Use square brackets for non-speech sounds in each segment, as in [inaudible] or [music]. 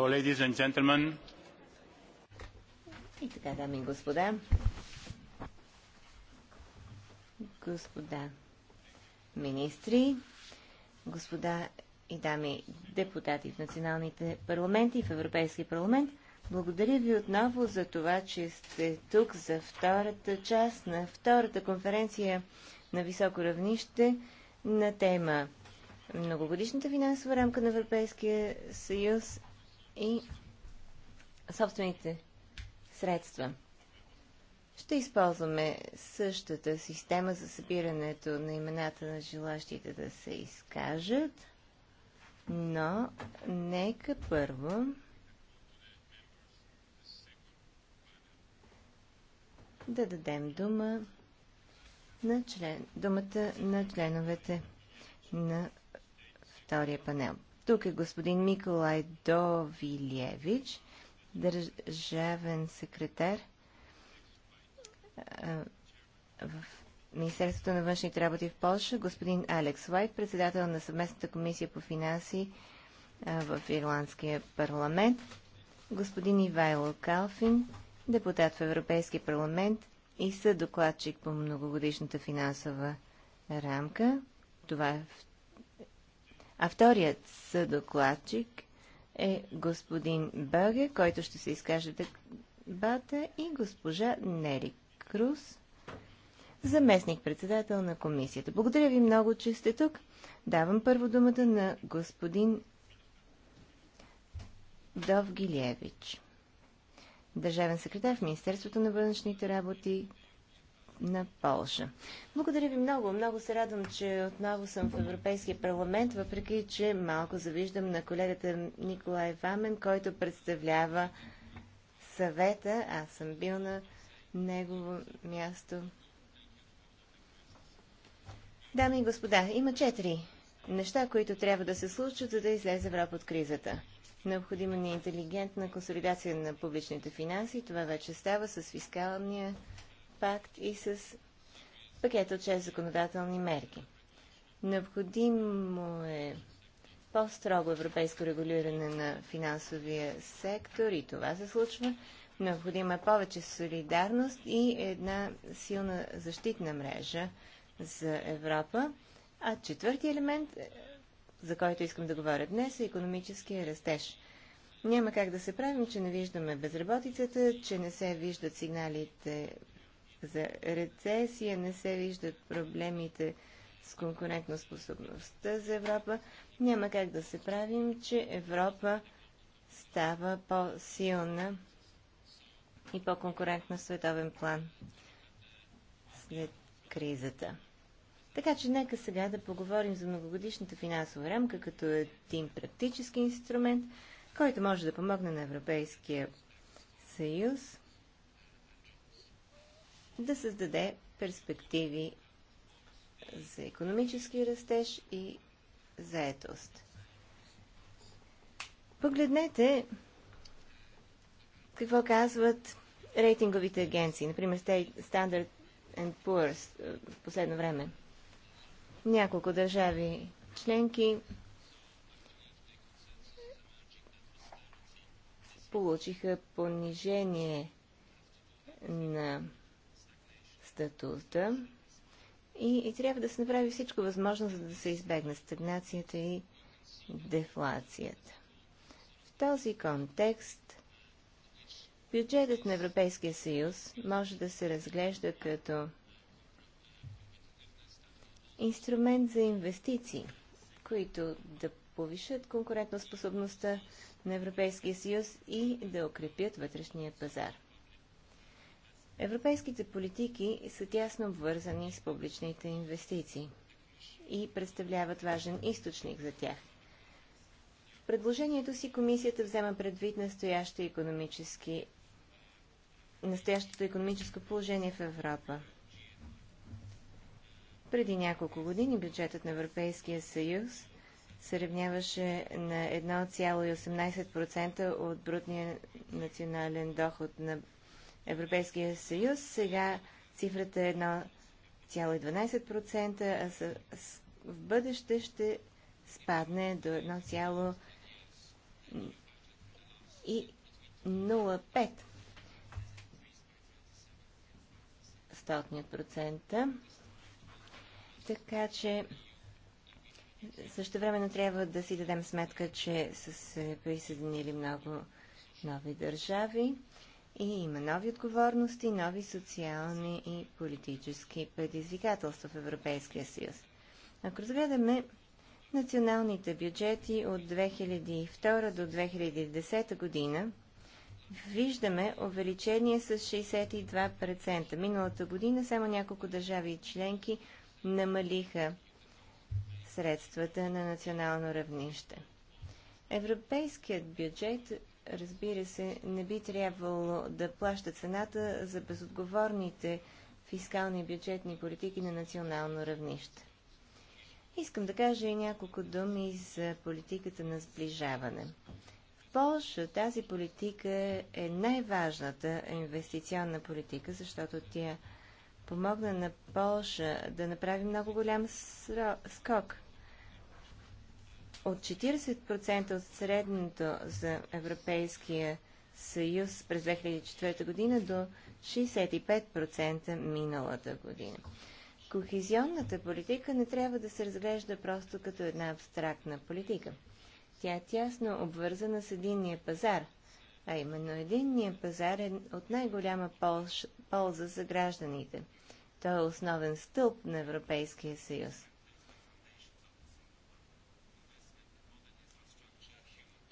ladies and gentlemen. И така, дами и господа. Господа министри, господа и дами депутати в националните парламенти и в Европейския парламент, благодаря ви отново за това, че сте тук за втората част на втората конференция на високо равнище на тема Многогодишната финансова рамка на Европейския съюз и собствените средства. Ще използваме същата система за събирането на имената на желащите да се изкажат, но нека първо да дадем дума на член, думата на членовете на втория панел. Тук е господин Миколай Довилевич, държавен секретар в Министерството на външните работи в Польша, господин Алекс Уайт, председател на съвместната комисия по финанси в Ирландския парламент, господин Ивайло Калфин, депутат в Европейския парламент и съдокладчик по многогодишната финансова рамка. Това е а вторият съдокладчик е господин Бълге, който ще се изкаже дебата и госпожа Нери Круз, заместник-председател на комисията. Благодаря ви много, че сте тук. Давам първо думата на господин Довгилевич, държавен секретар в Министерството на външните работи, на Полша. Благодаря ви много. Много се радвам, че отново съм в Европейския парламент, въпреки че малко завиждам на колегата Николай Вамен, който представлява съвета. Аз съм бил на негово място. Дами и господа, има четири неща, които трябва да се случат, за да излезе Европа от кризата. Необходима ни е интелигентна консолидация на публичните финанси. Това вече става с фискалния пакт и с пакет от 6 законодателни мерки. Необходимо е по-строго европейско регулиране на финансовия сектор и това се случва. Необходима е повече солидарност и една силна защитна мрежа за Европа. А четвърти елемент, е, за който искам да говоря днес, е економическия растеж. Няма как да се правим, че не виждаме безработицата, че не се виждат сигналите за рецесия, не се виждат проблемите с конкурентоспособността за Европа, няма как да се правим, че Европа става по-силна и по-конкурентна в световен план след кризата. Така че нека сега да поговорим за многогодишната финансова рамка като един практически инструмент, който може да помогне на Европейския съюз да създаде перспективи за економически растеж и заетост. Погледнете какво казват рейтинговите агенции, например Standard Poor's е, в последно време. Няколко държави членки получиха понижение на статута и, и трябва да се направи всичко възможно, за да се избегне стагнацията и дефлацията. В този контекст бюджетът на Европейския съюз може да се разглежда като инструмент за инвестиции, които да повишат конкурентоспособността на Европейския съюз и да укрепят вътрешния пазар. Европейските политики са тясно обвързани с публичните инвестиции и представляват важен източник за тях. В предложението си комисията взема предвид настоящо економически настоящото економическо положение в Европа. Преди няколко години бюджетът на Европейския съюз се равняваше на 1,18% от брутния национален доход на Европейския съюз. Сега цифрата е 1,12%, а с, с, в бъдеще ще спадне до 1,05 Така че също времено трябва да си дадем сметка, че са се присъединили много нови държави и има нови отговорности, нови социални и политически предизвикателства в Европейския съюз. Ако разгледаме националните бюджети от 2002 до 2010 година, виждаме увеличение с 62%. Миналата година само няколко държави и членки намалиха средствата на национално равнище. Европейският бюджет разбира се, не би трябвало да плаща цената за безотговорните фискални и бюджетни политики на национално равнище. Искам да кажа и няколко думи за политиката на сближаване. В Польша тази политика е най-важната инвестиционна политика, защото тя помогна на Польша да направи много голям скок от 40% от средното за Европейския съюз през 2004 година до 65% миналата година. Кохезионната политика не трябва да се разглежда просто като една абстрактна политика. Тя е тясно обвързана с единния пазар, а именно единния пазар е от най-голяма полза за гражданите. Той е основен стълб на Европейския съюз.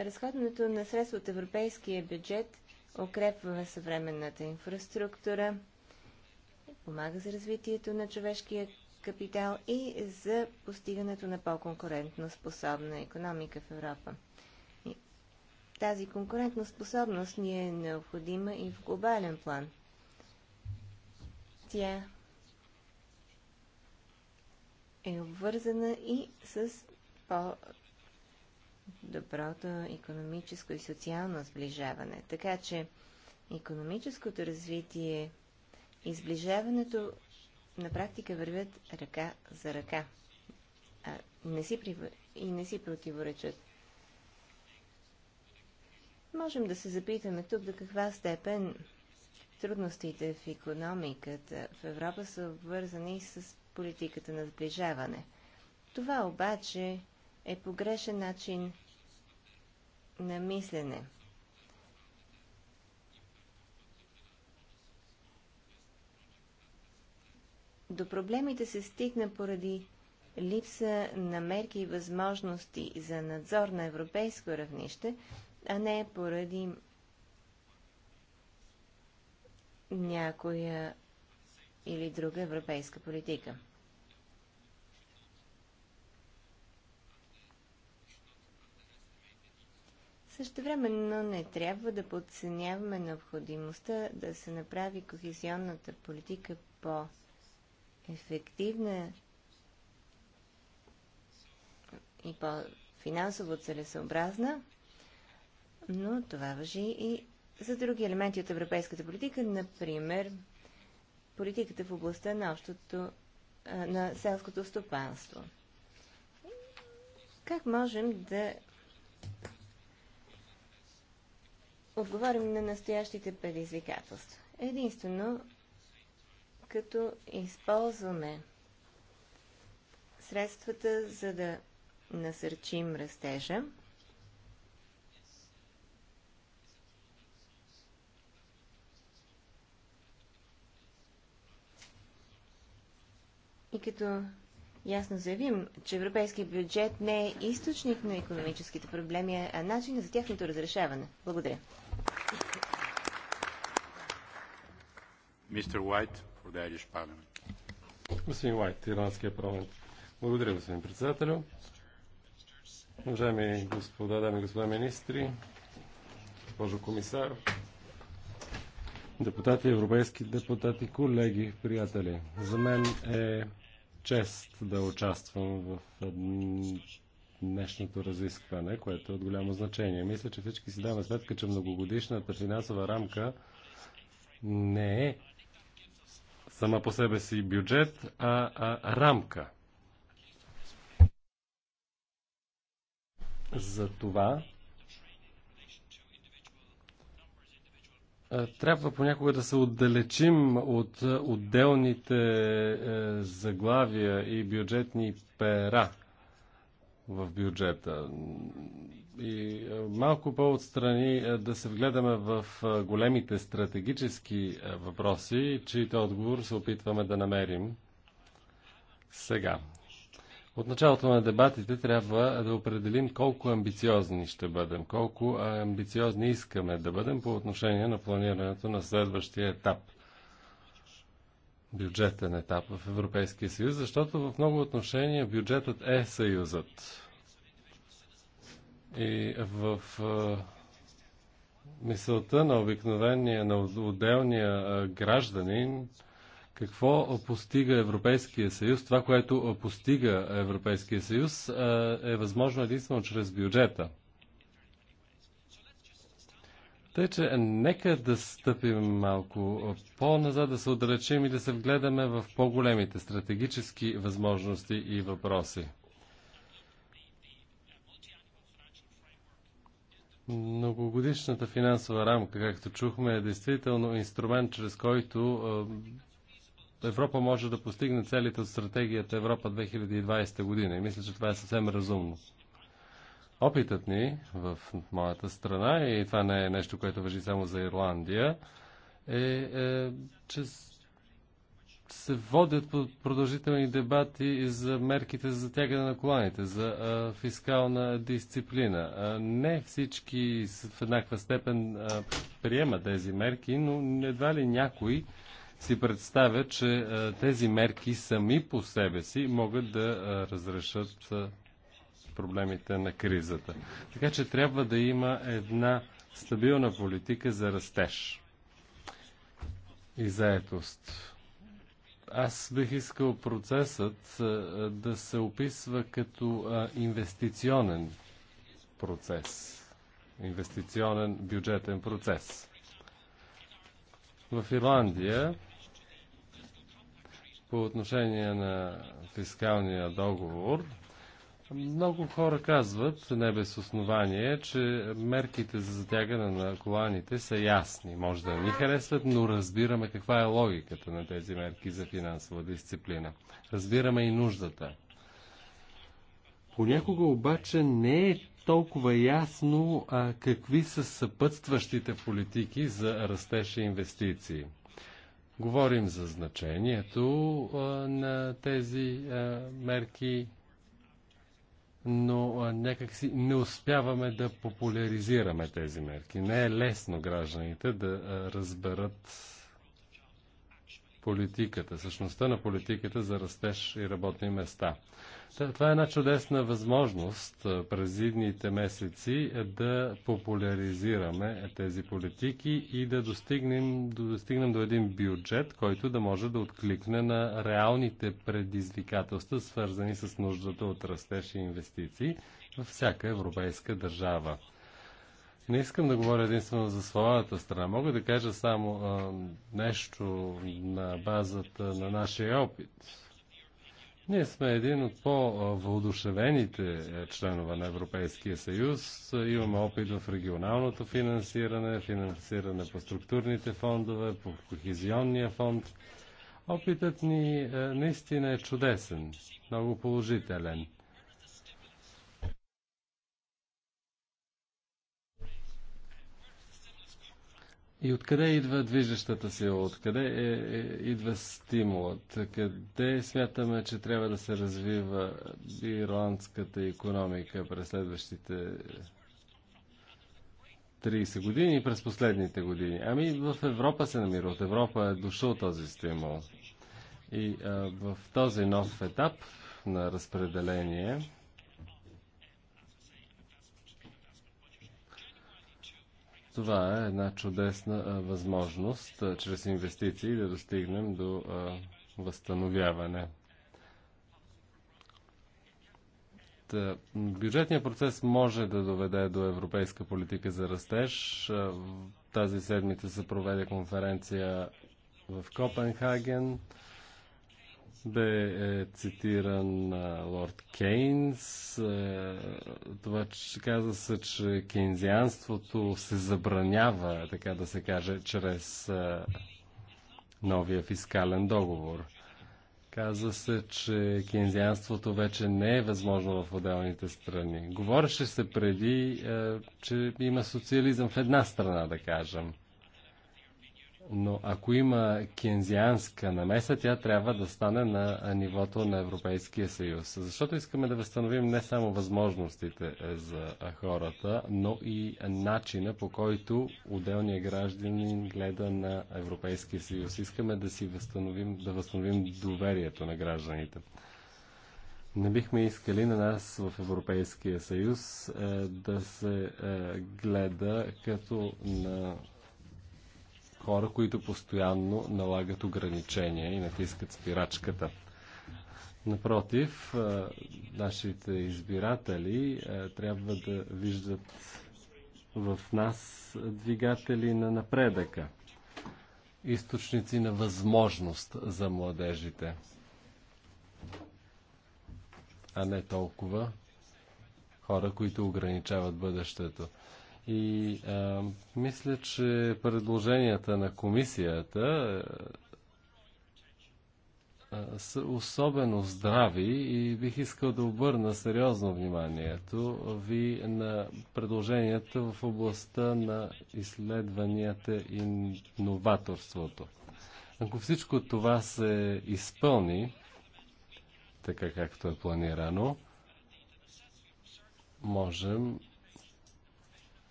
Разходването на средства от европейския бюджет укрепва съвременната инфраструктура, помага за развитието на човешкия капитал и за постигането на по-конкурентно способна економика в Европа. И тази конкурентна способност ни е необходима и в глобален план. Тя е обвързана и с по доброто економическо и социално сближаване. Така че економическото развитие и сближаването на практика вървят ръка за ръка а, не си прив... и не си противоречат. Можем да се запитаме тук до каква степен трудностите в економиката в Европа са обвързани с политиката на сближаване. Това обаче е погрешен начин на мислене. До проблемите се стигна поради липса на мерки и възможности за надзор на европейско равнище, а не поради някоя или друга европейска политика. Същевременно не трябва да подценяваме необходимостта да се направи кохезионната политика по-ефективна и по-финансово целесообразна, но това въжи и за други елементи от европейската политика, например политиката в областта на, общото, на селското стопанство. Как можем да отговорим на настоящите предизвикателства. Единствено, като използваме средствата, за да насърчим растежа, и като ясно заявим, че европейския бюджет не е източник на економическите проблеми, а начин за тяхното разрешаване. Благодаря. Мистер Уайт, Господин Уайт, Ирландския парламент. Благодаря, господин председателю. Уважаеми господа, дами и господа министри, госпожо комисар, депутати, европейски депутати, колеги, приятели. За мен е чест да участвам в днешното разискване, което е от голямо значение. Мисля, че всички си даваме сметка, че многогодишната финансова рамка не е сама по себе си бюджет, а, а рамка. За това Е, трябва понякога да се отдалечим от е, отделните е, заглавия и бюджетни пера в бюджета. И малко по-отстрани да се вгледаме в големите стратегически въпроси, чието отговор се опитваме да намерим сега. От началото на дебатите трябва да определим колко амбициозни ще бъдем, колко амбициозни искаме да бъдем по отношение на планирането на следващия етап бюджетен етап в Европейския съюз, защото в много отношения бюджетът е съюзът. И в мисълта на обикновения, на отделния гражданин, какво постига Европейския съюз, това, което постига Европейския съюз, е, е възможно единствено чрез бюджета. Тъй, че нека да стъпим малко по-назад, да се отдалечим и да се вгледаме в по-големите стратегически възможности и въпроси. Многогодишната финансова рамка, както чухме, е действително инструмент, чрез който е, Европа може да постигне целите от стратегията Европа 2020 година и мисля, че това е съвсем разумно. Опитът ни в моята страна, и това не е нещо, което въжи само за Ирландия, е, е че се водят продължителни дебати за мерките за затягане на коланите, за фискална дисциплина. не всички в еднаква степен приемат тези мерки, но едва ли някой си представя, че е, тези мерки сами по себе си могат да е, разрешат е, проблемите на кризата. Така че трябва да има една стабилна политика за растеж и заетост. Аз бих искал процесът да се описва като инвестиционен процес, инвестиционен бюджетен процес. В Ирландия по отношение на фискалния договор, много хора казват, не без основание, че мерките за затягане на коланите са ясни. Може да ни харесват, но разбираме каква е логиката на тези мерки за финансова дисциплина. Разбираме и нуждата. Понякога обаче не е толкова ясно а, какви са съпътстващите политики за растеж и инвестиции. Говорим за значението а, на тези а, мерки, но а, някакси не успяваме да популяризираме тези мерки. Не е лесно гражданите да а, разберат политиката, същността на политиката за растеж и работни места. Това е една чудесна възможност през идните месеци е, да популяризираме тези политики и да достигнем, да достигнем до един бюджет, който да може да откликне на реалните предизвикателства, свързани с нуждата от растеж и инвестиции във всяка европейска държава. Не искам да говоря единствено за своята страна. Мога да кажа само а, нещо на базата на нашия опит ние сме един от по-въодушевените членове на Европейския съюз. Имаме опит в регионалното финансиране, финансиране по структурните фондове, по кохезионния фонд. Опитът ни е, наистина е чудесен, много положителен. И откъде идва движещата сила? Откъде е, е, идва стимулът? Къде смятаме, че трябва да се развива ирландската економика през следващите 30 години и през последните години? Ами в Европа се намира. От Европа е дошъл този стимул. И а, в този нов етап на разпределение Това е една чудесна а, възможност а, чрез инвестиции да достигнем до а, възстановяване. Та, бюджетният процес може да доведе до европейска политика за растеж. Тази седмица се проведе конференция в Копенхаген бе е цитиран а, Лорд Кейнс. Е, това, че каза се, че кейнзианството се забранява, така да се каже, чрез а, новия фискален договор. Каза се, че кейнзианството вече не е възможно в отделните страни. Говореше се преди, е, че има социализъм в една страна, да кажем. Но ако има кензианска намеса, тя трябва да стане на нивото на Европейския съюз. Защото искаме да възстановим не само възможностите е, за хората, но и начина по който отделния гражданин гледа на Европейския съюз. Искаме да си възстановим, да възстановим доверието на гражданите. Не бихме искали на нас в Европейския съюз е, да се е, гледа като на хора, които постоянно налагат ограничения и натискат спирачката. Напротив, нашите избиратели трябва да виждат в нас двигатели на напредъка, източници на възможност за младежите, а не толкова хора, които ограничават бъдещето. И а, мисля, че предложенията на комисията са особено здрави и бих искал да обърна сериозно вниманието ви на предложенията в областта на изследванията и новаторството. Ако всичко това се изпълни, така както е планирано, можем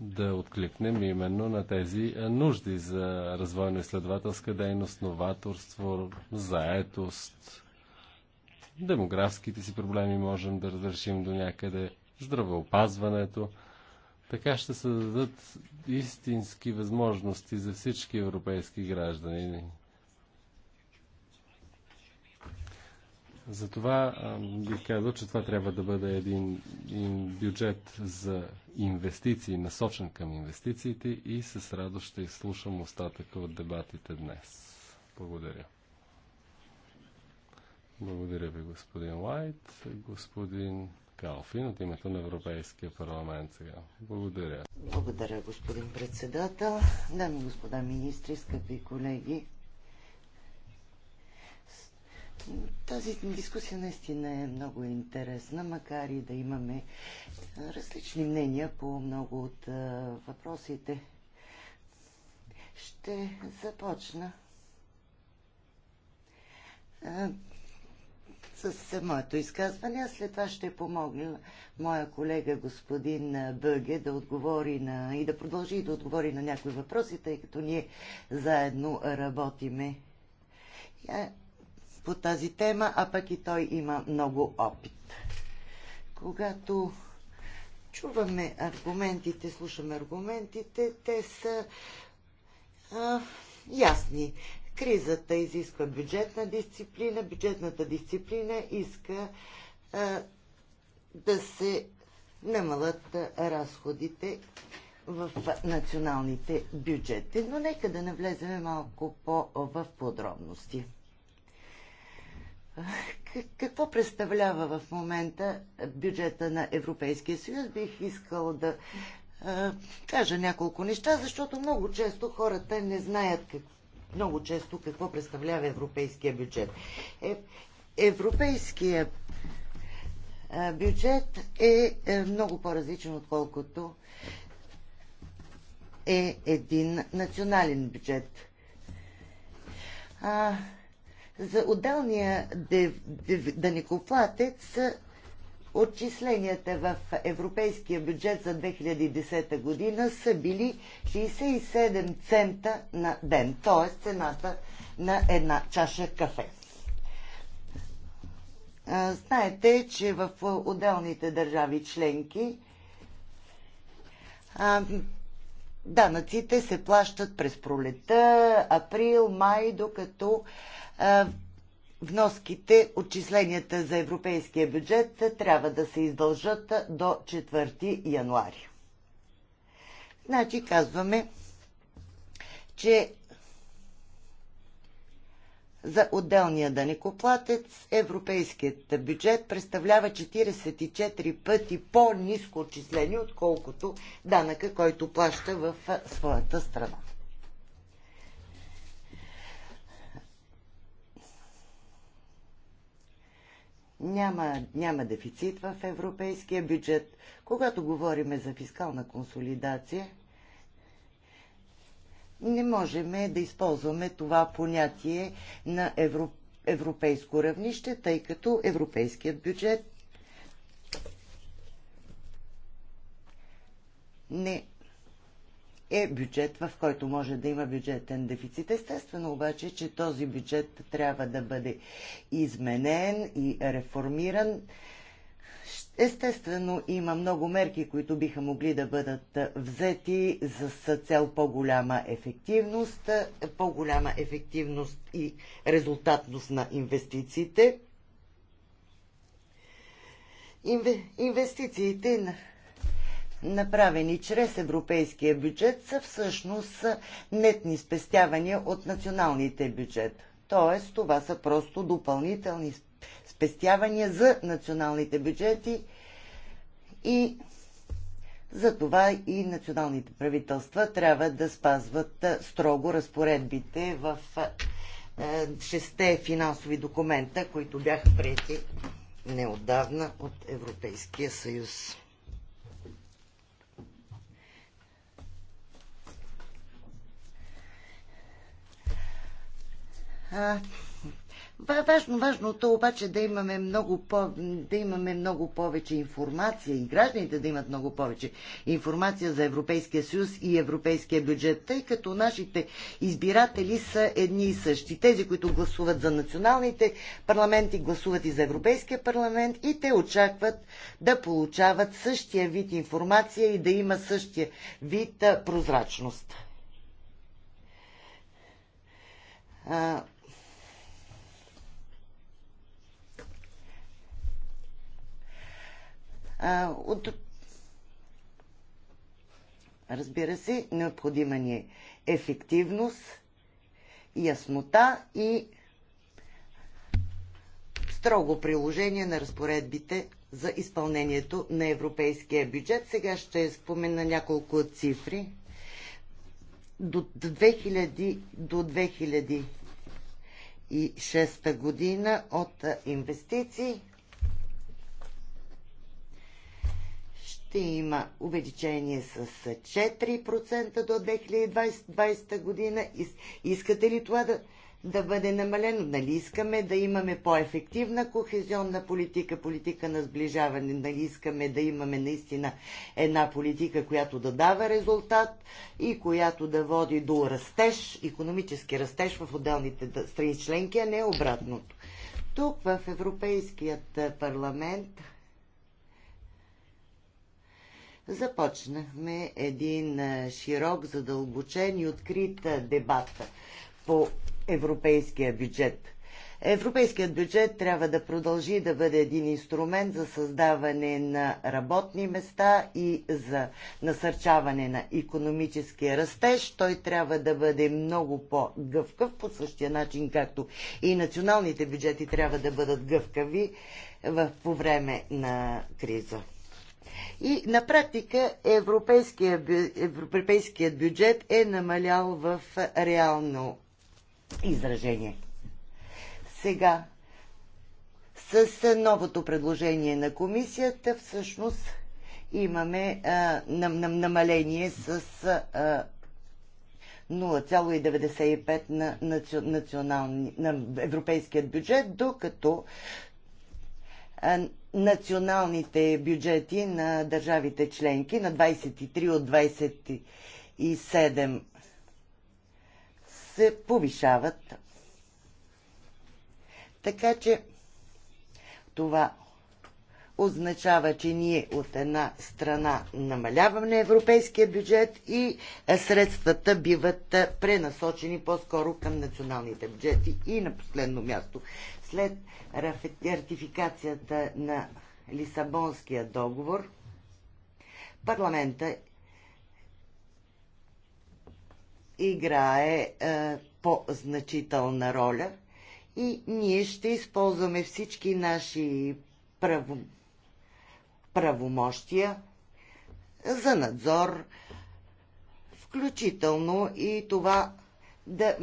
да откликнем именно на тези нужди за развойно-изследователска дейност, новаторство, заетост. Демографските си проблеми можем да разрешим до някъде, здравеопазването. Така ще се дадат истински възможности за всички европейски граждани. Затова бих казал, че това трябва да бъде един, един бюджет за инвестиции, насочен към инвестициите и с радост ще изслушам остатъка от дебатите днес. Благодаря. Благодаря ви, господин Лайт. Господин Калфин от името на Европейския парламент сега. Благодаря. Благодаря, господин председател. Дами и господа министри, скъпи колеги, тази дискусия наистина е много интересна, макар и да имаме различни мнения по много от въпросите. Ще започна с моето изказване, а след това ще помогна моя колега господин Бъге да отговори на, и да продължи да отговори на някои въпроси, тъй като ние заедно работиме по тази тема, а пък и той има много опит. Когато чуваме аргументите, слушаме аргументите, те са а, ясни. Кризата изисква бюджетна дисциплина, бюджетната дисциплина иска а, да се намалят разходите в националните бюджети. Но нека да навлеземе малко по в подробности. Какво представлява в момента бюджета на Европейския съюз? Бих искал да кажа няколко неща, защото много често хората не знаят как, много често какво представлява европейския бюджет. Е, европейския бюджет е, е много по-различен, отколкото е един национален бюджет. А, за отделния данекоплатец отчисленията в европейския бюджет за 2010 година са били 67 цента на ден, т.е. цената на една чаша кафе. Знаете, че в отделните държави членки данъците се плащат през пролета, април, май, докато вноските, отчисленията за европейския бюджет трябва да се издължат до 4 януари. Значи казваме, че за отделния данекоплатец европейският бюджет представлява 44 пъти по-низко отчисление, отколкото данъка, който плаща в своята страна. няма, няма дефицит в европейския бюджет. Когато говорим за фискална консолидация, не можем да използваме това понятие на евро, европейско равнище, тъй като европейският бюджет не е бюджет, в който може да има бюджетен дефицит. Естествено обаче, че този бюджет трябва да бъде изменен и реформиран. Естествено, има много мерки, които биха могли да бъдат взети с цел по-голяма ефективност, по-голяма ефективност и резултатност на инвестициите. Инвестициите на направени чрез европейския бюджет, са всъщност нетни спестявания от националните бюджет. Тоест, това са просто допълнителни спестявания за националните бюджети и за това и националните правителства трябва да спазват е, строго разпоредбите в е, шесте финансови документа, които бяха прияти неотдавна от Европейския съюз. Важно, важното обаче да имаме, много по, да имаме много повече информация и гражданите да имат много повече информация за Европейския съюз и Европейския бюджет, тъй като нашите избиратели са едни и същи. Тези, които гласуват за националните парламенти, гласуват и за Европейския парламент и те очакват да получават същия вид информация и да има същия вид прозрачност А, от... Разбира се, необходима ни е ефективност, яснота и строго приложение на разпоредбите за изпълнението на европейския бюджет. Сега ще спомена няколко цифри. До 2000, до 2006 година от инвестиции ще има увеличение с 4% до 2020 година. Искате ли това да, да бъде намалено? Нали искаме да имаме по-ефективна кохезионна политика, политика на сближаване? Нали искаме да имаме наистина една политика, която да дава резултат и която да води до растеж, економически растеж в отделните страни членки, а не обратното? Тук в Европейският парламент започнахме един широк, задълбочен и открит дебат по европейския бюджет. Европейският бюджет трябва да продължи да бъде един инструмент за създаване на работни места и за насърчаване на економическия растеж. Той трябва да бъде много по-гъвкав, по същия начин както и националните бюджети трябва да бъдат гъвкави по време на криза. И на практика европейският бюджет е намалял в реално изражение. Сега, с новото предложение на комисията, всъщност имаме а, нам, нам, намаление с а, 0,95 на, национални, на европейският бюджет, докато националните бюджети на държавите членки на 23 от 27 се повишават. Така че това означава, че ние от една страна намаляваме европейския бюджет и средствата биват пренасочени по-скоро към националните бюджети. И на последно място след ратификацията на Лисабонския договор, парламента играе е, по-значителна роля и ние ще използваме всички наши право, правомощия за надзор, включително и това да,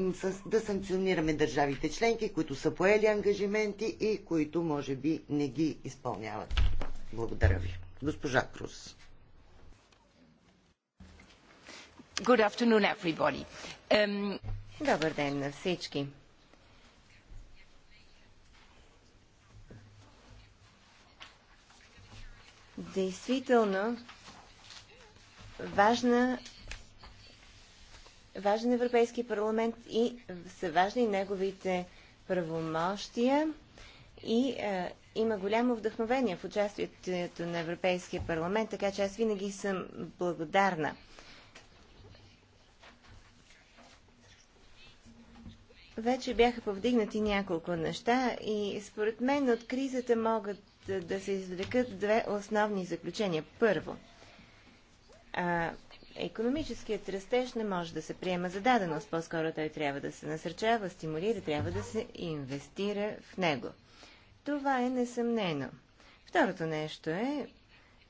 да санкционираме държавите членки, които са поели ангажименти и които може би не ги изпълняват. Благодаря ви. Госпожа Крус. Good afternoon, everybody. Um... Добър ден на всички. Действително, важна важен Европейски парламент и са важни неговите правомощия и е, има голямо вдъхновение в участието на Европейския парламент, така че аз винаги съм благодарна. Вече бяха повдигнати няколко неща и според мен от кризата могат да се извлекат две основни заключения. Първо, економическият растеж не може да се приема за даденост, по-скоро той трябва да се насърчава, стимулира, трябва да се инвестира в него. Това е несъмнено. Второто нещо е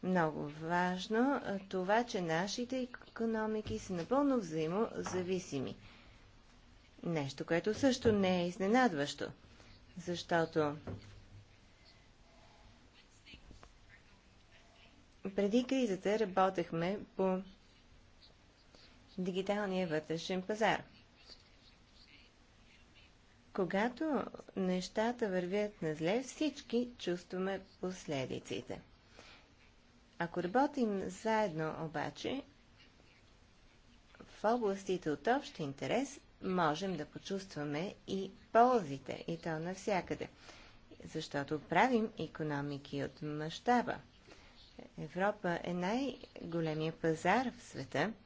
много важно това, че нашите економики са напълно взаимозависими. Нещо, което също не е изненадващо, защото преди кризата работехме по дигиталния вътрешен пазар. Когато нещата вървят на зле, всички чувстваме последиците. Ако работим заедно обаче, в областите от общ интерес можем да почувстваме и ползите, и то навсякъде, защото правим економики от мащаба. Европа е най-големия пазар в света –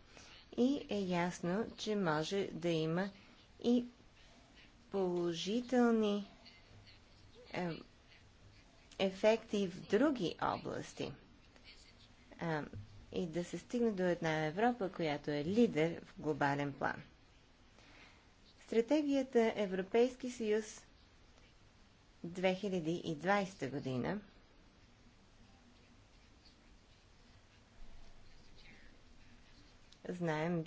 и е ясно, че може да има и положителни е, ефекти в други области. Е, и да се стигне до една Европа, която е лидер в глобален план. Стратегията Европейски съюз 2020 година знаем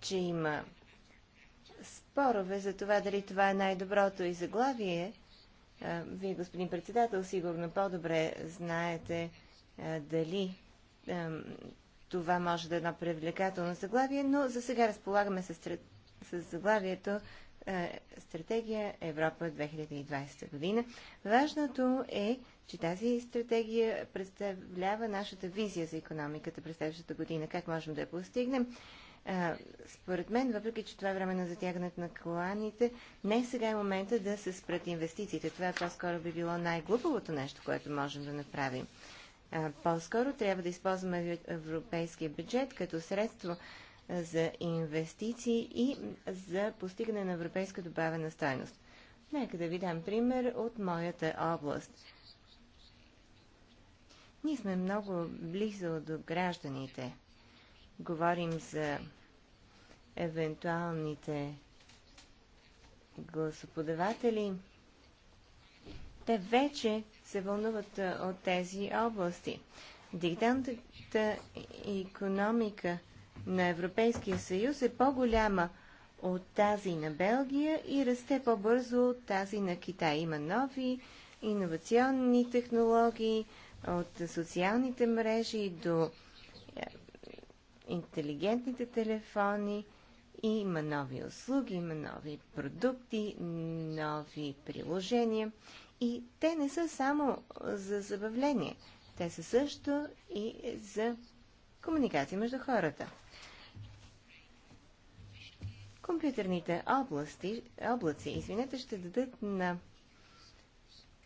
че има спорове за това дали това е най-доброто и заглавие. Вие, господин председател, сигурно по-добре знаете дали това може да е едно привлекателно заглавие, но за сега разполагаме с, с заглавието е, стратегия Европа 2020 година. Важното е, че тази стратегия представлява нашата визия за економиката през следващата година. Как можем да я постигнем? Е, според мен, въпреки че това е време на затягането на коланите, не сега е момента да се спрат инвестициите. Това е по-скоро би било най-глупавото нещо, което можем да направим. По-скоро трябва да използваме европейския бюджет като средство за инвестиции и за постигане на европейска добавена стойност. Нека да ви дам пример от моята област. Ние сме много близо до гражданите. Говорим за евентуалните гласоподаватели. Те вече се вълнуват от тези области. Дигиталната економика на Европейския съюз е по-голяма от тази на Белгия и расте по-бързо от тази на Китай. Има нови иновационни технологии, от социалните мрежи до е, интелигентните телефони. Има нови услуги, има нови продукти, нови приложения. И те не са само за забавление. Те са също и за комуникация между хората. Компютърните области, облаци извинете, ще дадат на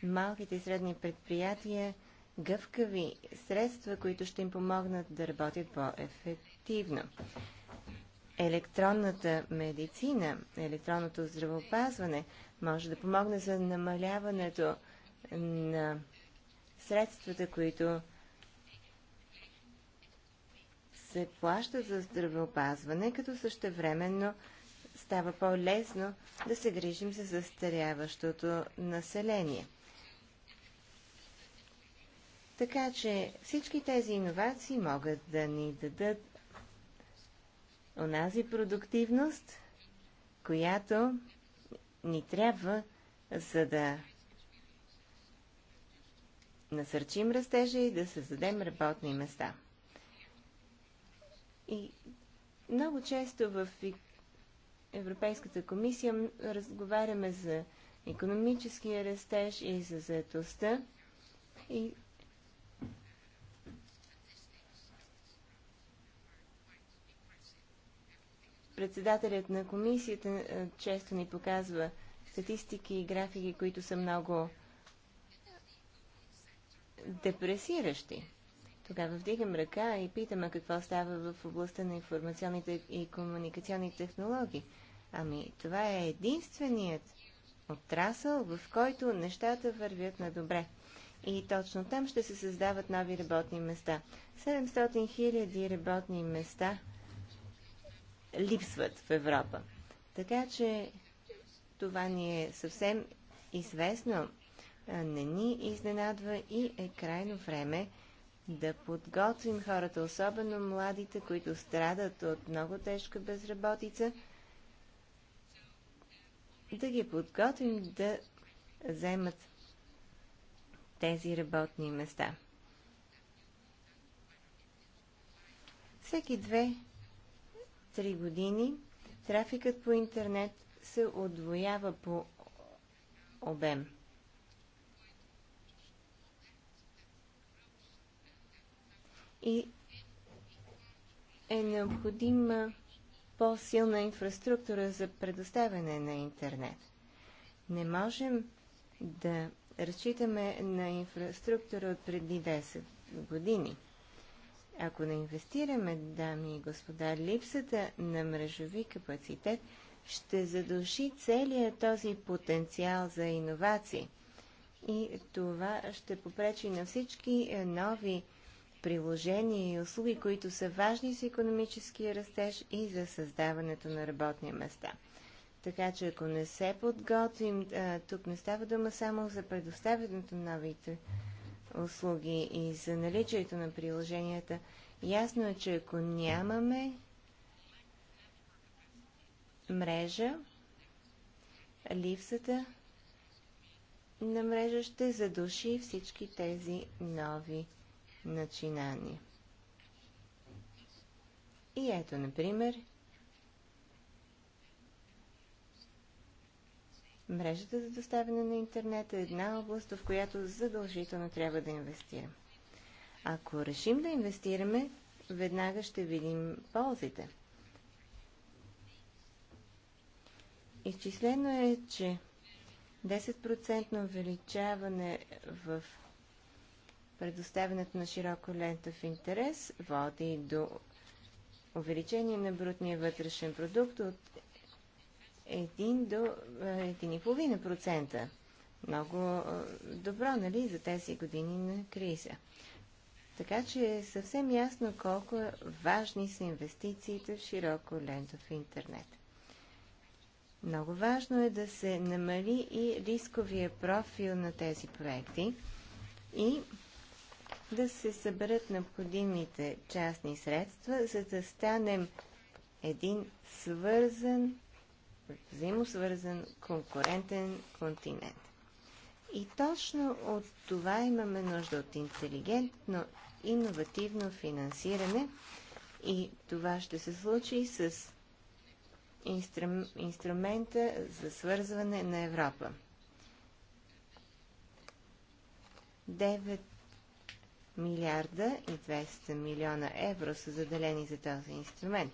малките и средни предприятия гъвкави средства, които ще им помогнат да работят по-ефективно. Електронната медицина, електронното здравеопазване може да помогне за намаляването на средствата, които се плащат за здравеопазване, като същевременно става по-лесно да се грижим за застаряващото население. Така че всички тези иновации могат да ни дадат онази продуктивност, която ни трябва, за да насърчим растежа и да създадем работни места. И много често в Европейската комисия разговаряме за економическия растеж и за заетостта. И председателят на комисията е, често ни показва статистики и графики, които са много депресиращи. Тогава вдигам ръка и питам, а какво става в областта на информационните и комуникационни технологии? Ами, това е единственият отрасъл, в който нещата вървят на добре. И точно там ще се създават нови работни места. 700 хиляди работни места липсват в Европа. Така че това ни е съвсем известно, не ни изненадва и е крайно време да подготвим хората, особено младите, които страдат от много тежка безработица, да ги подготвим да вземат тези работни места. Всеки две-три години трафикът по интернет се отвоява по обем. и е необходима по-силна инфраструктура за предоставяне на интернет. Не можем да разчитаме на инфраструктура от преди 10 години. Ако не инвестираме, дами и господа, липсата на мрежови капацитет ще задуши целият този потенциал за иновации. И това ще попречи на всички нови приложения и услуги, които са важни за економическия растеж и за създаването на работни места. Така че ако не се подготвим, тук не става дума само за предоставянето на новите услуги и за наличието на приложенията. Ясно е, че ако нямаме мрежа, липсата на мрежа ще задуши всички тези нови начинания. И ето, например, мрежата за доставяне на интернет е една област, в която задължително трябва да инвестираме. Ако решим да инвестираме, веднага ще видим ползите. Изчислено е, че 10% увеличаване в предоставянето на широко лентов интерес води до увеличение на брутния вътрешен продукт от 1 до 1,5%. Е, Много е, добро, нали, за тези години на криза. Така че е съвсем ясно колко е важни са инвестициите в широко лентов интернет. Много важно е да се намали и рисковия профил на тези проекти и да се съберат необходимите частни средства, за да станем един свързан, взаимосвързан, конкурентен континент. И точно от това имаме нужда от интелигентно, иновативно финансиране и това ще се случи с инструмента за свързване на Европа. Девет милиарда и 200 милиона евро са заделени за този инструмент.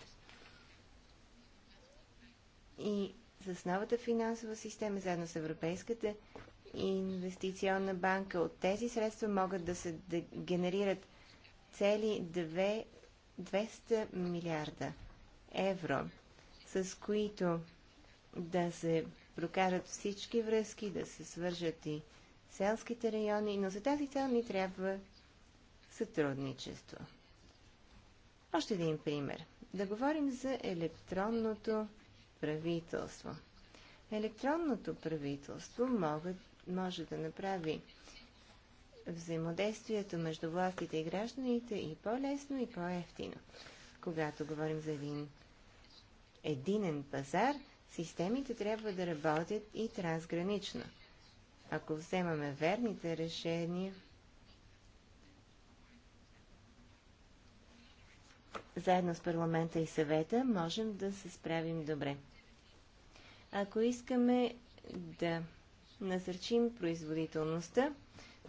И с новата финансова система, заедно с Европейската инвестиционна банка, от тези средства могат да се генерират цели 200 милиарда евро, с които да се прокарат всички връзки, да се свържат и селските райони, но за тази цел ни трябва сътрудничество. Още един пример. Да говорим за електронното правителство. Електронното правителство могат, може да направи взаимодействието между властите и гражданите и по-лесно, и по-ефтино. Когато говорим за един единен пазар, системите трябва да работят и трансгранично. Ако вземаме верните решения, заедно с парламента и съвета, можем да се справим добре. Ако искаме да насърчим производителността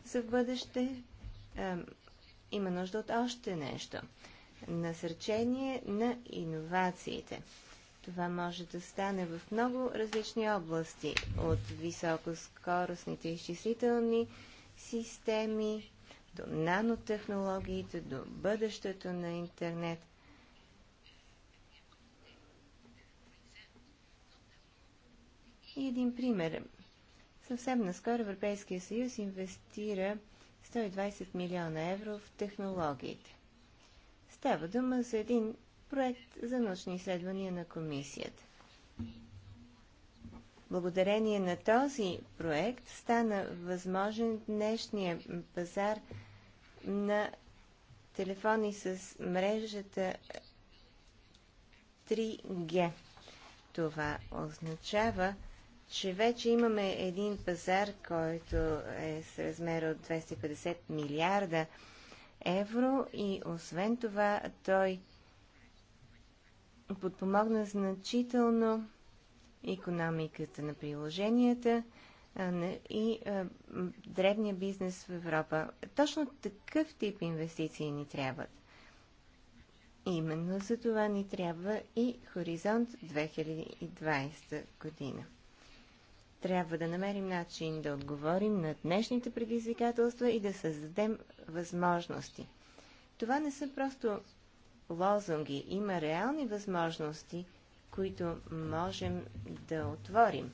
за в бъдеще, а, има нужда от още нещо. Насърчение на иновациите. Това може да стане в много различни области, от високоскоростните изчислителни системи, до нанотехнологиите, до бъдещето на интернет. И един пример. Съвсем наскоро Европейския съюз инвестира 120 милиона евро в технологиите. Става дума за един проект за научни изследвания на комисията. Благодарение на този проект стана възможен днешния пазар на телефони с мрежата 3G. Това означава, че вече имаме един пазар, който е с размер от 250 милиарда евро и освен това той подпомогна значително економиката на приложенията и древния бизнес в Европа. Точно такъв тип инвестиции ни трябват. Именно за това ни трябва и Хоризонт 2020 година. Трябва да намерим начин да отговорим на днешните предизвикателства и да създадем възможности. Това не са просто лозунги. Има реални възможности, които можем да отворим.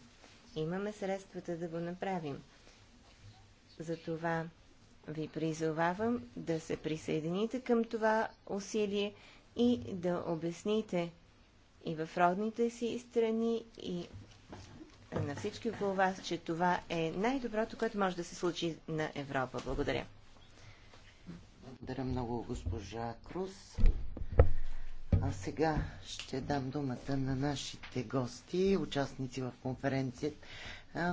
Имаме средствата да го направим. Затова ви призовавам да се присъедините към това усилие и да обясните и в родните си страни, и ясно на всички около вас, че това е най-доброто, което може да се случи на Европа. Благодаря. Благодаря много, госпожа Крус. А сега ще дам думата на нашите гости, участници в конференцията.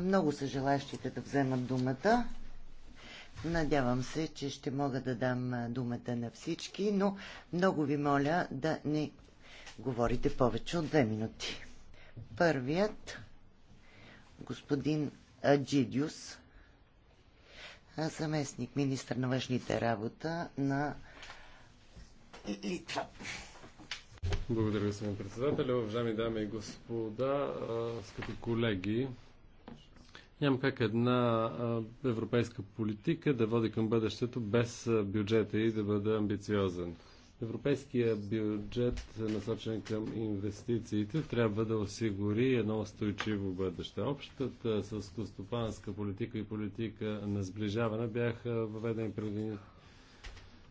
Много са желаящите да вземат думата. Надявам се, че ще мога да дам думата на всички, но много ви моля да не говорите повече от две минути. Първият господин Аджидиус, заместник министр на външните работа на Литва. Благодаря, господин председател. Уважаеми дами и господа, скъпи колеги, няма как една европейска политика да води към бъдещето без бюджета и да бъде амбициозен. Европейския бюджет, насочен към инвестициите, трябва да осигури едно устойчиво бъдеще. Общата сълскостопанска политика и политика на сближаване бяха въведени преди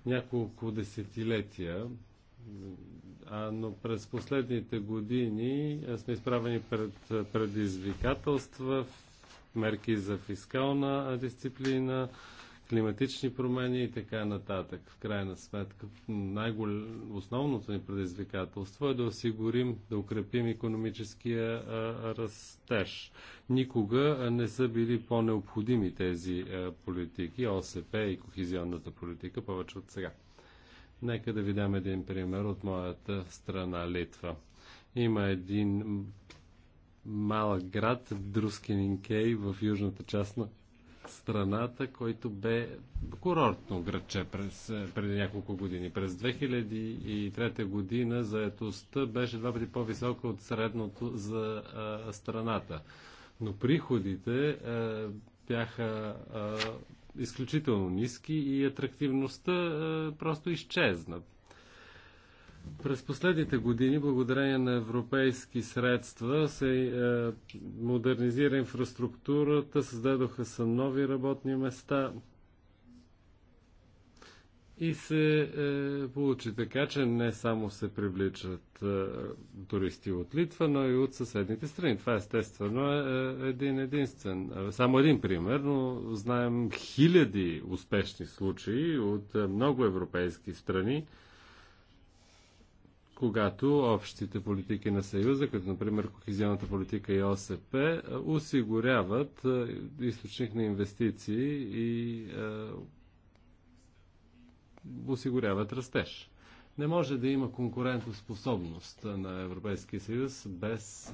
няколко десетилетия, а, но през последните години сме изправени пред предизвикателства, мерки за фискална дисциплина, климатични промени и така нататък. В крайна сметка, най-основното ни предизвикателство е да осигурим, да укрепим економическия а, растеж. Никога не са били по-необходими тези а, политики, ОСП и кохизионната политика, повече от сега. Нека да ви дам един пример от моята страна Литва. Има един малък град, Друскенинкей, в южната част на страната, който бе курортно градче през, е, преди няколко години. През 2003 година заетостта беше два пъти по-висока от средното за а, страната. Но приходите а, е, бяха а, изключително ниски и атрактивността а, е, просто изчезна. През последните години, благодарение на европейски средства, се е, модернизира инфраструктурата, създадоха се нови работни места и се е, получи така, че не само се привличат е, туристи от Литва, но и от съседните страни. Това естествено е, е един единствен, е, само един пример, но знаем хиляди успешни случаи от е, много европейски страни, когато общите политики на Съюза, като например кохезионната политика и ОСП, е, осигуряват е, източник на инвестиции и е, осигуряват растеж. Не може да има конкурентоспособност на Европейския съюз без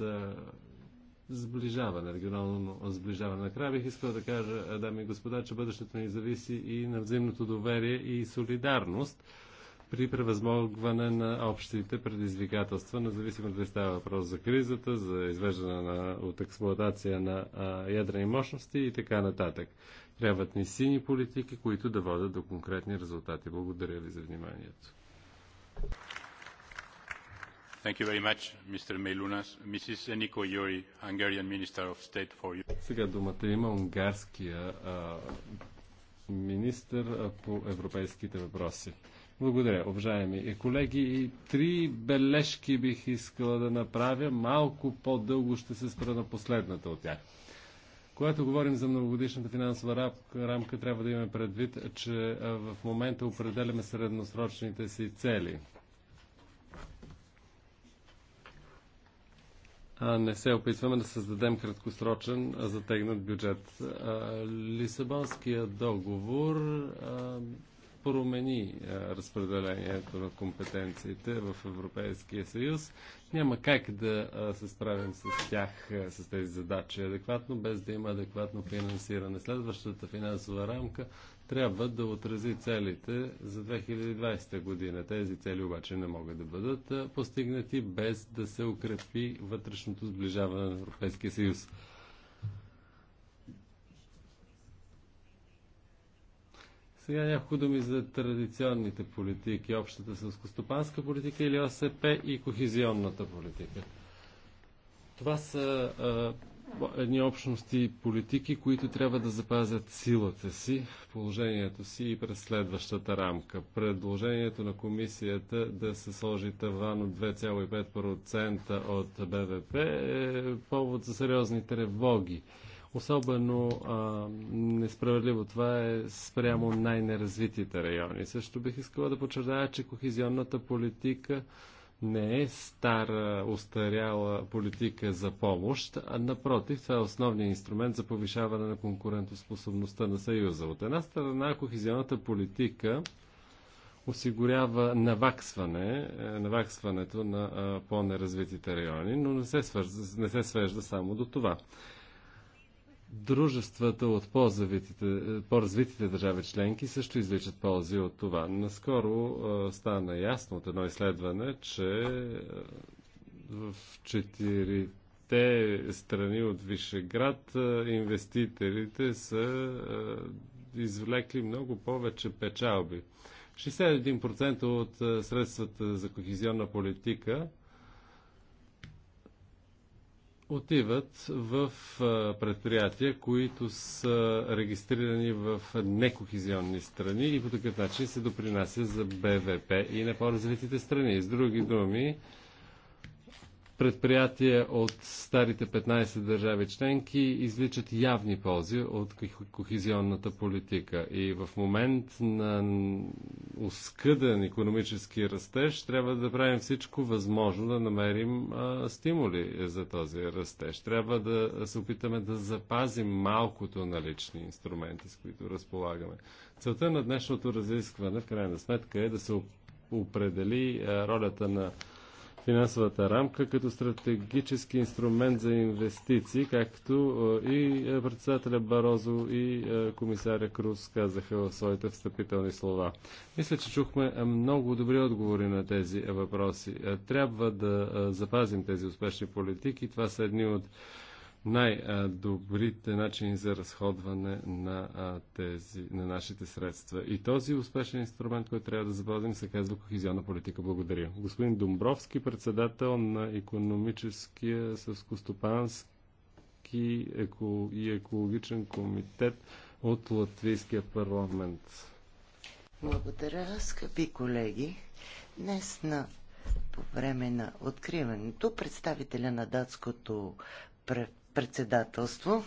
сближаване, регионално сближаване. Накрая бих искал да кажа, дами и господа, че бъдещето ни зависи и на взаимното доверие и солидарност при превъзмогване на общите предизвикателства, независимо дали става въпрос за кризата, за извеждане на, от експлуатация на а, ядрени мощности и така нататък. Трябват ни сини политики, които да водят до конкретни резултати. Благодаря ви за вниманието. Much, Melunas, Сега думата има унгарския министър по европейските въпроси. Благодаря, уважаеми колеги. И три бележки бих искала да направя. Малко по-дълго ще се спра на последната от тях. Когато говорим за многогодишната финансова рамка, трябва да имаме предвид, че в момента определяме средносрочните си цели. не се опитваме да създадем краткосрочен затегнат бюджет. Лисабонския договор промени е, разпределението на компетенциите в Европейския съюз. Няма как да е, се справим с тях, е, с тези задачи адекватно, без да има адекватно финансиране. Следващата финансова рамка трябва да отрази целите за 2020 година. Тези цели обаче не могат да бъдат постигнати без да се укрепи вътрешното сближаване на Европейския съюз. Сега някои думи за традиционните политики, общата сълскостопанска политика или ОСП и кохезионната политика. Това са а, едни общности политики, които трябва да запазят силата си, положението си и през следващата рамка. Предложението на комисията да се сложи таван от 2,5% от БВП е повод за сериозни тревоги особено а, несправедливо. Това е спрямо най-неразвитите райони. Също бих искала да подчертая, че кохизионната политика не е стара, устаряла политика за помощ, а напротив, това е основният инструмент за повишаване на конкурентоспособността на Съюза. От една страна, кохизионната политика осигурява наваксване, е, наваксването на по-неразвитите райони, но не се, свърза, не се свежда само до това. Дружествата от по-развитите държави членки също извличат ползи от това. Наскоро а, стана ясно от едно изследване, че а, в четирите страни от Вишеград а, инвеститорите са извлекли много повече печалби. 61% от средствата за кохезионна политика – отиват в предприятия, които са регистрирани в некохизионни страни и по такъв начин се допринася за БВП и на по-развитите страни. С други думи, предприятия от старите 15 държави членки изличат явни ползи от кохезионната политика. И в момент на оскъден економически растеж трябва да правим всичко възможно да намерим а, стимули за този растеж. Трябва да се опитаме да запазим малкото налични инструменти, с които разполагаме. Целта на днешното разискване, в крайна сметка, е да се определи ролята на финансовата рамка като стратегически инструмент за инвестиции, както и председателя Барозо и комисаря Круз казаха в своите встъпителни слова. Мисля, че чухме много добри отговори на тези въпроси. Трябва да запазим тези успешни политики. Това са едни от най-добрите начини за разходване на, тези, на нашите средства. И този успешен инструмент, който трябва да запазим, се казва кохизионна политика. Благодаря. Господин Домбровски, председател на економическия съвскостопански еко... и екологичен комитет от Латвийския парламент. Благодаря, скъпи колеги. Днес на по време на откриването представителя на датското председателство.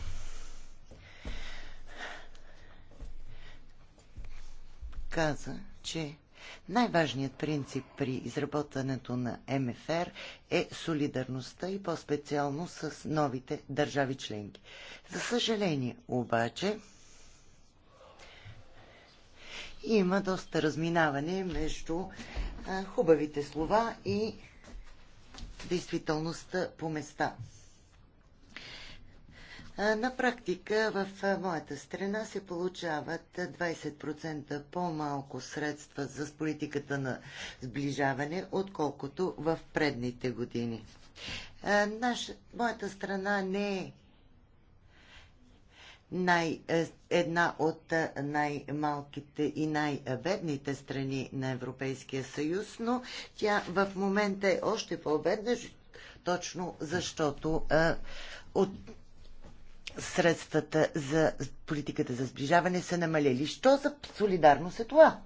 Каза, че най-важният принцип при изработването на МФР е солидарността и по-специално с новите държави членки. За съжаление обаче има доста разминаване между хубавите слова и действителността по места. На практика в моята страна се получават 20% по-малко средства за политиката на сближаване, отколкото в предните години. Наш, моята страна не е най, е, една от най-малките и най-бедните страни на Европейския съюз, но тя в момента е още по-бедна, точно защото от средствата за политиката за сближаване са намалели. Що за солидарност е това?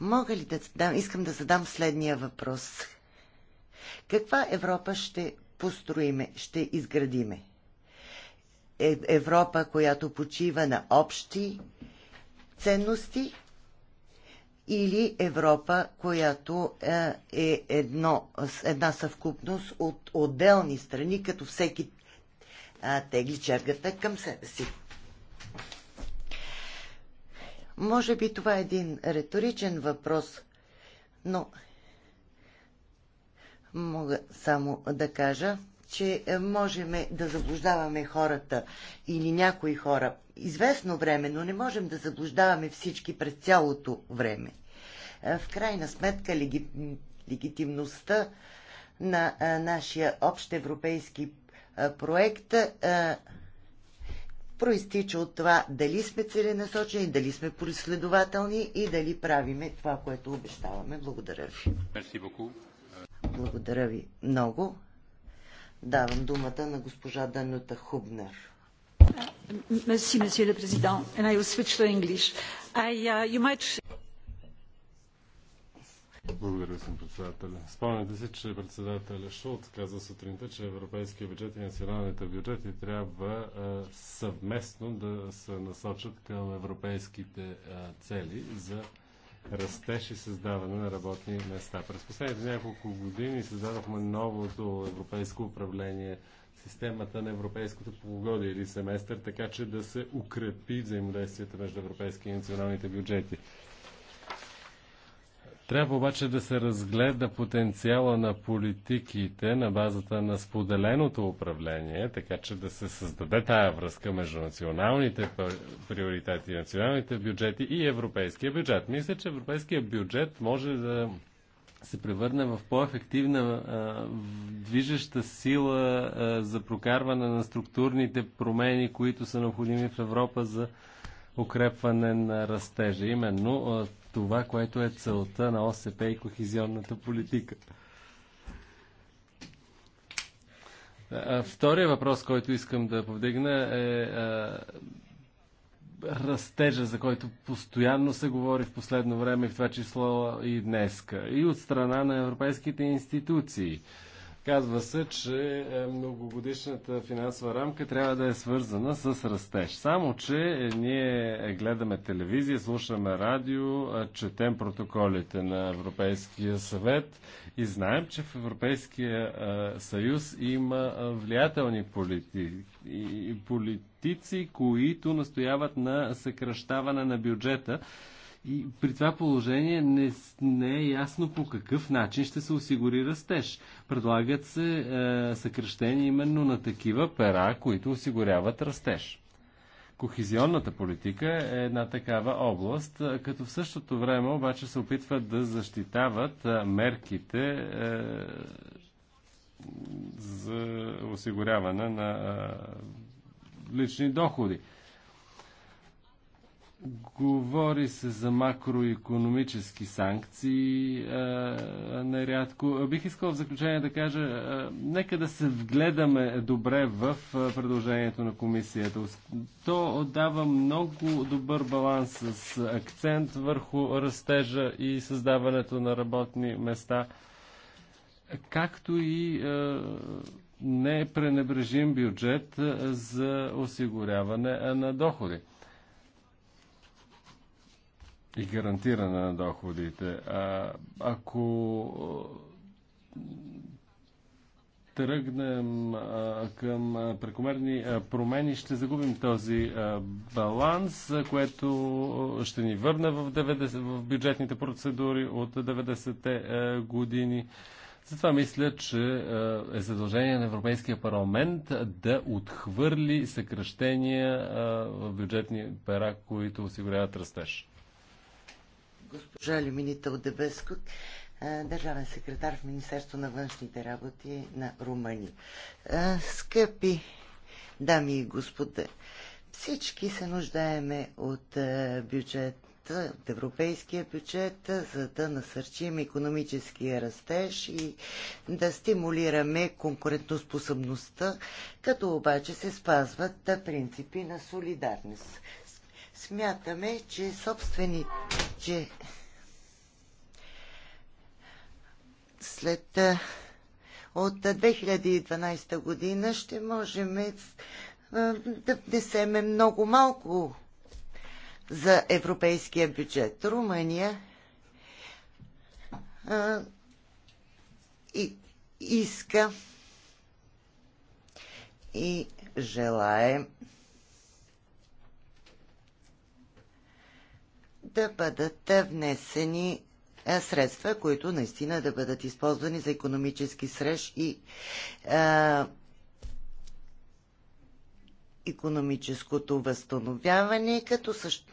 Мога ли да задам, искам да задам следния въпрос. Каква Европа ще построиме, ще изградиме? Е, Европа, която почива на общи ценности или Европа, която е, е едно, една съвкупност от отделни страни, като всеки а, тегли чергата към себе си. Може би това е един риторичен въпрос, но мога само да кажа, че е, можем да заблуждаваме хората или някои хора известно време, но не можем да заблуждаваме всички през цялото време. Е, в крайна сметка легитимността на е, нашия общ европейски проект проистича от това дали сме целенасочени, дали сме последователни и дали правиме това, което обещаваме. Благодаря ви. Благодаря ви много. Давам думата на госпожа Данута Хубнер. Merci, monsieur le président. And I will switch to English. I, uh, you might благодаря, господин председател. Спомняте си, че председател Шулт каза сутринта, че европейския бюджет и националните бюджети трябва а, съвместно да се насочат към европейските а, цели за растеж и създаване на работни места. През последните няколко години създадохме новото европейско управление, системата на европейското полугодие или семестър, така че да се укрепи взаимодействието между европейски и националните бюджети. Трябва обаче да се разгледа потенциала на политиките на базата на споделеното управление, така че да се създаде тая връзка между националните приоритети, националните бюджети и европейския бюджет. Мисля, че европейския бюджет може да се превърне в по-ефективна движеща сила а, за прокарване на структурните промени, които са необходими в Европа за укрепване на растежа. Именно това, което е целта на ОСП и кохизионната политика. Втория въпрос, който искам да повдигна е растежа, за който постоянно се говори в последно време, в това число и днеска, и от страна на европейските институции. Казва се, че е, многогодишната финансова рамка трябва да е свързана с растеж. Само, че е, ние е, гледаме телевизия, слушаме радио, четем протоколите на Европейския съвет и знаем, че в Европейския съюз има влиятелни политици, които настояват на съкръщаване на бюджета и при това положение не, не е ясно по какъв начин ще се осигури растеж. Предлагат се е, съкръщения именно на такива пера, които осигуряват растеж. Кохизионната политика е една такава област, е, като в същото време обаче се опитват да защитават е, мерките е, за осигуряване на е, лични доходи. Говори се за макроекономически санкции а, нарядко. Бих искал в заключение да кажа, а, нека да се вгледаме добре в предложението на комисията. То отдава много добър баланс с акцент върху растежа и създаването на работни места, както и а, не пренебрежим бюджет за осигуряване на доходи и гарантиране на доходите. А, ако тръгнем а, към а, прекомерни а, промени, ще загубим този а, баланс, а, което ще ни върне в, 90, в бюджетните процедури от 90-те години. Затова мисля, че е задължение на Европейския парламент да отхвърли съкръщения в бюджетни пера, които осигуряват растеж госпожа Люминита от е, държавен секретар в Министерство на външните работи на Румъния. Е, скъпи дами и господа, всички се нуждаеме от е, бюджет от европейския бюджет, за да насърчим економическия растеж и да стимулираме конкурентоспособността, като обаче се спазват принципи на солидарност. Смятаме, че собствени, че след от 2012 година ще можем да внесеме много малко за европейския бюджет. Румъния и, иска и желаем да бъдат внесени е, средства, които наистина да бъдат използвани за економически срещ и а, е, економическото възстановяване, като, също,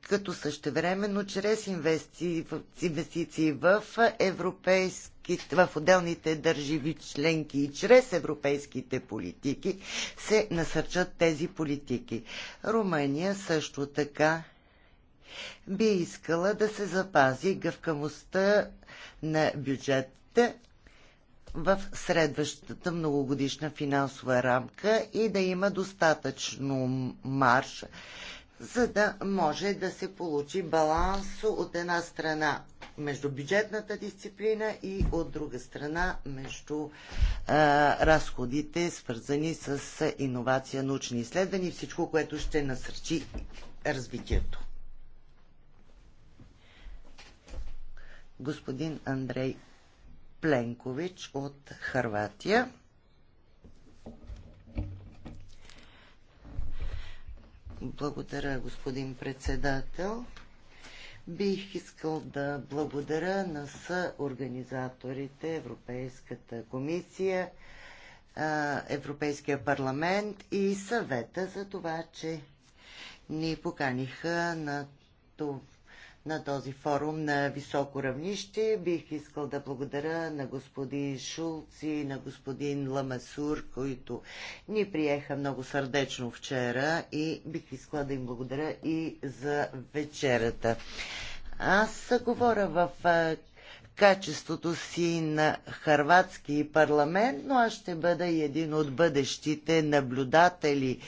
като същевременно чрез инвестиции, инвестиции в европейски, в отделните държави членки и чрез европейските политики се насърчат тези политики. Румъния също така би искала да се запази гъвкавостта на бюджетите в следващата многогодишна финансова рамка и да има достатъчно марш, за да може да се получи баланс от една страна между бюджетната дисциплина и от друга страна между а, разходите, свързани с иновация, научни изследвания и всичко, което ще насърчи развитието. господин Андрей Пленкович от Харватия. Благодаря, господин председател. Бих искал да благодаря на съорганизаторите, Европейската комисия, Европейския парламент и съвета за това, че ни поканиха на това на този форум на високо равнище. Бих искал да благодаря на господин Шулц и на господин Ламасур, които ни приеха много сърдечно вчера и бих искала да им благодаря и за вечерата. Аз говоря в качеството си на хърватски парламент, но аз ще бъда и един от бъдещите наблюдатели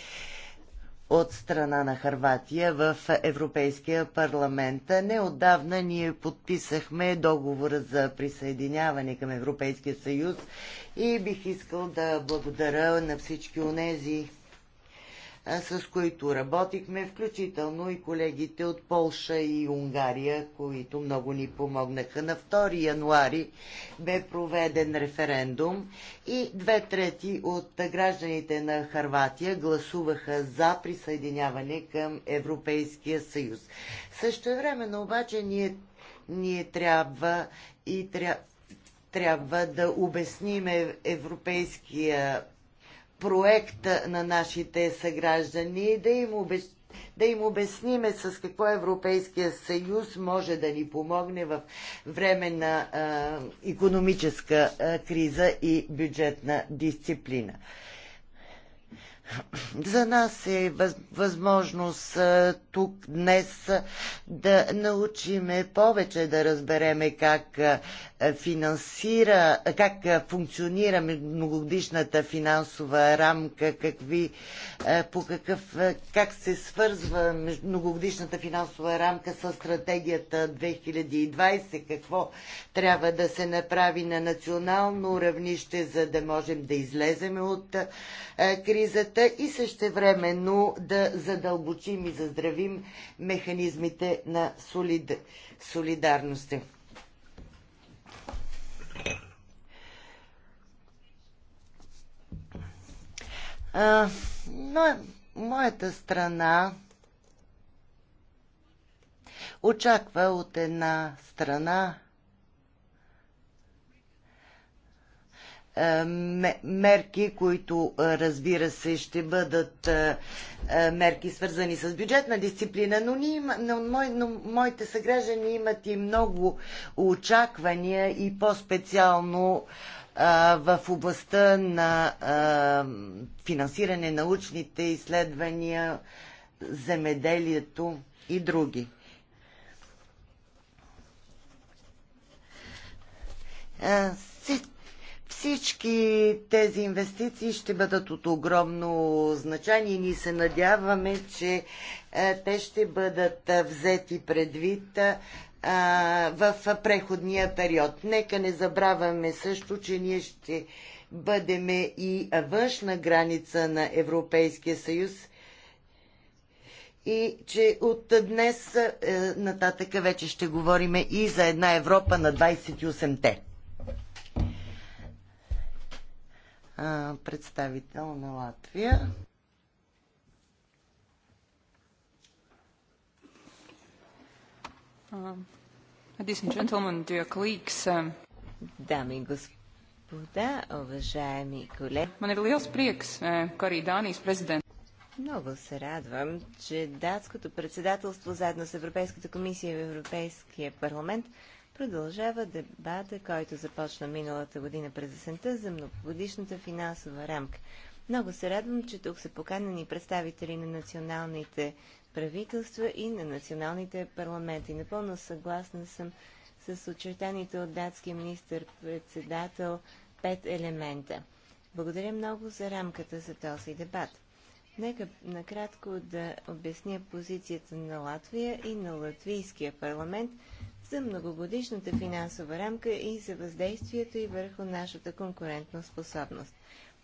от страна на Харватия в Европейския парламент. Неодавна ние подписахме договора за присъединяване към Европейския съюз и бих искал да благодаря на всички онези, с които работихме, включително и колегите от Полша и Унгария, които много ни помогнаха. На 2 януари бе проведен референдум и две трети от гражданите на Харватия гласуваха за присъединяване към Европейския съюз. Също време, обаче ние, ние трябва и трябва трябва да обясним Европейския проекта на нашите съграждани, да им, обяс... да им обясниме с какво Европейския съюз може да ни помогне в време на а, економическа а, криза и бюджетна дисциплина. За нас е възможност тук днес да научиме повече, да разбереме как е, финансира, как е, функционира многогодишната финансова рамка, какви, е, по какъв, как се свързва многогодишната финансова рамка с стратегията 2020, какво трябва да се направи на национално равнище, за да можем да излеземе от кризата и същевременно да задълбочим и заздравим механизмите на солид, солидарност. А, но моята страна очаква от една страна мерки, които разбира се ще бъдат мерки свързани с бюджетна дисциплина, но, ни, има, но, мой, но моите съграждани имат и много очаквания и по-специално в областта на финансиране на научните изследвания, земеделието и други. Всички тези инвестиции ще бъдат от огромно значение. Ние се надяваме, че те ще бъдат взети предвид в преходния период. Нека не забравяме също, че ние ще бъдеме и външна граница на Европейския съюз и че от днес е, нататък вече ще говорим и за една Европа на 28-те. Представител на Латвия. Uh, uh, Дами и господа, уважаеми колеги. Uh, Много се радвам, че датското председателство заедно с Европейската комисия и Европейския парламент продължава дебата, който започна миналата година през есента за многогодишната финансова рамка. Много се радвам, че тук са поканени представители на националните правителства и на националните парламенти. Напълно съгласна съм с очертаните от датския министр-председател пет елемента. Благодаря много за рамката за този дебат. Нека накратко да обясня позицията на Латвия и на Латвийския парламент за многогодишната финансова рамка и за въздействието и върху нашата конкурентна способност.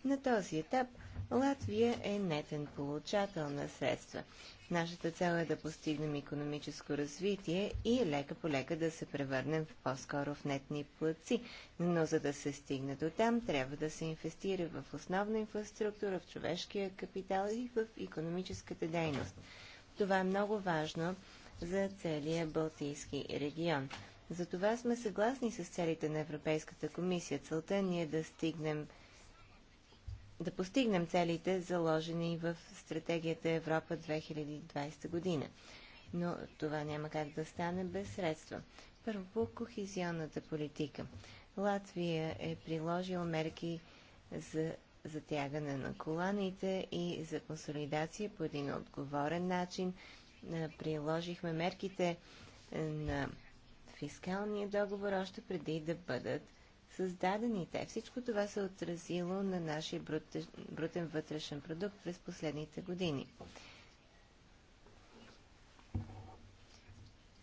На този етап Латвия е нетен получател на средства. Нашата цел е да постигнем економическо развитие и лека по лека да се превърнем в по-скоро в нетни плъци. Но за да се стигне до там, трябва да се инвестира в основна инфраструктура, в човешкия капитал и в економическата дейност. Това е много важно за целия Балтийски регион. Затова сме съгласни с целите на Европейската комисия. Целта ни е да стигнем да постигнем целите, заложени в стратегията Европа 2020 година. Но това няма как да стане без средства. Първо, по кохезионната политика. Латвия е приложил мерки за затягане на коланите и за консолидация по един отговорен начин. Приложихме мерките на фискалния договор още преди да бъдат създадените. Всичко това се е отразило на нашия брутен, вътрешен продукт през последните години.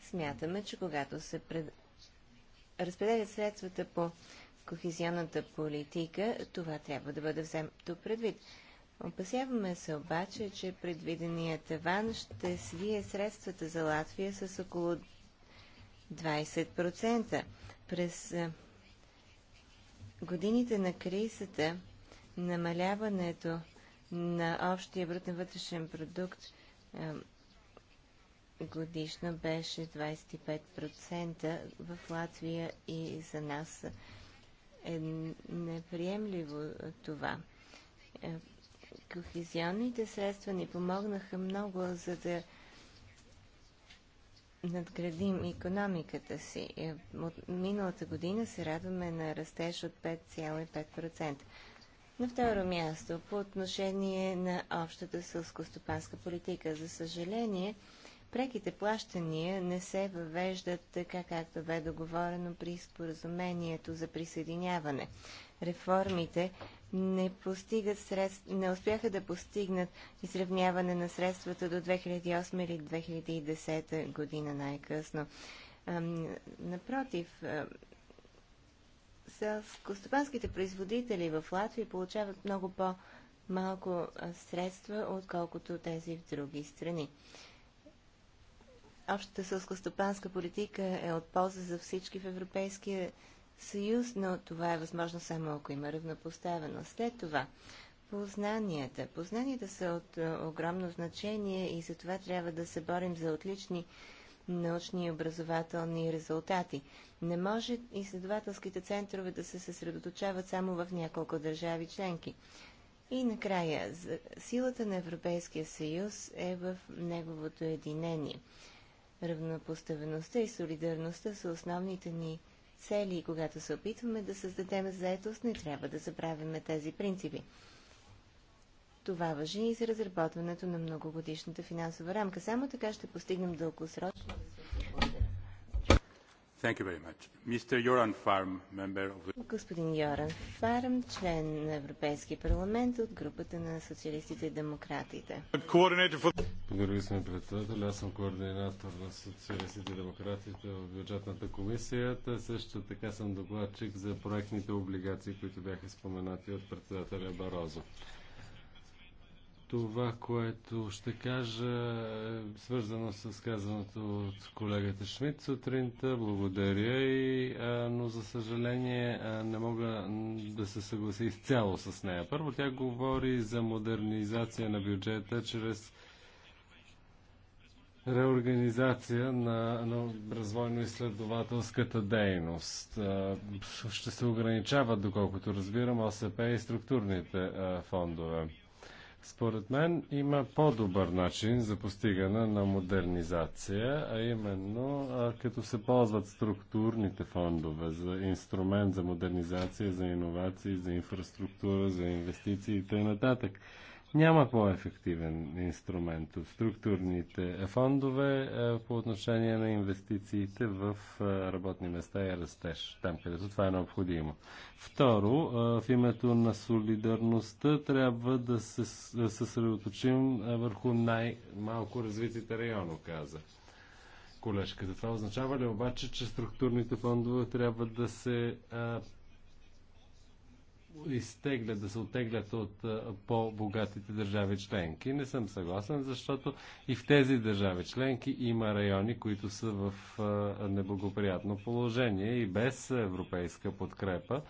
Смятаме, че когато се пред... разпределят средствата по кохезионната политика, това трябва да бъде вземето предвид. Опасяваме се обаче, че предвиденият таван ще свие средствата за Латвия с около 20%. През годините на кризата намаляването на общия брутен вътрешен продукт годишно беше 25%. В Латвия и за нас е неприемливо това. Е, кохезионните средства ни помогнаха много, за да надградим економиката си. Е, от миналата година се радваме на растеж от 5,5%. На второ място, по отношение на общата сълскостопанска политика, за съжаление, преките плащания не се въвеждат така, както бе договорено при споразумението за присъединяване. Реформите не, постигат средств, не успяха да постигнат изравняване на средствата до 2008 или 2010 година най-късно. Напротив, селскостопанските производители в Латвия получават много по-малко средства, отколкото тези в други страни. Общата селскостопанска политика е от полза за всички в Европейския съюз, но това е възможно само ако има равнопоставеност. След това, познанията. Познанията са от е, огромно значение и за това трябва да се борим за отлични научни и образователни резултати. Не може изследователските центрове да се съсредоточават само в няколко държави членки. И накрая, силата на Европейския съюз е в неговото единение. Равнопоставеността и солидарността са основните ни цели. И когато се опитваме да създадем заетост, не трябва да забравяме тези принципи. Това въжи и за разработването на многогодишната финансова рамка. Само така ще постигнем дългосрочно Господин Йоран Фарм, член на Европейския парламент от групата на социалистите и демократите. Благодаря, господин председател. Аз съм координатор на социалистите и демократите в бюджетната комисия. Също така съм докладчик за проектните облигации, които бяха споменати от председателя Барозо. Това, което ще кажа, е свързано с казаното от колегата Шмидт сутринта. Благодаря и, а, но за съжаление а, не мога да се съглася изцяло с нея. Първо тя говори за модернизация на бюджета чрез реорганизация на, на развойно-изследователската дейност. Ще се ограничават, доколкото разбирам, ОСП и структурните а, фондове според мен има по-добър начин за постигане на модернизация, а именно а, като се ползват структурните фондове за инструмент за модернизация, за иновации, за инфраструктура, за инвестиции и т.н. Няма по-ефективен инструмент от структурните фондове е, по отношение на инвестициите в е, работни места и растеж, там където това е необходимо. Второ, е, в името на солидарността трябва да се съсредоточим върху най-малко развитите райони, каза колежката. Това означава ли обаче, че структурните фондове трябва да се а, изтеглят, да се отеглят от по-богатите държави членки. Не съм съгласен, защото и в тези държави членки има райони, които са в неблагоприятно положение и без европейска подкрепа.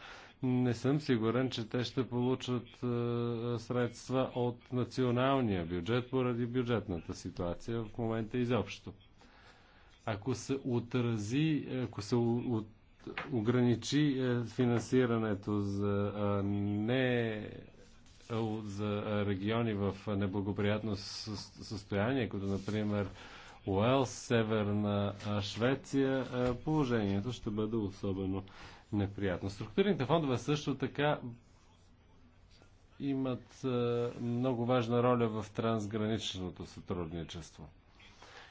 Не съм сигурен, че те ще получат средства от националния бюджет поради бюджетната ситуация в момента изобщо ако се отрази, ако се от, ограничи е, финансирането за не за региони в неблагоприятно състояние, като например Уелс, Северна Швеция, положението ще бъде особено неприятно. Структурните фондове също така имат много важна роля в трансграничното сътрудничество,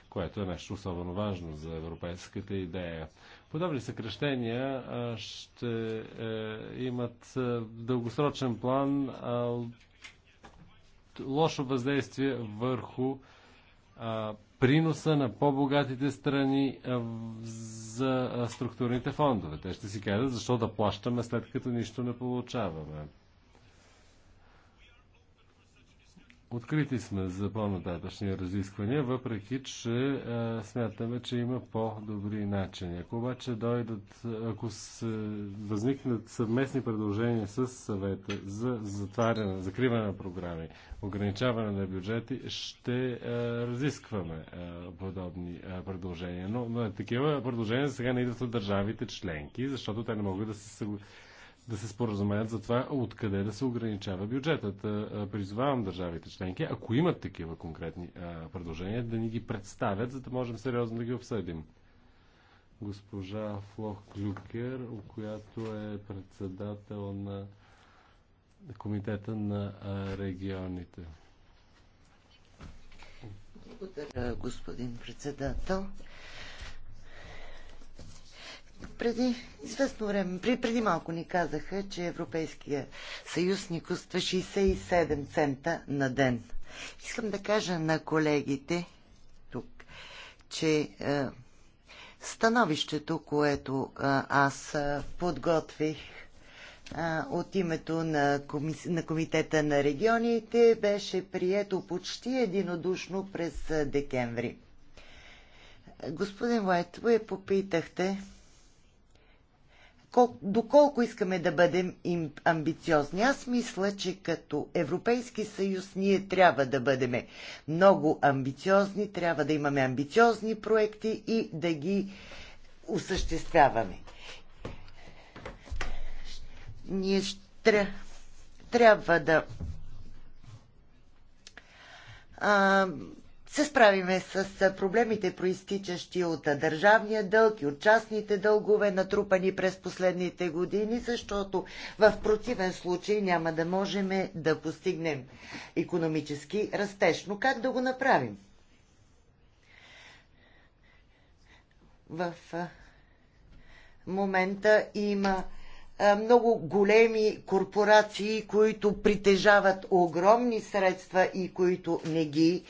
което е нещо особено важно за европейската идея. Подобни съкръщения ще е, имат е, дългосрочен план лошо въздействие върху приноса на по-богатите страни за структурните фондове. Те ще си кажат защо да плащаме след като нищо не получаваме. Открити сме за по-нататъчни разисквания, въпреки че а, смятаме, че има по-добри начини. Ако обаче дойдат, ако се възникнат съвместни предложения с съвета за затваряне, закриване на програми, ограничаване на бюджети, ще а, разискваме а, подобни а, предложения. Но, но такива предложения сега не идват от държавите членки, защото те не могат да се да се споразумеят за това откъде да се ограничава бюджетът. Призовавам държавите членки, ако имат такива конкретни предложения, да ни ги представят, за да можем сериозно да ги обсъдим. Госпожа Флох Клюкер, която е председател на Комитета на регионите. Благодаря, господин председател. Преди известно време, преди малко ни казаха, че Европейския съюз ни коства 67 цента на ден. Искам да кажа на колегите тук, че е, становището, което е, аз е, подготвих е, от името на, комис... на Комитета на регионите беше прието почти единодушно през декември. Господин я попитахте кол, доколко искаме да бъдем им амбициозни. Аз мисля, че като Европейски съюз ние трябва да бъдем много амбициозни, трябва да имаме амбициозни проекти и да ги осъществяваме. Ние тря, трябва да а, се справиме с проблемите, проистичащи от държавния дълг и от частните дългове, натрупани през последните години, защото в противен случай няма да можем да постигнем економически растеж. Но как да го направим? В момента има много големи корпорации, които притежават огромни средства и които не ги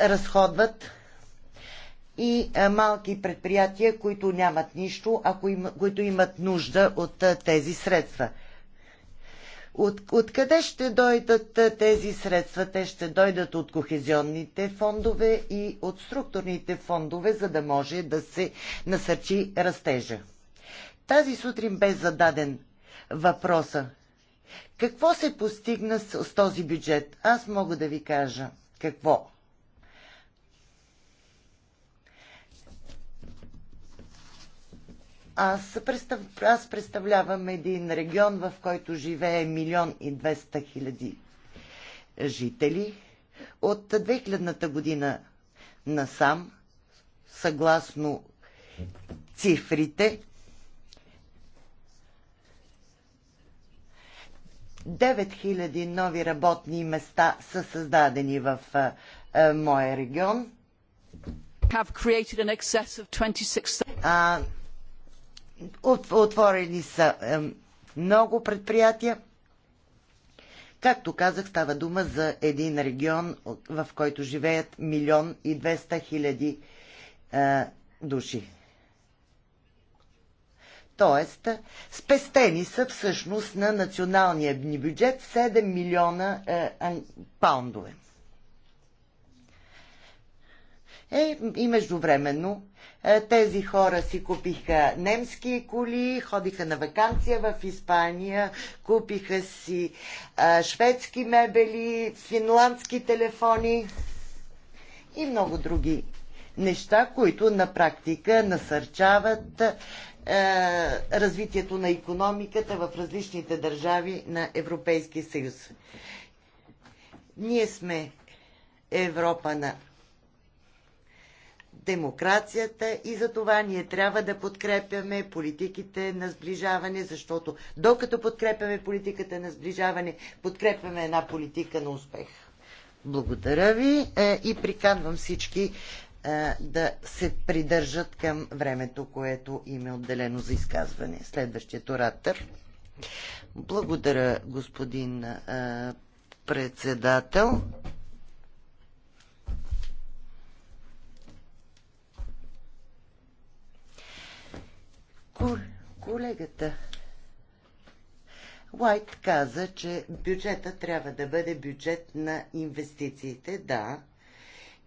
разходват и малки предприятия, които нямат нищо, а които имат нужда от тези средства. От, откъде ще дойдат тези средства? Те ще дойдат от кохезионните фондове и от структурните фондове, за да може да се насърчи растежа. Тази сутрин бе зададен въпроса. Какво се постигна с, с този бюджет? Аз мога да ви кажа какво. Аз, представ... Аз представлявам един регион, в който живее милион и 200 хиляди жители. От 2000-та година насам, съгласно цифрите, 9000 нови работни места са създадени в моя регион. А, отворени са много предприятия. Както казах, става дума за един регион, в който живеят милион и 200 хиляди е, души. Т.е. спестени са всъщност на националния ни бюджет 7 милиона е, паундове. Е, и междувременно е, тези хора си купиха немски коли, ходиха на вакансия в Испания, купиха си е, шведски мебели, финландски телефони и много други неща, които на практика насърчават е, развитието на економиката в различните държави на Европейския съюз. Ние сме Европа на демокрацията и за това ние трябва да подкрепяме политиките на сближаване, защото докато подкрепяме политиката на сближаване, подкрепяме една политика на успех. Благодаря ви е, и приканвам всички е, да се придържат към времето, което им е отделено за изказване. Следващият оратор. Благодаря, господин е, председател. Колегата Уайт каза, че бюджета трябва да бъде бюджет на инвестициите. Да,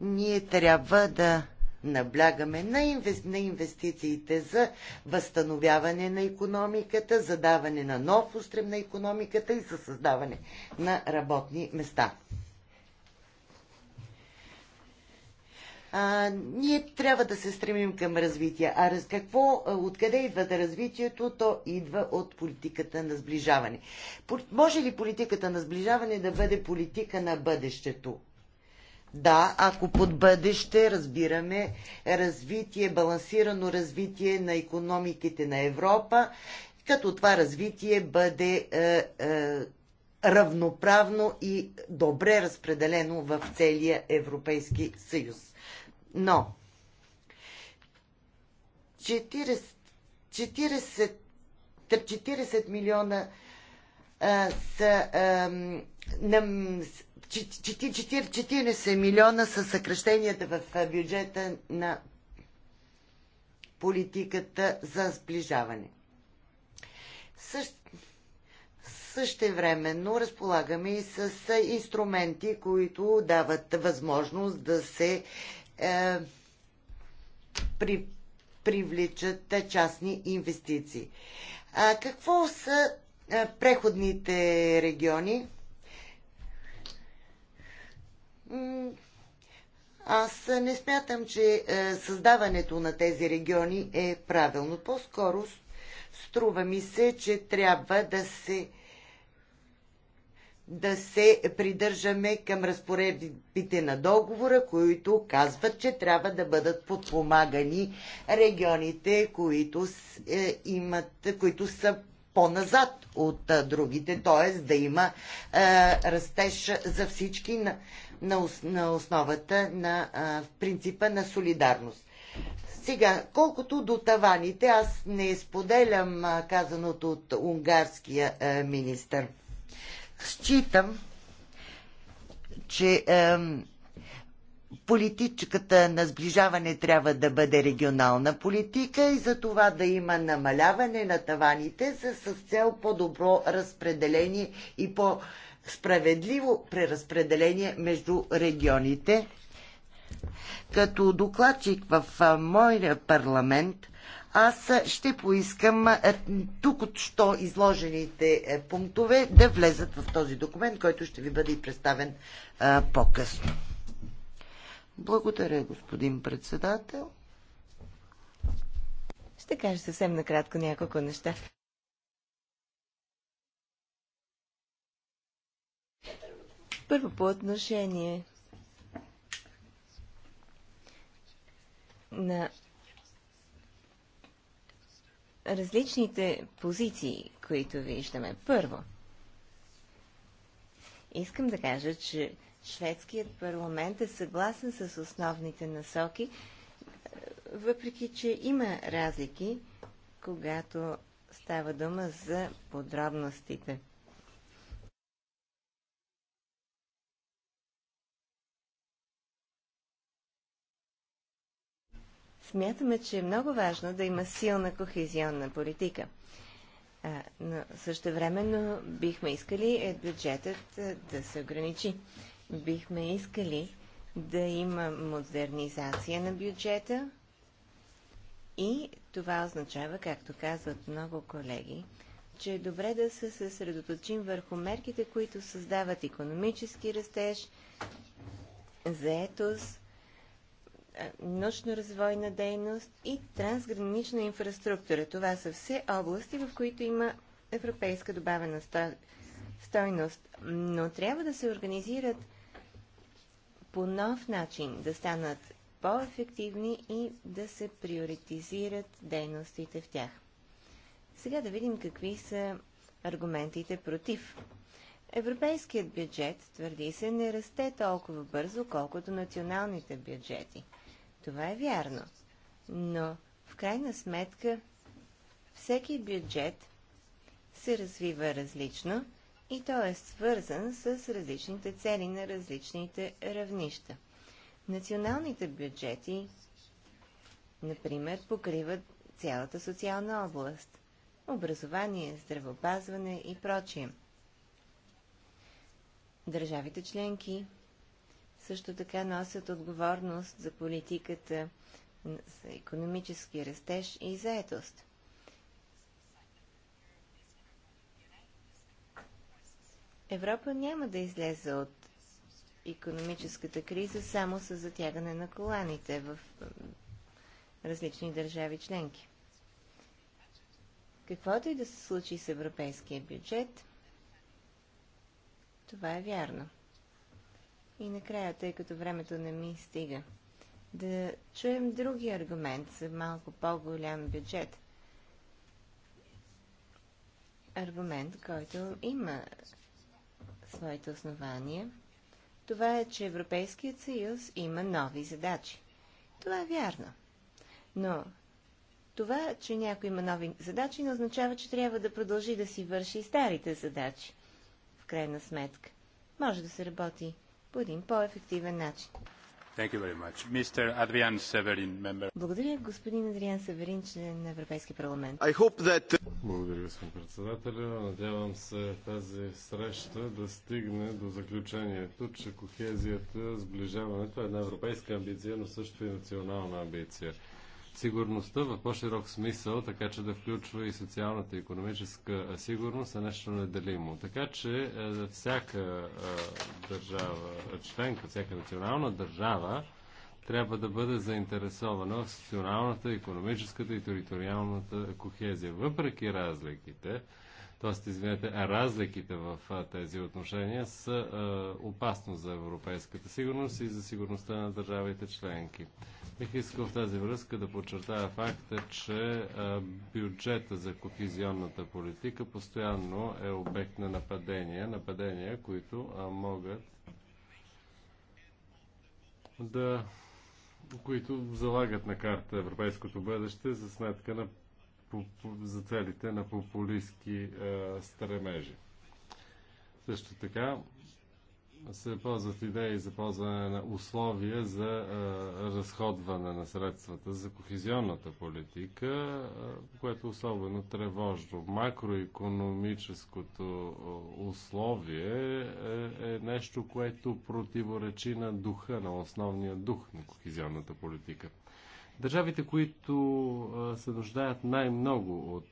ние трябва да наблягаме на, инвес... на инвестициите за възстановяване на економиката, за даване на нов устрем на економиката и за създаване на работни места. А, ние трябва да се стремим към развитие. А раз, какво, откъде идва да развитието? То идва от политиката на сближаване. Може ли политиката на сближаване да бъде политика на бъдещето? Да, ако под бъдеще разбираме развитие, балансирано развитие на економиките на Европа, като това развитие бъде е, е, равноправно и добре разпределено в целия Европейски съюз. Но 40, 40, 40 милиона а, е, са а, нам, 40 милиона са съкръщенията в бюджета на политиката за сближаване. Също, Същевременно разполагаме и с инструменти, които дават възможност да се е, при, привличат частни инвестиции. А какво са е, преходните региони? Аз не смятам, че е, създаването на тези региони е правилно. По-скоро струва ми се, че трябва да се да се придържаме към разпоредбите на договора, които казват, че трябва да бъдат подпомагани регионите, които, е, имат, които са по-назад от а, е, другите, т.е. да има е, растеж за всички на, на, на основата на а, принципа на солидарност. Сега, колкото до таваните, аз не споделям а, казаното от унгарския а, министр. Считам, че а, политичката на сближаване трябва да бъде регионална политика и за това да има намаляване на таваните с, с цел по-добро разпределение и по- справедливо преразпределение между регионите. Като докладчик в моя парламент, аз ще поискам тук от що изложените е, пунктове да влезат в този документ, който ще ви бъде представен по-късно. Благодаря, господин председател. Ще кажа съвсем накратко няколко неща. Първо по отношение на различните позиции, които виждаме. Първо, искам да кажа, че шведският парламент е съгласен с основните насоки, въпреки че има разлики, когато става дума за подробностите. Смятаме, че е много важно да има силна кохезионна политика. А, но същевременно бихме искали е, бюджетът да се ограничи. Бихме искали да има модернизация на бюджета и това означава, както казват много колеги, че е добре да се съсредоточим върху мерките, които създават економически растеж, заетост научно-развойна дейност и трансгранична инфраструктура. Това са все области, в които има европейска добавена стойност. Но трябва да се организират по нов начин, да станат по-ефективни и да се приоритизират дейностите в тях. Сега да видим какви са аргументите против. Европейският бюджет, твърди се, не расте толкова бързо, колкото националните бюджети – това е вярно. Но в крайна сметка всеки бюджет се развива различно и той е свързан с различните цели на различните равнища. Националните бюджети, например, покриват цялата социална област – образование, здравопазване и прочие. Държавите членки също така носят отговорност за политиката за економически растеж и заетост. Европа няма да излезе от економическата криза само с затягане на коланите в различни държави членки. Каквото и да се случи с европейския бюджет, това е вярно. И накрая, тъй като времето не ми стига, да чуем други аргумент за малко по-голям бюджет. Аргумент, който има своите основания, това е, че Европейският съюз има нови задачи. Това е вярно. Но това, че някой има нови задачи, не означава, че трябва да продължи да си върши старите задачи. В крайна сметка, може да се работи по един по-ефективен начин. Severin, Благодаря, господин Адриан Северин, член на Европейски парламент. That... Uh, Благодаря, господин председателя. Надявам се тази среща да стигне до заключението, че кохезията, сближаването е една европейска амбиция, но също и национална амбиция сигурността в по-широк смисъл, така че да включва и социалната и економическа сигурност, е нещо неделимо. Така че за е, всяка е, държава членка, всяка национална държава трябва да бъде заинтересована в социалната, економическата и териториалната кохезия. Въпреки разликите, т.е. извинете, разликите в е, тези отношения са опасно за европейската сигурност и за сигурността на държавите членки. Бих искал в тази връзка да подчертая факта, че бюджета за кохизионната политика постоянно е обект на нападения, нападения, които могат да които залагат на карта европейското бъдеще за сметка на за целите на популистски стремежи. Също така се ползват идеи за ползване на условия за а, разходване на средствата за кохезионната политика, а, което особено тревожно. Макроекономическото условие е, е нещо, което противоречи на духа, на основния дух на кохезионната политика. Държавите, които се нуждаят най-много от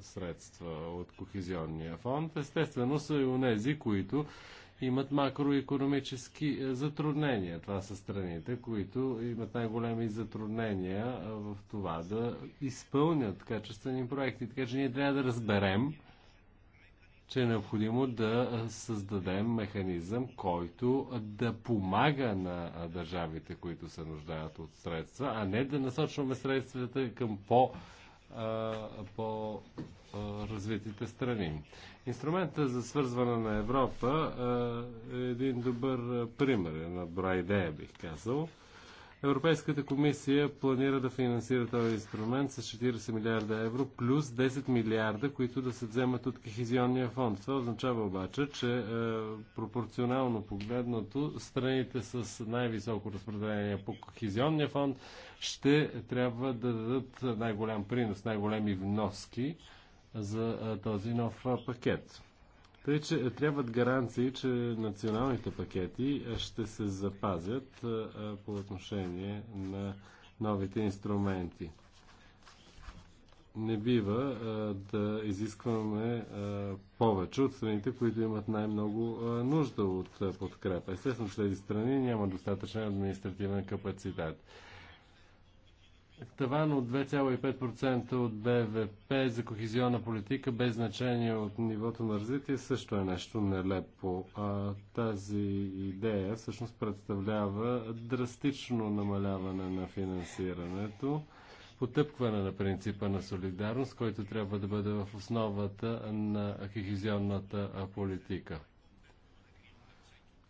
средства от кохезионния фонд, естествено са и у нези, които имат макроекономически е, затруднения. Това са страните, които имат най-големи затруднения е, в това да изпълнят качествени проекти. Така че ние трябва да разберем, че е необходимо да е, създадем механизъм, който да помага на държавите, които се нуждаят от средства, а не да насочваме средствата към по, по развитите страни. Инструмента за свързване на Европа е, е един добър е, пример, една добра идея, бих казал. Европейската комисия планира да финансира този инструмент с 40 милиарда евро плюс 10 милиарда, които да се вземат от Кохизионния фонд. Това означава обаче, че е, пропорционално погледнато страните с най-високо разпределение по Кохизионния фонд ще трябва да дадат най-голям принос, най-големи вноски за този нов пакет. Тъй, че е, трябват гаранции, че националните пакети ще се запазят по отношение на новите инструменти. Не бива да изискваме повече от страните, които имат най-много нужда от подкрепа. Естествено, че тези страни няма достатъчен административен капацитет. Таван от 2,5% от БВП за кохезионна политика без значение от нивото на развитие също е нещо нелепо. А, тази идея всъщност представлява драстично намаляване на финансирането, потъпкване на принципа на солидарност, който трябва да бъде в основата на кохезионната политика.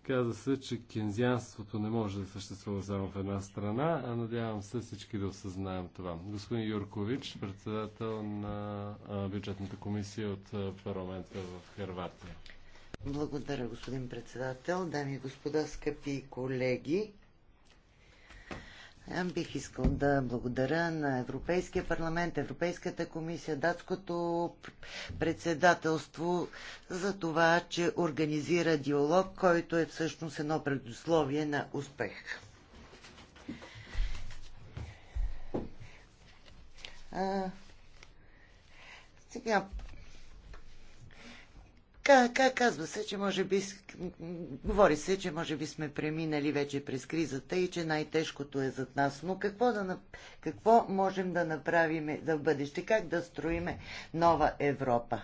Каза се, че кензианството не може да съществува само в една страна, а надявам се всички да осъзнаем това. Господин Юркович, председател на бюджетната комисия от парламента в Харватия. Благодаря, господин председател. Дами и господа, скъпи колеги, Бих искал да благодаря на Европейския парламент, Европейската комисия, датското председателство за това, че организира диалог, който е всъщност едно предусловие на успех. А, сега Казва се, че може би, говори се, че може би сме преминали вече през кризата и че най-тежкото е зад нас. Но какво, да, какво можем да направим е- да в бъдеще? Как да строиме нова Европа?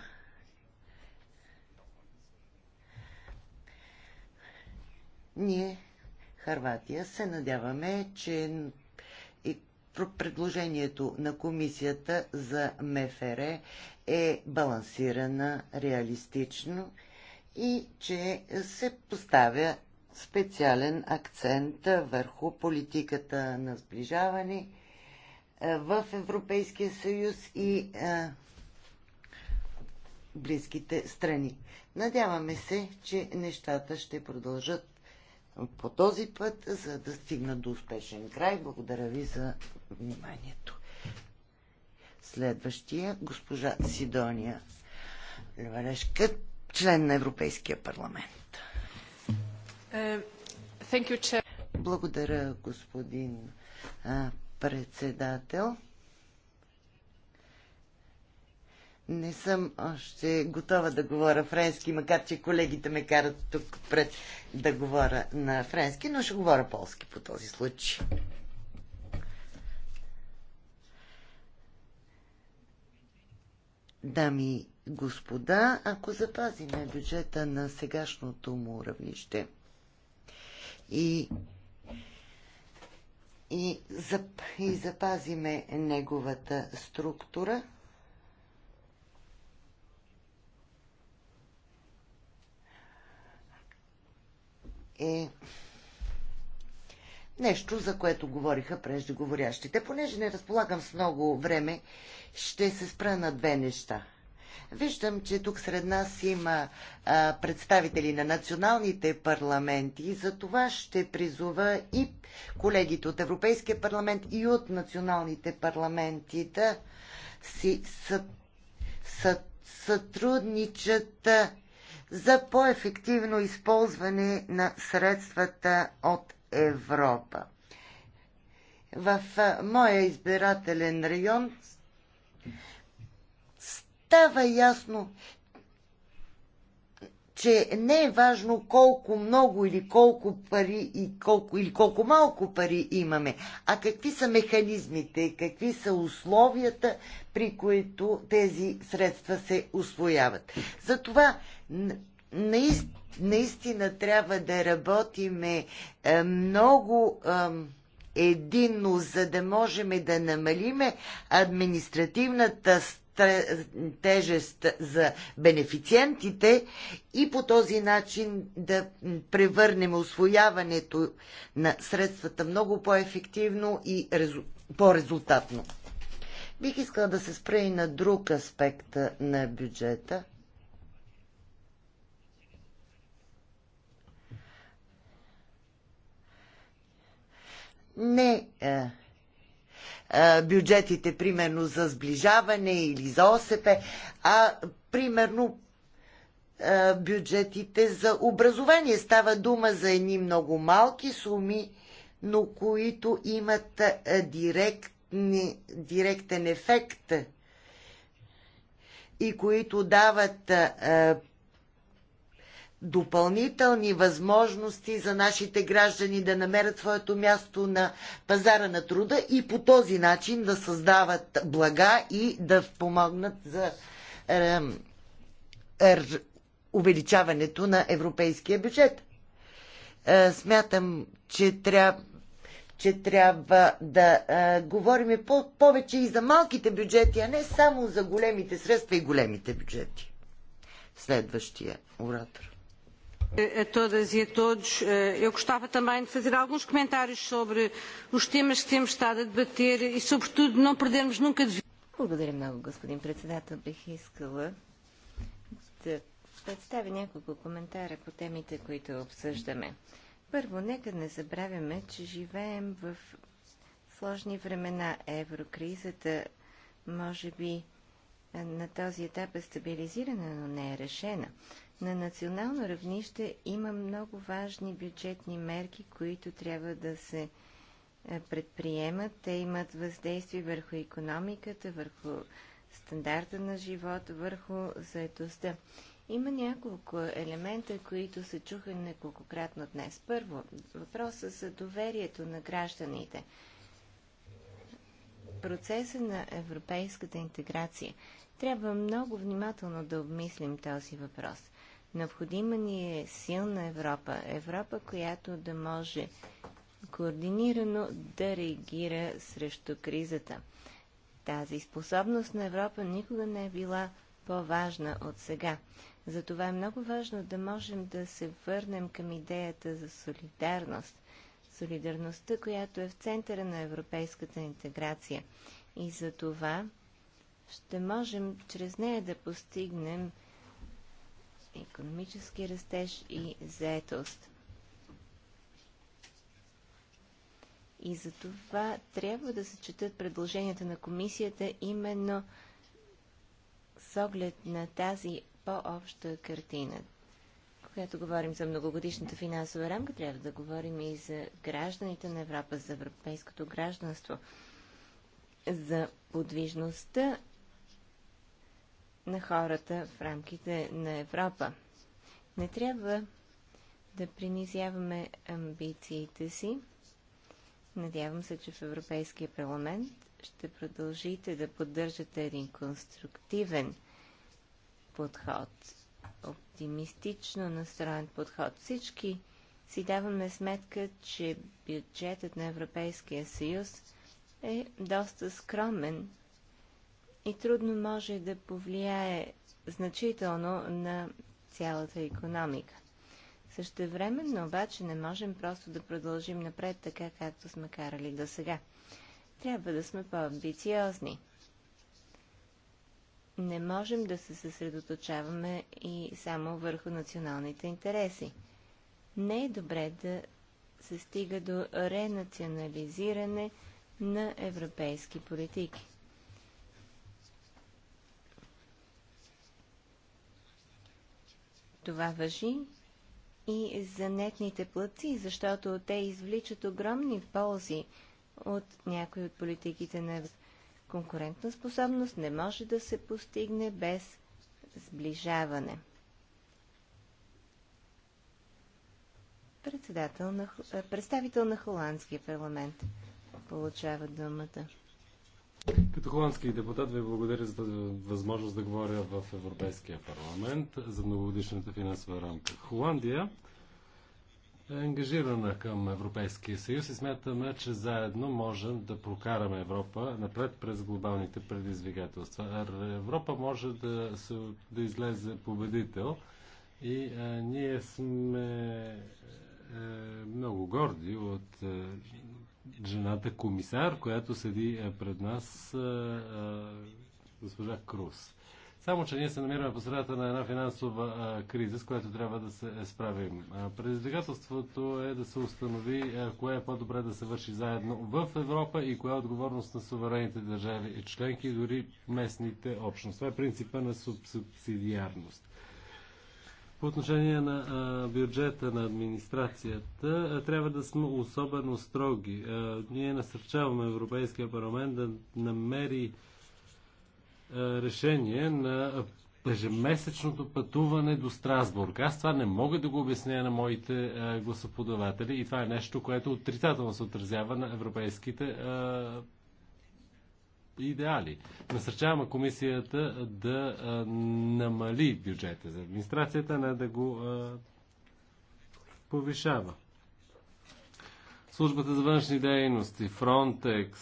Ние, Харватия, се надяваме, че предложението на комисията за МФР е балансирана, реалистично и че се поставя специален акцент върху политиката на сближаване е, в Европейския съюз и е, близките страни. Надяваме се, че нещата ще продължат по този път, за да стигнат до успешен край. Благодаря ви за вниманието. Следващия, госпожа Сидония Леварешка, член на Европейския парламент. Е, you, Благодаря, господин а, председател. Не съм още готова да говоря френски, макар че колегите ме карат тук пред да говоря на френски, но ще говоря полски по този случай. Дами и господа, ако запазиме бюджета на сегашното му равнище и, и, зап, и запазиме неговата структура, е Нещо, за което говориха преждеговорящите. Понеже не разполагам с много време, ще се спра на две неща. Виждам, че тук сред нас има а, представители на националните парламенти. За това ще призова и колегите от Европейския парламент и от националните парламенти да си сътрудничат за по-ефективно използване на средствата от Европа. В моя избирателен район става ясно, че не е важно колко много или колко пари и колко, или колко малко пари имаме, а какви са механизмите, какви са условията, при които тези средства се освояват. Затова наистина наистина трябва да работиме е, много единно, за да можем да намалиме административната тежест за бенефициентите и по този начин да превърнем освояването на средствата много по-ефективно и по-резултатно. Бих искала да се спра и на друг аспект е, на бюджета – не а, е, а, е, бюджетите, примерно, за сближаване или за ОСП, а примерно а, е, бюджетите за образование. Става дума за едни много малки суми, но които имат а, директни, директен ефект и които дават а, допълнителни възможности за нашите граждани да намерят своето място на пазара на труда и по този начин да създават блага и да помогнат за е, е, увеличаването на европейския бюджет. Е, смятам, че трябва че трябва да а, е, говорим по- повече и за малките бюджети, а не само за големите средства и големите бюджети. Следващия оратор a todas e a todos. Eh, eu gostava também de fazer alguns comentários sobre os temas que temos estado a debater e, sobretudo, não perdermos nunca de Благодаря много, господин председател. Бих искала да представя няколко коментара по темите, които обсъждаме. Първо, нека не забравяме, че живеем в сложни времена. Еврокризата може би на този етап е стабилизирана, но не е решена. На национално равнище има много важни бюджетни мерки, които трябва да се е, предприемат. Те имат въздействие върху економиката, върху стандарта на живот, върху заедостта. Има няколко елемента, които се чуха неколкократно днес. Първо, въпроса за доверието на гражданите. Процеса на европейската интеграция. Трябва много внимателно да обмислим този въпрос. Необходима ни е силна Европа. Европа, която да може координирано да реагира срещу кризата. Тази способност на Европа никога не е била по-важна от сега. Затова е много важно да можем да се върнем към идеята за солидарност. Солидарността, която е в центъра на европейската интеграция. И за това ще можем чрез нея да постигнем економически растеж и заетост. И за това трябва да се четат предложенията на комисията именно с оглед на тази по-обща картина. Когато говорим за многогодишната финансова рамка, трябва да говорим и за гражданите на Европа, за европейското гражданство, за подвижността на хората в рамките на Европа. Не трябва да принизяваме амбициите си. Надявам се, че в Европейския парламент ще продължите да поддържате един конструктивен подход, оптимистично настроен подход. Всички си даваме сметка, че бюджетът на Европейския съюз е доста скромен и трудно може да повлияе значително на цялата економика. Същевременно обаче не можем просто да продължим напред така, както сме карали до сега. Трябва да сме по-амбициозни. Не можем да се съсредоточаваме и само върху националните интереси. Не е добре да се стига до ренационализиране на европейски политики. Това въжи и за нетните платци, защото те извличат огромни ползи от някои от политиките на конкурентна способност не може да се постигне без сближаване. Председател на, представител на Холандския парламент получава думата. Като холандски депутат ви благодаря за тази възможност да говоря в Европейския парламент за многогодишната финансова рамка. Холандия е ангажирана към Европейския съюз и смятаме, че заедно можем да прокараме Европа напред през глобалните предизвикателства. Европа може да, се, да излезе победител и а, ние сме е, много горди от е, жената комисар, която седи е, пред нас, е, е, госпожа Круз. Само, че ние се намираме по средата на една финансова криза, с която трябва да се справим. предизвикателството е да се установи кое е по-добре да се върши заедно в Европа и коя е отговорност на суверените държави и членки, дори местните общности. Това е принципа на субсидиарност. По отношение на а, бюджета на администрацията, а, трябва да сме особено строги. А, ние насърчаваме Европейския парламент да намери а, решение на ежемесечното пътуване до Страсбург. Аз това не мога да го обясня на моите а, гласоподаватели и това е нещо, което отрицателно се отразява на европейските а, идеали. Насърчаваме комисията да намали бюджета за администрацията, не да го повишава. Службата за външни дейности, Frontex,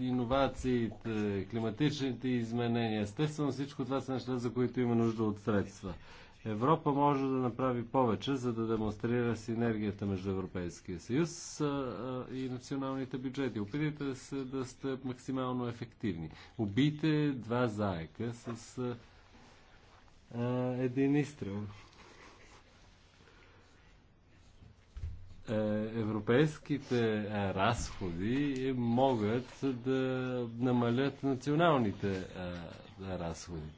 иновациите, климатичните изменения. Естествено, всичко това са неща, за които има нужда от средства. Европа може да направи повече, за да демонстрира синергията между Европейския съюз и националните бюджети. Опитайте се да сте максимално ефективни. Убийте два заека с един изстрел. Е, европейските разходи могат да намалят националните разходи.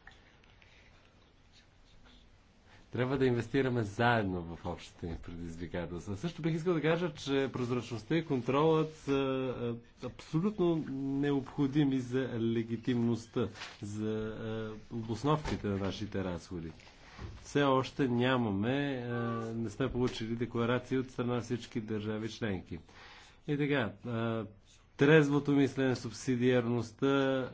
Трябва да инвестираме заедно в общите ни предизвикателства. Също бих искал да кажа, че прозрачността и контролът са е, абсолютно необходими за легитимността, за е, обосновките на нашите разходи все още нямаме, е, не сме получили декларации от страна всички държави членки. И така, трезвото мислене, субсидиарността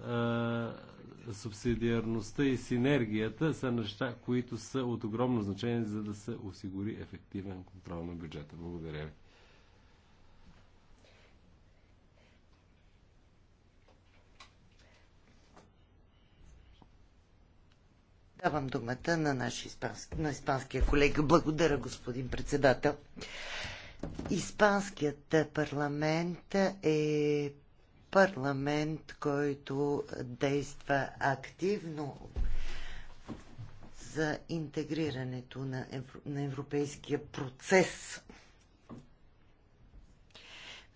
субсидиарността и синергията са неща, които са от огромно значение, за да се осигури ефективен контрол на бюджета. Благодаря ви. Давам думата на наши, испански, на испанския колега. Благодаря, господин председател. Испанският парламент е парламент, който действа активно за интегрирането на, евро, на европейския процес.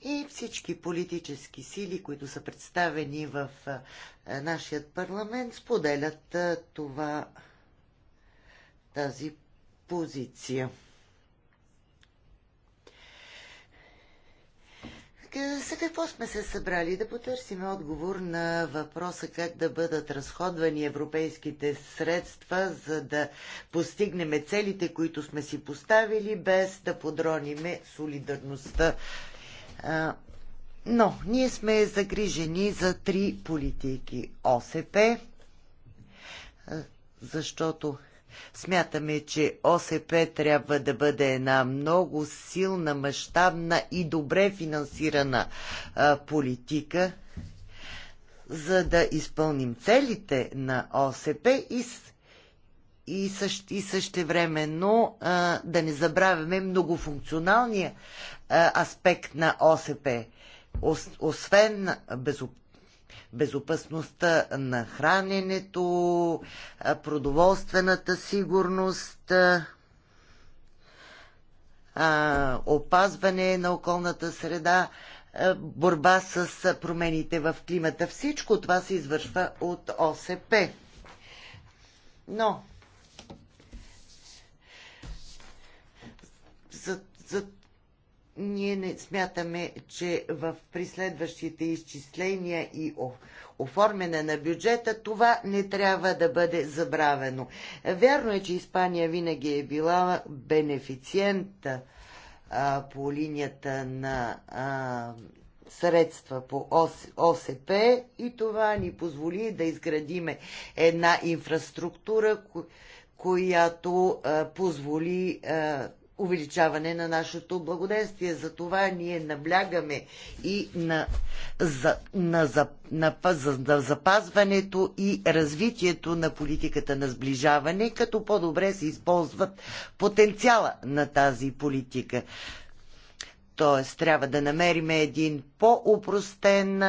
И всички политически сили, които са представени в нашия парламент, споделят това, тази позиция. за е, какво сме се събрали? Да потърсим отговор на въпроса как да бъдат разходвани европейските средства, за да постигнем целите, които сме си поставили, без да подрониме солидарността. Но ние сме загрижени за три политики. ОСП, защото Смятаме, че ОСП трябва да бъде една много силна, мащабна и добре финансирана а, политика, за да изпълним целите на ОСП и и, също, и същевременно а, да не забравяме многофункционалния а, аспект на ОСП. Ос, освен безоп, безопасността на храненето, продоволствената сигурност, опазване на околната среда, борба с промените в климата. Всичко това се извършва от ОСП. Но за, за ние не смятаме, че в преследващите изчисления и оформяне на бюджета това не трябва да бъде забравено. Вярно е, че Испания винаги е била бенефициента а, по линията на а, средства по ОСП и това ни позволи да изградиме една инфраструктура, която а, позволи а, увеличаване на нашето благодействие. За това ние наблягаме и на, за, на, за, на, за, на запазването и развитието на политиката на сближаване, като по-добре се използват потенциала на тази политика. Тоест, трябва да намерим един по-упростен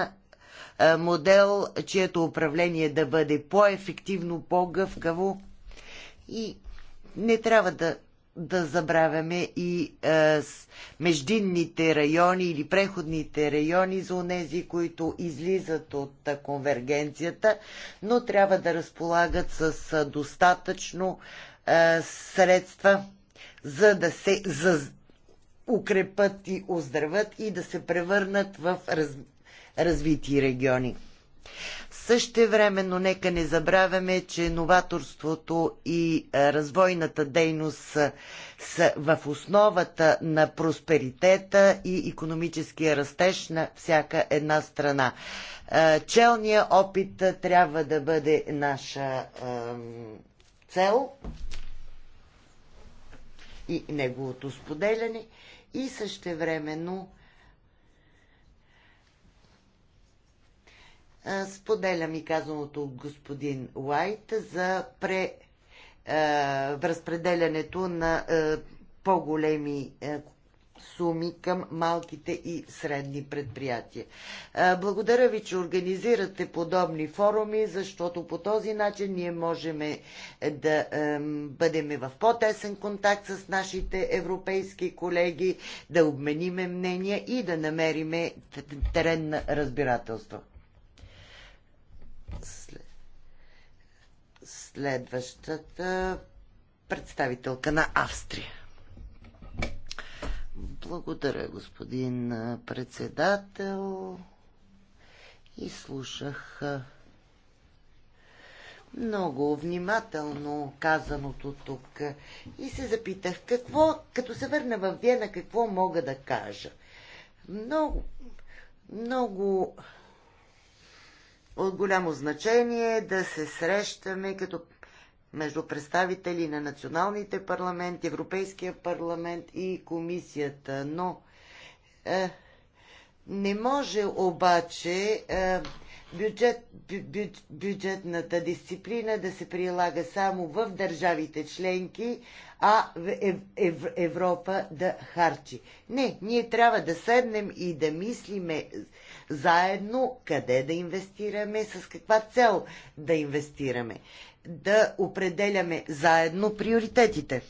модел, чието управление да бъде по-ефективно, по-гъвкаво и не трябва да да забравяме и е, с междинните райони или преходните райони за онези, които излизат от а, е, конвергенцията, но трябва да разполагат с а, е, достатъчно а, средства, за да се за, укрепат и оздравят и да се превърнат в раз, развити региони. Същевременно нека не забравяме, че новаторството и е, развойната дейност са, в основата на просперитета и економическия растеж на всяка една страна. Е, челният опит е, трябва да бъде наша цел и неговото споделяне и същевременно Споделям и казаното от господин Уайт за пре, разпределянето на по-големи суми към малките и средни предприятия. Благодаря ви, че организирате подобни форуми, защото по този начин ние можем е, да бъдем в по-тесен контакт с нашите европейски колеги, да обмениме мнения и да намериме терен на разбирателство. Следващата представителка на Австрия. Благодаря, господин председател. И слушах много внимателно казаното тук и се запитах какво, като се върна в Вена, какво мога да кажа. Много, много от голямо значение да се срещаме като между представители на националните парламенти, Европейския парламент и комисията. Но е, не може обаче е, бюджет, бю, бю, бюджетната дисциплина да се прилага само в държавите членки, а в ев, ев, Европа да харчи. Не, ние трябва да седнем и да мислиме заедно къде да инвестираме, с каква цел да инвестираме, да определяме заедно приоритетите.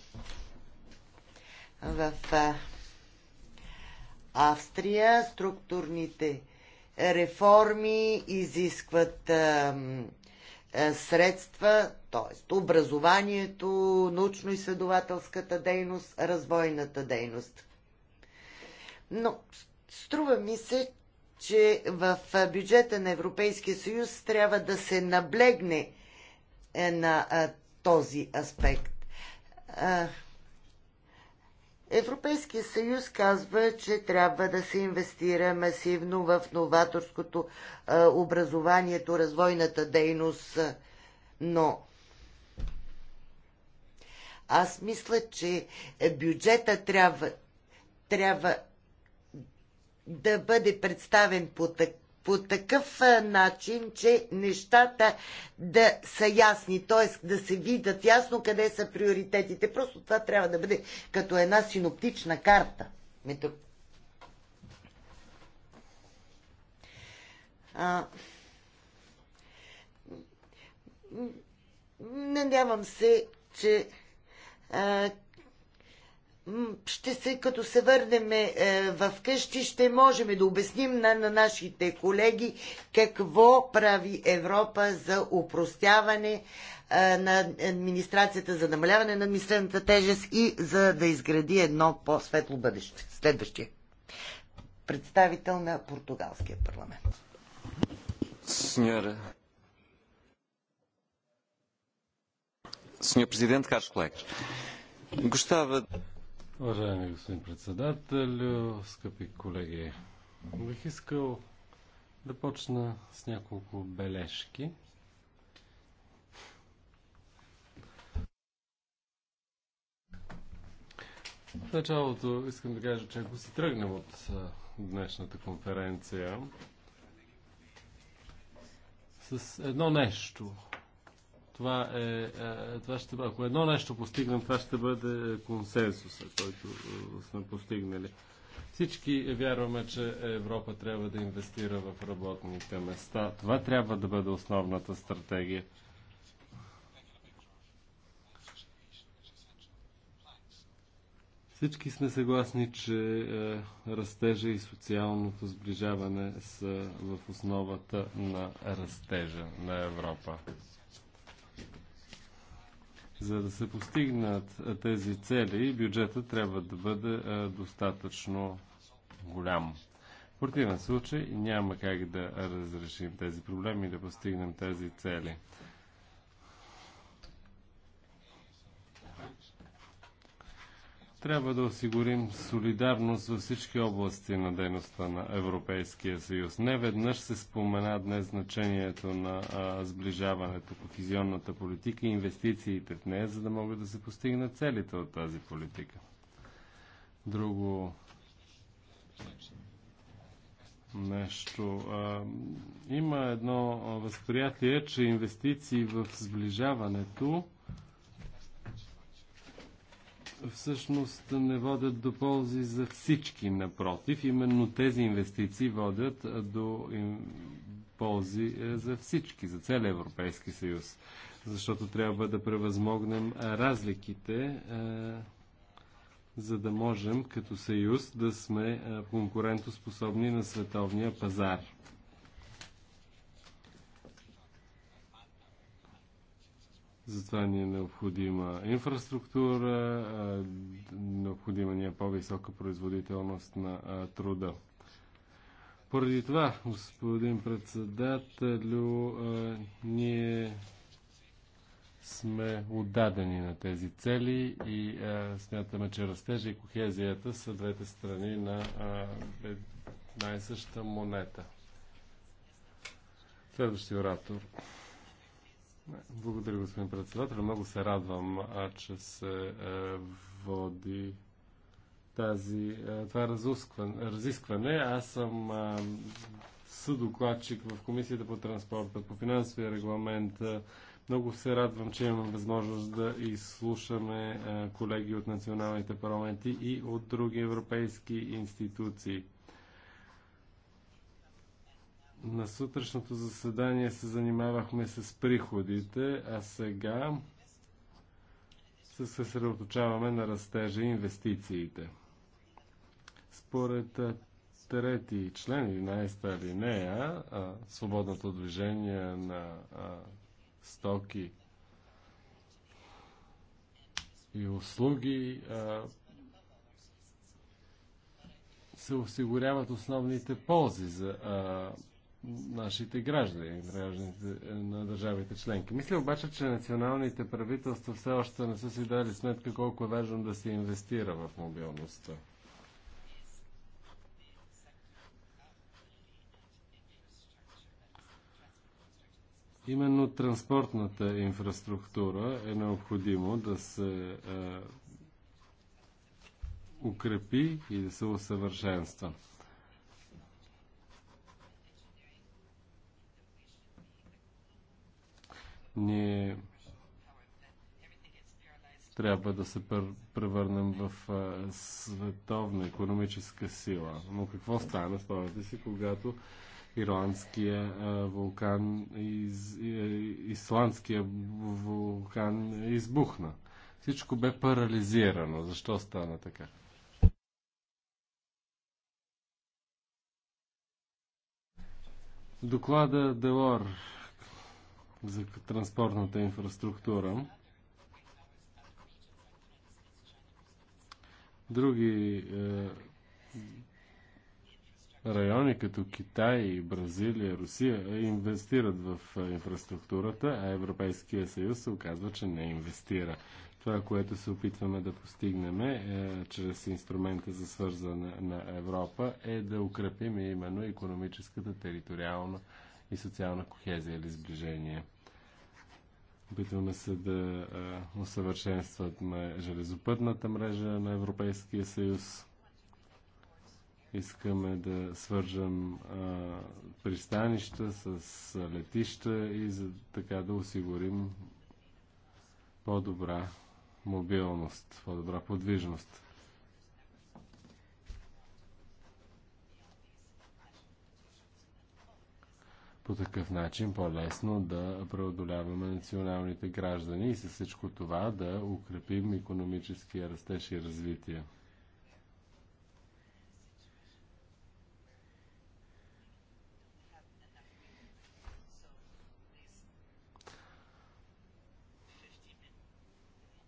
В Австрия структурните реформи изискват средства, т.е. образованието, научно-изследователската дейност, развойната дейност. Но струва ми се, че в бюджета на Европейския съюз трябва да се наблегне е, на е, този аспект. Е, Европейския съюз казва, че трябва да се инвестира масивно в новаторското образованието, развойната дейност, но аз мисля, че бюджета трябва, трябва да бъде представен по, по такъв начин, че нещата да са ясни, т.е. да се видят ясно къде са приоритетите. Просто това трябва да бъде като една синоптична карта. А... Надявам се, че а, ще се, като се върнем е, в къщи, ще можем да обясним на, на нашите колеги какво прави Европа за упростяване е, на администрацията, за намаляване на мислената тежест и за да изгради едно по-светло бъдеще. Следващия представител на португалския парламент. Сеньора. Сеньор президент, харш колегаш. Gostava. Уважаеми господин председател, скъпи колеги, бих искал да почна с няколко бележки. В началото искам да кажа, че ако се тръгнем от днешната конференция с едно нещо, това, е, е, това ще бъде, ако едно нещо постигнем, това ще бъде консенсуса, който е, сме постигнали. Всички вярваме, че Европа трябва да инвестира в работните места. Това трябва да бъде основната стратегия. Всички сме съгласни, че е, растежа и социалното сближаване са в основата на растежа на Европа. За да се постигнат тези цели, бюджетът трябва да бъде достатъчно голям. В противен случай няма как да разрешим тези проблеми и да постигнем тези цели. Трябва да осигурим солидарност във всички области на дейността на Европейския съюз. Не веднъж се спомена днес значението на а, сближаването, кохизионната политика и инвестициите в нея, за да могат да се постигнат целите от тази политика. Друго нещо. А, има едно възприятие, че инвестиции в сближаването всъщност не водят до ползи за всички. Напротив, именно тези инвестиции водят до ползи е, за всички, за целия Европейски съюз. Защото трябва да превъзмогнем разликите, за да можем като съюз да сме конкурентоспособни на световния пазар. Затова ни е необходима инфраструктура, необходима ни е по-висока производителност на труда. Поради това, господин председателю, ние сме отдадени на тези цели и смятаме, че растежа и кохезията са двете страни на една и съща монета. Следващия оратор. Благодаря, господин председател. Много се радвам, а, че се е, води тази, е, това разискване. Аз съм е, съдокладчик в Комисията по транспорта, по финансовия регламент. Е, много се радвам, че имам възможност да изслушаме е, колеги от националните парламенти и от други европейски институции. На сутрешното заседание се занимавахме с приходите, а сега се съсредоточаваме на растежа и инвестициите. Според трети член, 11-та линея, свободното движение на а, стоки и услуги, а, се осигуряват основните ползи за а, нашите граждани, гражданите на държавите членки. Мисля обаче, че националните правителства все още не са си дали сметка колко е важно да се инвестира в мобилността. Именно транспортната инфраструктура е необходимо да се е, укрепи и да се усъвършенства. Ние трябва да се превърнем в световна економическа сила. Но какво стана, спомняте си, когато ирландския вулкан, из, исландския вулкан избухна? Всичко бе парализирано. Защо стана така? Доклада Делор за транспортната инфраструктура. Други е, райони като Китай, Бразилия, Русия е, инвестират в е, инфраструктурата, а Европейския съюз се оказва, че не инвестира. Това, което се опитваме да постигнем е, е чрез инструмента за свързване на Европа, е да укрепим именно економическата териториална и социална кохезия или сближение. Опитваме се да усъвършенстваме железопътната мрежа на Европейския съюз. Искаме да свържем а, пристанища с летища и за така да осигурим по-добра мобилност, по-добра подвижност. по такъв начин по-лесно да преодоляваме националните граждани и с всичко това да укрепим економическия растеж и развитие.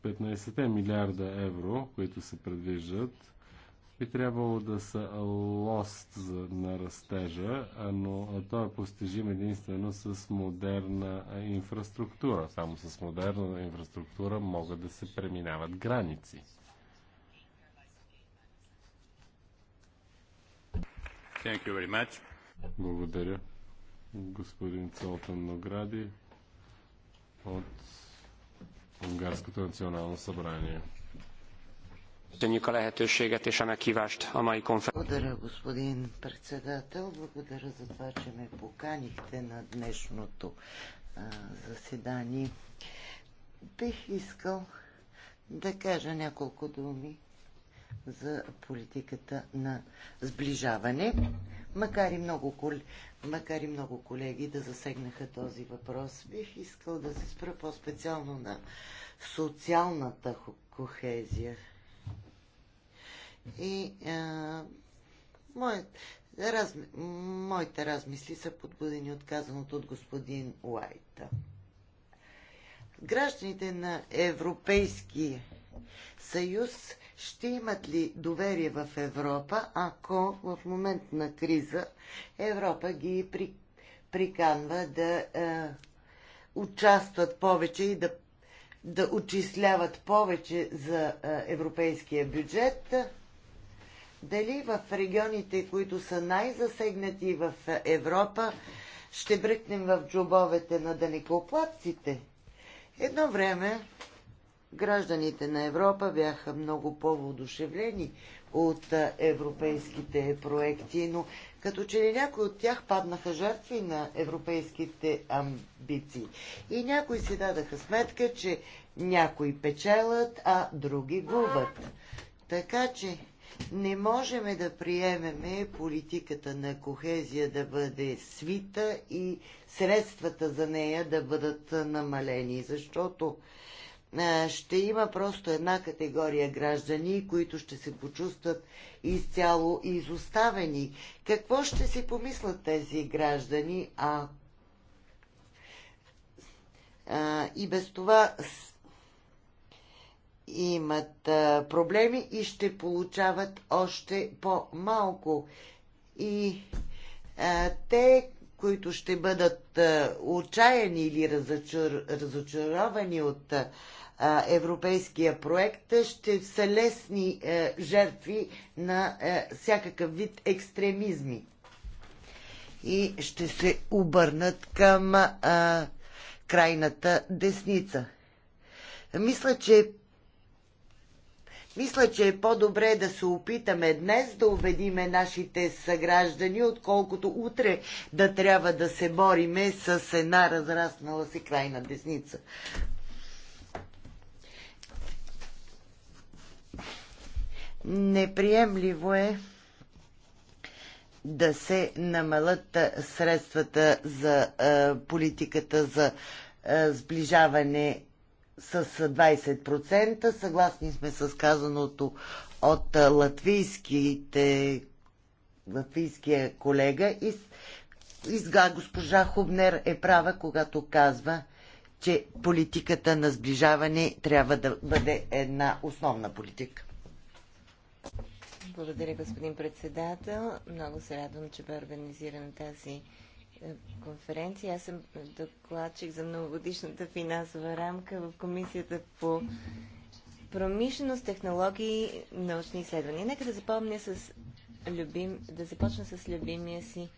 Петнайсетте милиарда евро, които се предвиждат, би трябвало да са лост на растежа, но той е постижим единствено с модерна инфраструктура. Само с модерна инфраструктура могат да се преминават граници. Thank you very much. Благодаря. Господин Цолтан награди от Унгарското национално събрание. Благодаря, господин председател. Благодаря за това, че ме поканихте на днешното заседание. Бих искал да кажа няколко думи за политиката на сближаване. Макар и много, коли, Макар и много колеги да засегнаха този въпрос, бих искал да се спра по-специално на социалната кохезия и а, раз, моите размисли са подбудени от казаното от господин Уайт. Гражданите на Европейския съюз ще имат ли доверие в Европа, ако в момент на криза Европа ги при, приканва да е, участват повече и да, да отчисляват повече за е, европейския бюджет, дали в регионите, които са най-засегнати в Европа, ще бръкнем в джобовете на далекоплатците. Едно време гражданите на Европа бяха много по-воодушевлени от европейските проекти, но като че ли някои от тях паднаха жертви на европейските амбиции. И някои си дадаха сметка, че някои печелят, а други губят. Така че не можем да приемеме политиката на кохезия да бъде свита и средствата за нея да бъдат намалени, защото ще има просто една категория граждани, които ще се почувстват изцяло изоставени. Какво ще си помислят тези граждани, а, а и без това имат проблеми и ще получават още по-малко. И те, които ще бъдат отчаяни или разочар... разочаровани от европейския проект, ще са лесни жертви на всякакъв вид екстремизми и ще се обърнат към крайната десница. Мисля, че мисля, че е по-добре да се опитаме днес да убедиме нашите съграждани, отколкото утре да трябва да се бориме с една разраснала си крайна десница. Неприемливо е да се намалят средствата за политиката за сближаване с 20%. Съгласни сме с казаното от латвийските, латвийския колега и изга госпожа Хубнер е права, когато казва, че политиката на сближаване трябва да бъде една основна политика. Благодаря, господин председател. Много се радвам, че бе организирана тази конференция. Аз съм докладчик за многогодишната финансова рамка в Комисията по промишленост, технологии, научни изследвания. Нека да запомня с любим, да започна с любимия си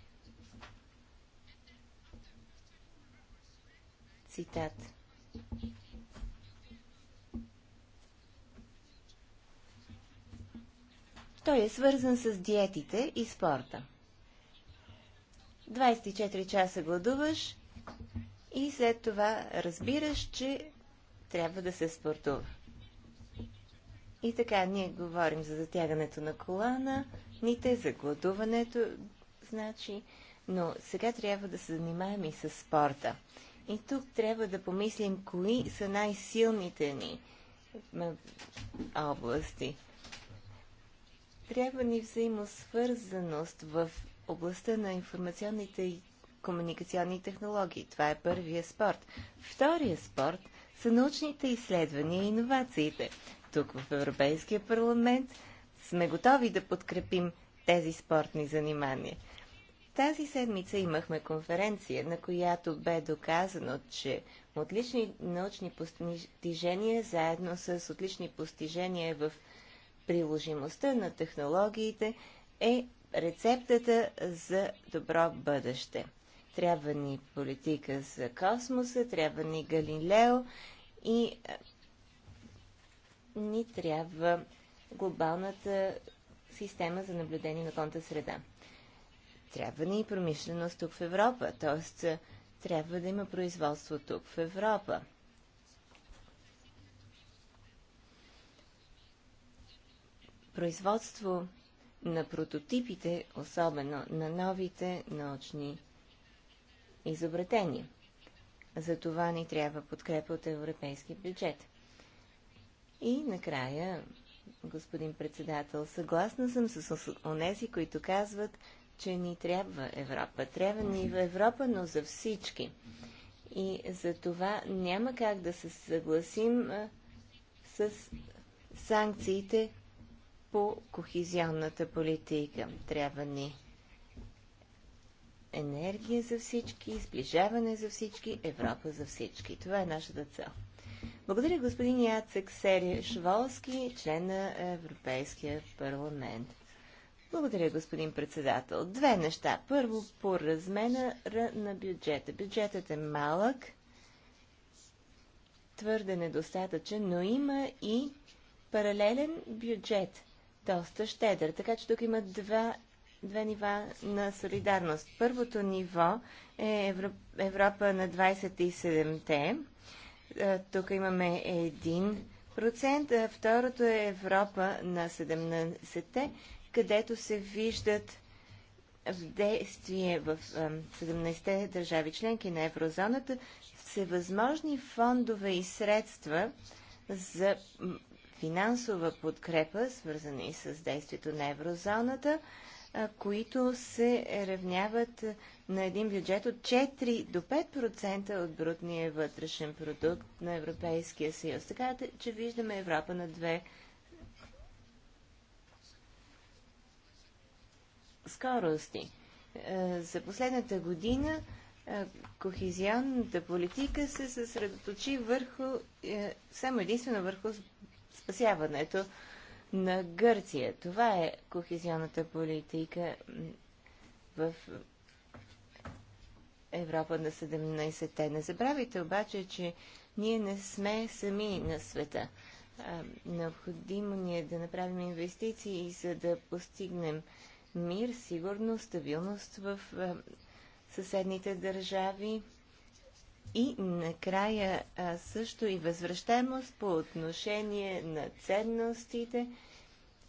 цитат. Той е свързан с диетите и спорта. 24 часа гладуваш и след това разбираш, че трябва да се спортува. И така, ние говорим за затягането на колана, ните за гладуването, значи, но сега трябва да се занимаем и с спорта. И тук трябва да помислим кои са най-силните ни области. Трябва ни взаимосвързаност в областта на информационните и комуникационни технологии. Това е първия спорт. Втория спорт са научните изследвания и иновациите. Тук в Европейския парламент сме готови да подкрепим тези спортни занимания. Тази седмица имахме конференция, на която бе доказано, че отлични научни постижения заедно с отлични постижения в приложимостта на технологиите е рецептата за добро бъдеще. Трябва ни политика за космоса, трябва ни Галилео и ни трябва глобалната система за наблюдение на конта среда. Трябва ни и промишленост тук в Европа, т.е. трябва да има производство тук в Европа. Производство на прототипите, особено на новите научни изобретения. За това ни трябва подкрепа от европейски бюджет. И накрая, господин председател, съгласна съм с онези, които казват, че ни трябва Европа. Трябва ни в Европа, но за всички. И за това няма как да се съгласим с санкциите, по кохизионната политика. Трябва ни енергия за всички, сближаване за всички, Европа за всички. Това е нашата цел. Благодаря господин Яцек Сери Шволски, член на Европейския парламент. Благодаря, господин председател. Две неща. Първо, по размена на бюджета. Бюджетът е малък, твърде недостатъчен, но има и паралелен бюджет – доста щедър. Така че тук има два, две нива на солидарност. Първото ниво е Европа на 27-те. Е, тук имаме 1%. Второто е Европа на 17-те, където се виждат в действие в 17-те държави членки на еврозоната всевъзможни фондове и средства за финансова подкрепа, свързани с действието на еврозоната, които се равняват на един бюджет от 4 до 5% от брутния вътрешен продукт на Европейския съюз. Така че виждаме Европа на две скорости. За последната година кохезионната политика се съсредоточи върху, е, само единствено върху спасяването на Гърция. Това е кохезионната политика в Европа на 17-те. Не забравяйте обаче, че ние не сме сами на света. необходимо ни е да направим инвестиции, за да постигнем мир, сигурност, стабилност в съседните държави и накрая също и възвръщаемост по отношение на ценностите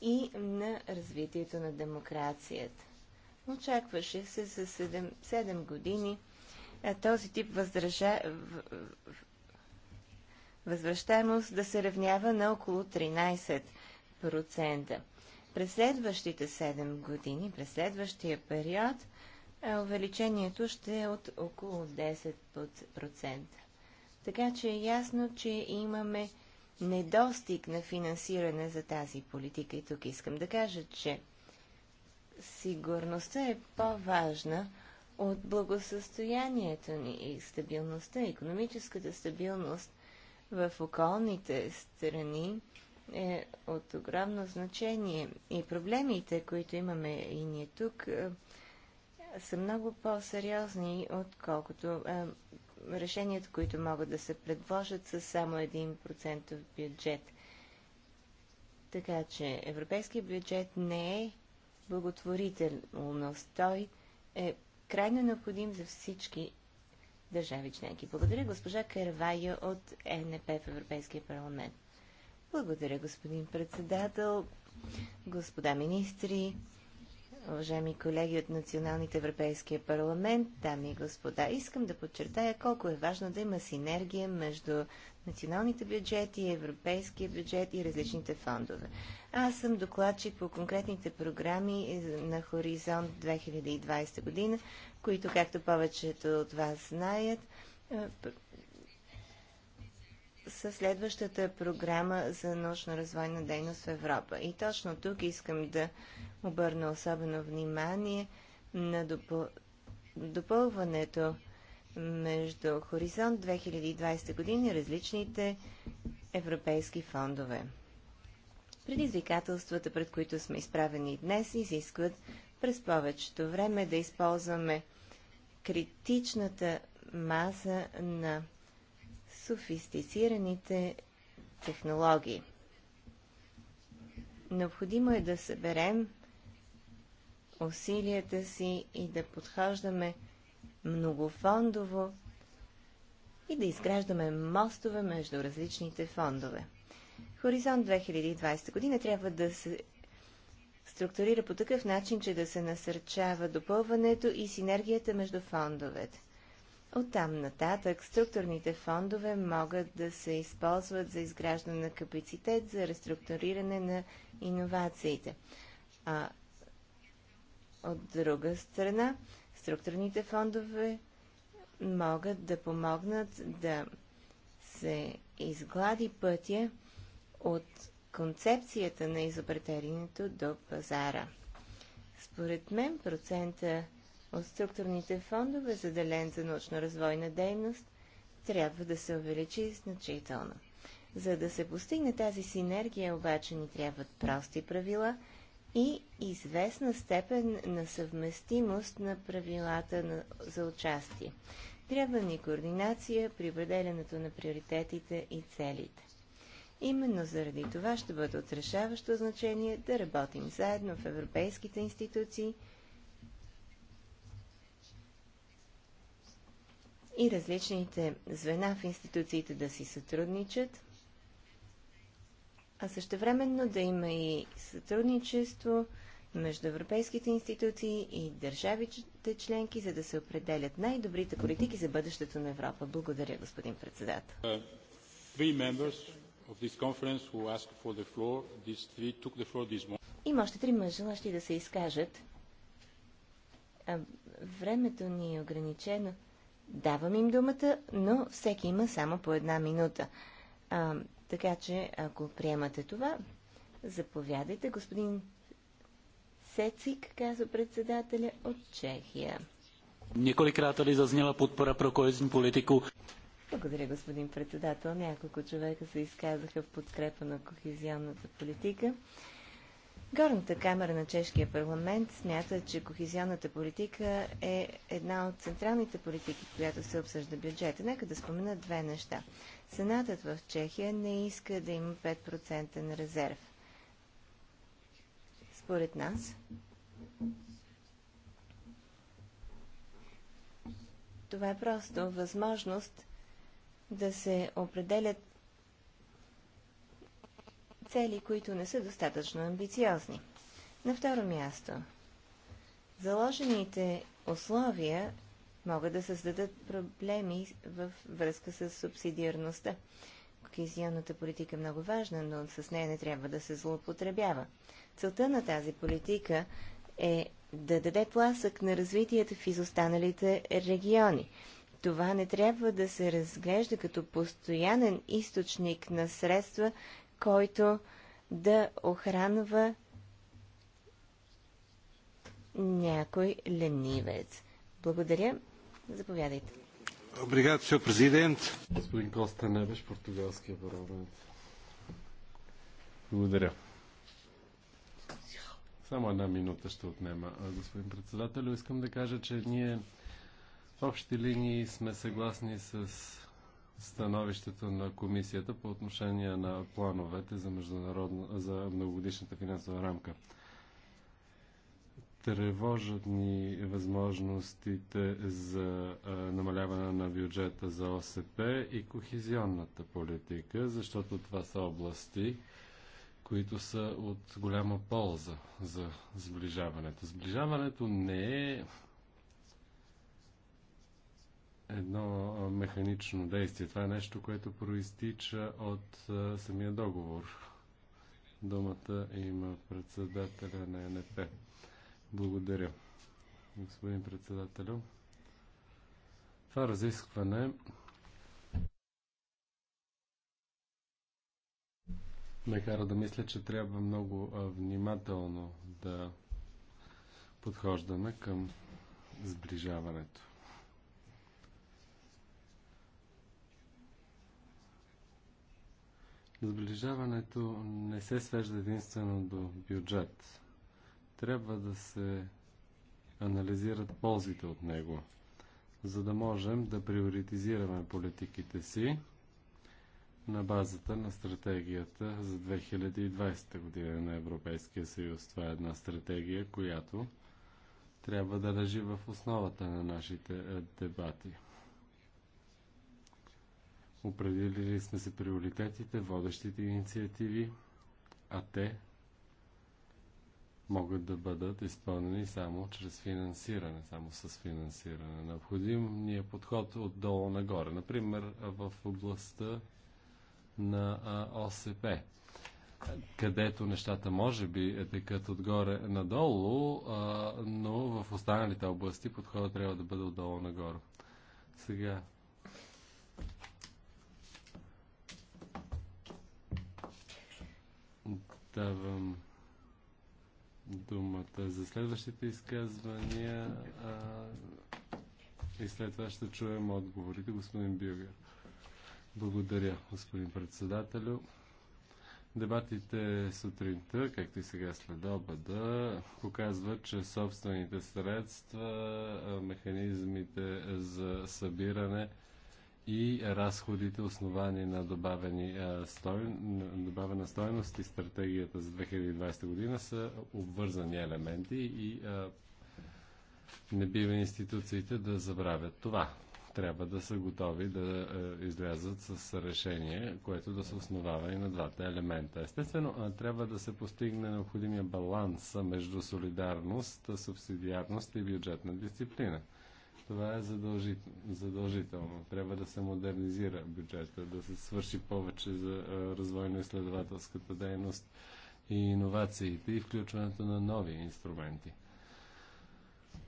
и на развитието на демокрацията. Очакваше се за 7, 7 години този тип въздържа... възвръщаемост да се равнява на около 13%. През следващите 7 години, през следващия период – е, увеличението ще е от около 10%. Така че е ясно, че имаме недостиг на финансиране за тази политика. И тук искам да кажа, че сигурността е по-важна от благосъстоянието ни и стабилността, економическата стабилност в околните страни е от огромно значение. И проблемите, които имаме и ние тук, е, са много по-сериозни, отколкото е, решенията, които могат да се предложат с само 1% бюджет. Така че европейският бюджет не е благотворителност. Той е крайно необходим за всички държави членки. Благодаря госпожа Карвайо от ЕНП в Европейския парламент. Благодаря, господин председател, господа министри, уважаеми колеги от националните Европейския парламент, дами и господа, искам да подчертая колко е важно да има синергия между националните бюджети, европейския бюджет и различните фондове. Аз съм докладчик по конкретните програми на Хоризонт 2020 година, които, както повечето от вас знаят, със следващата програма за научно-развойна дейност в Европа. И точно тук искам да обърна особено внимание на допъл... допълването между Хоризонт 2020 години и различните европейски фондове. Предизвикателствата, пред които сме изправени днес, изискват през повечето време да използваме критичната маса на софистицираните технологии. Необходимо е да съберем усилията си и да подхождаме многофондово и да изграждаме мостове между различните фондове. Хоризонт 2020 година трябва да се структурира по такъв начин, че да се насърчава допълването и синергията между фондовете. Оттам нататък структурните фондове могат да се използват за изграждане на капацитет, за реструктуриране на иновациите. А от друга страна, структурните фондове могат да помогнат да се изглади пътя от концепцията на изобретението до пазара. Според мен процента от структурните фондове, заделен за научно-развойна дейност, трябва да се увеличи значително. За да се постигне тази синергия, обаче ни трябват прости правила и известна степен на съвместимост на правилата на, за участие. Трябва ни координация при определенето на приоритетите и целите. Именно заради това ще бъде отрешаващо значение да работим заедно в европейските институции – и различните звена в институциите да си сътрудничат, а същевременно да има и сътрудничество между европейските институции и държавите членки, за да се определят най-добрите политики за бъдещето на Европа. Благодаря, господин председател. Uh, има още трима желащи да се изкажат. времето ни е ограничено. Давам им думата, но всеки има само по една минута. А, така че, ако приемате това, заповядайте, господин Сецик, казва председателя от Чехия. Неколикрат ли зазняла подпора про коезни политику? Благодаря, господин председател. Няколко човека се изказаха в подкрепа на кохезионната политика. Горната камера на Чешкия парламент смята, че кохезионната политика е една от централните политики, която се обсъжда бюджета. Нека да спомена две неща. Сенатът в Чехия не иска да има 5% на резерв. Според нас, това е просто възможност да се определят цели, които не са достатъчно амбициозни. На второ място, заложените условия могат да създадат проблеми във връзка с субсидиарността. Кохезионната политика е много важна, но с нея не трябва да се злоупотребява. Целта на тази политика е да даде пласък на развитието в изостаналите региони. Това не трябва да се разглежда като постоянен източник на средства който да охранва някой ленивец. Благодаря. Заповядайте. Обригад, сеньор президент. Господин Коста Небеш, португалския парламент. Благодаря. Само една минута ще отнема. Господин председател, искам да кажа, че ние в общи линии сме съгласни с становището на комисията по отношение на плановете за, международно, за многогодишната финансова рамка. Тревожат ни възможностите за намаляване на бюджета за ОСП и кохезионната политика, защото това са области, които са от голяма полза за сближаването. Сближаването не е едно механично действие. Това е нещо, което проистича от самия договор. Думата има председателя на НП. Благодаря, господин председателю. Това разискване ме кара да мисля, че трябва много внимателно да подхождаме към сближаването. Сближаването не се свежда единствено до бюджет. Трябва да се анализират ползите от него, за да можем да приоритизираме политиките си на базата на стратегията за 2020 година на Европейския съюз. Това е една стратегия, която трябва да лежи в основата на нашите е, дебати. Определили сме се приоритетите, водещите инициативи, а те могат да бъдат изпълнени само чрез финансиране, само с финансиране. Необходим ни е подход отдолу нагоре. Например, в областта на ОСП, където нещата може би е текат отгоре надолу, но в останалите области подходът трябва да бъде отдолу нагоре. Сега Давам думата за следващите изказвания а, и след това ще чуем отговорите, господин Бюгер. Благодаря, господин председателю. Дебатите сутринта, както и сега след обеда, показват, че собствените средства, механизмите за събиране и разходите, основани на добавени, стой... добавена стоеност и стратегията за 2020 година са обвързани елементи и а, не бива институциите да забравят това. Трябва да са готови да излязат с решение, което да се основава и на двата елемента. Естествено, трябва да се постигне необходимия баланс между солидарност, субсидиарност и бюджетна дисциплина. Това е задължително. задължително. Трябва да се модернизира бюджета, да се свърши повече за развойно-изследователската дейност и иновациите и включването на нови инструменти.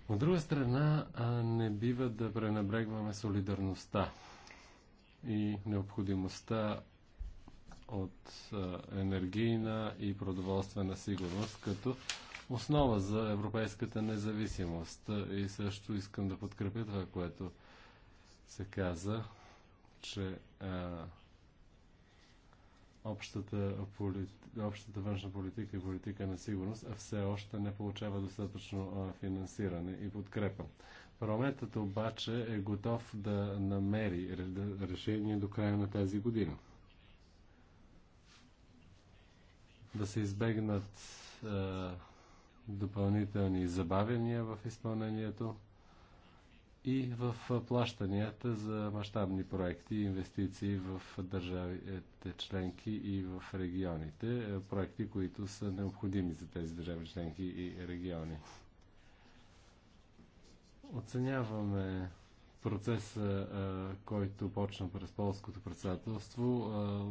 От друга страна, не бива да пренебрегваме солидарността и необходимостта от енергийна и продоволствена сигурност, като основа за европейската независимост. И също искам да подкрепя това, което се каза, че а, общата, полит... общата външна политика и политика на сигурност все още не получава достатъчно а, финансиране и подкрепа. Парламентът обаче е готов да намери решение до края на тази година. Да се избегнат а, допълнителни забавения в изпълнението и в плащанията за мащабни проекти и инвестиции в държавите членки и в регионите, е, проекти, които са необходими за тези държави членки и региони. Оценяваме процеса, който почна през полското председателство,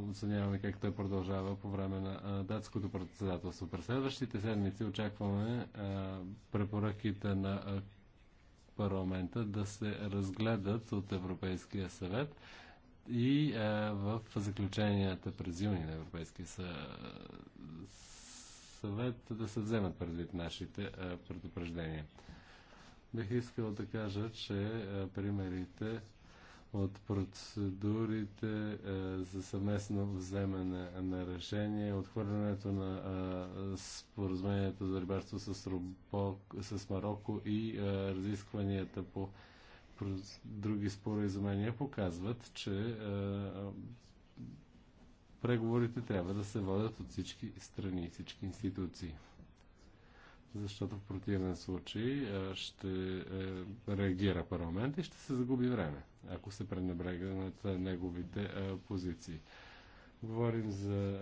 оценяваме как той продължава по време на датското председателство. През следващите седмици очакваме препоръките на парламента да се разгледат от Европейския съвет и в заключенията през юни на Европейския съвет да се вземат предвид нашите предупреждения. Бих искал да кажа, че е, примерите от процедурите е, за съвместно вземане на решение, отхвърлянето на е, споразумението за рибарство с, Рубок, с Марокко и разискванията по други споразумения показват, че преговорите трябва да се водят от всички страни, всички институции защото в противен случай е, ще е, реагира парламент и ще се загуби време, ако се пренебрегнат неговите е, позиции. Говорим за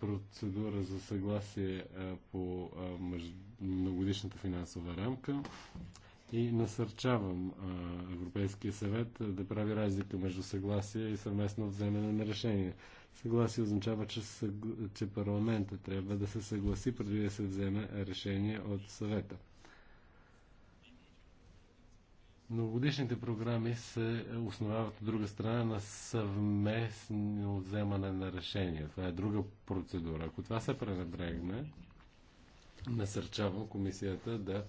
процедура за съгласие по многогодишната финансова рамка и насърчавам Европейския съвет да прави разлика между съгласие и съвместно вземане на решение. Съгласие означава, че, парламентът че парламента трябва да се съгласи преди да се вземе решение от съвета. Многогодишните програми се основават от друга страна на съвместно вземане на решения. Това е друга процедура. Ако това се пренебрегне, насърчавам комисията да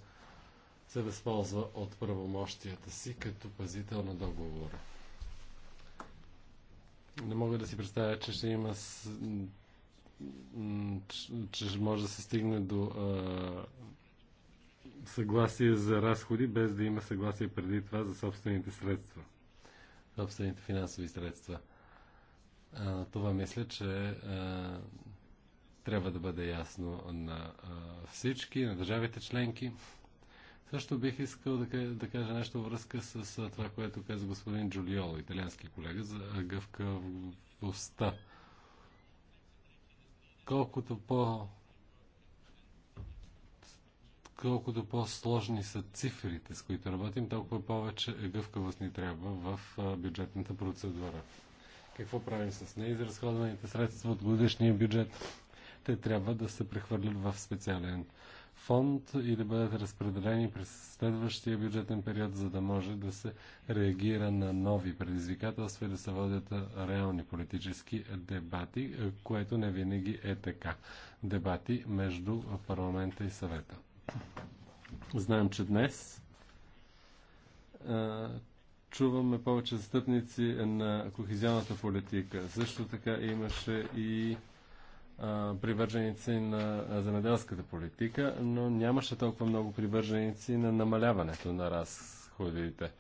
се възползва от правомощията си като пазител на договора. Не мога да си представя, че ще има че може да се стигне до а, съгласие за разходи, без да има съгласие преди това за собствените средства. Собствените финансови средства. А, това мисля, че а, трябва да бъде ясно на а, всички, на държавите членки. Също бих искал да, да кажа нещо връзка с това, което каза господин Джулиол, италиански колега, за гъвкавостта. Колкото по колкото по-сложни са цифрите, с които работим, толкова повече гъвкавост ни трябва в бюджетната процедура. Какво правим с неизразходваните средства от годишния бюджет? Те трябва да се прехвърлят в специален фонд и да бъдат разпределени през следващия бюджетен период, за да може да се реагира на нови предизвикателства и да се водят реални политически дебати, е, което не винаги е така. Дебати между парламента и съвета. Знаем, че днес чуваме повече застъпници на кохезионната политика. Също така имаше и привърженици на земеделската политика, но нямаше толкова много привърженици на намаляването на разходите.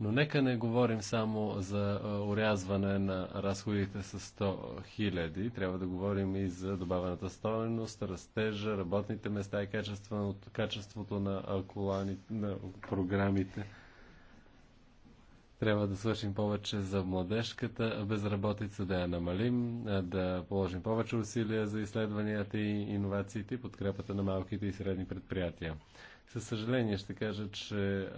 Но нека не говорим само за урязване на разходите с 100 хиляди. Трябва да говорим и за добавената стоеност, растежа, работните места и качеството, качеството на, коланите на програмите. Трябва да свършим повече за младежката безработица, да я намалим, да положим повече усилия за изследванията и иновациите и подкрепата на малките и средни предприятия. Със съжаление ще кажа, че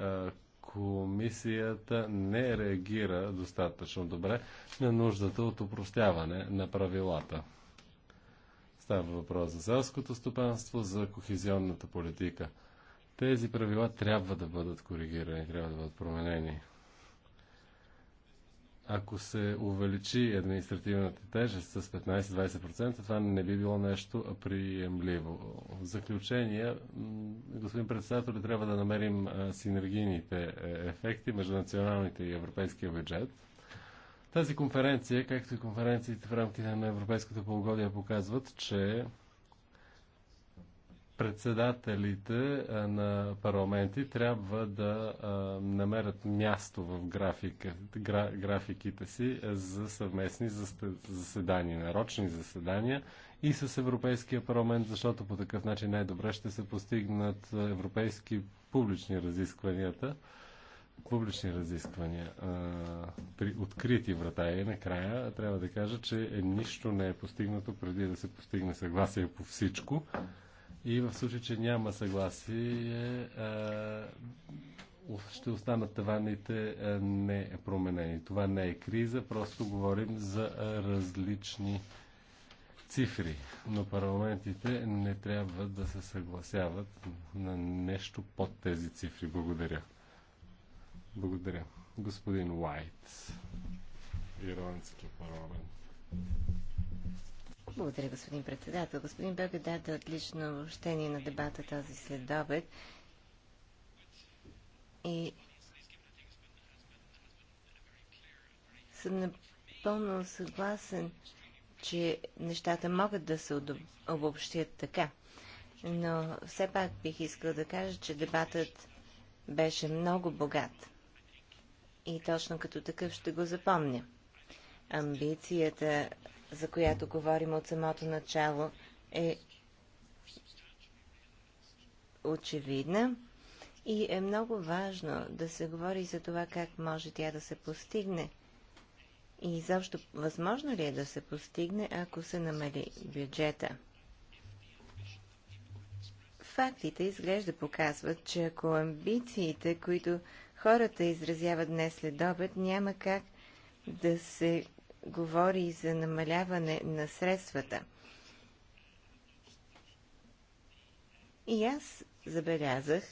комисията не реагира достатъчно добре на нуждата от упростяване на правилата. Става въпрос за селското стопанство, за кохезионната политика. Тези правила трябва да бъдат коригирани, трябва да бъдат променени ако се увеличи административната тежест с 15-20%, това не би било нещо приемливо. В заключение, господин председател, трябва да намерим синергийните е, ефекти между националните и европейския бюджет. Тази конференция, както и конференциите в рамките на Европейското полугодие, показват, че председателите на парламенти трябва да намерят място в графика, гра, графиките си за съвместни заседания, нарочни заседания и с Европейския парламент, защото по такъв начин най-добре ще се постигнат европейски публични разискванията публични разисквания а, при открити врата и накрая трябва да кажа, че нищо не е постигнато преди да се постигне съгласие по всичко. И в случай, че няма съгласие, е, ще останат таваните непроменени. Това не е криза, просто говорим за различни цифри. Но парламентите не трябва да се съгласяват на нещо под тези цифри. Благодаря. Благодаря. Господин Уайт, Ирландски парламент. Благодаря, господин председател. Господин Бега даде отлично въобщение на дебата този следобед. И съм напълно съгласен, че нещата могат да се обобщят така. Но все пак бих искал да кажа, че дебатът беше много богат. И точно като такъв ще го запомня. Амбицията за която говорим от самото начало, е очевидна и е много важно да се говори за това как може тя да се постигне. И изобщо възможно ли е да се постигне, ако се намали бюджета? Фактите изглежда показват, че ако амбициите, които хората изразяват днес след обед, няма как да се говори и за намаляване на средствата. И аз забелязах,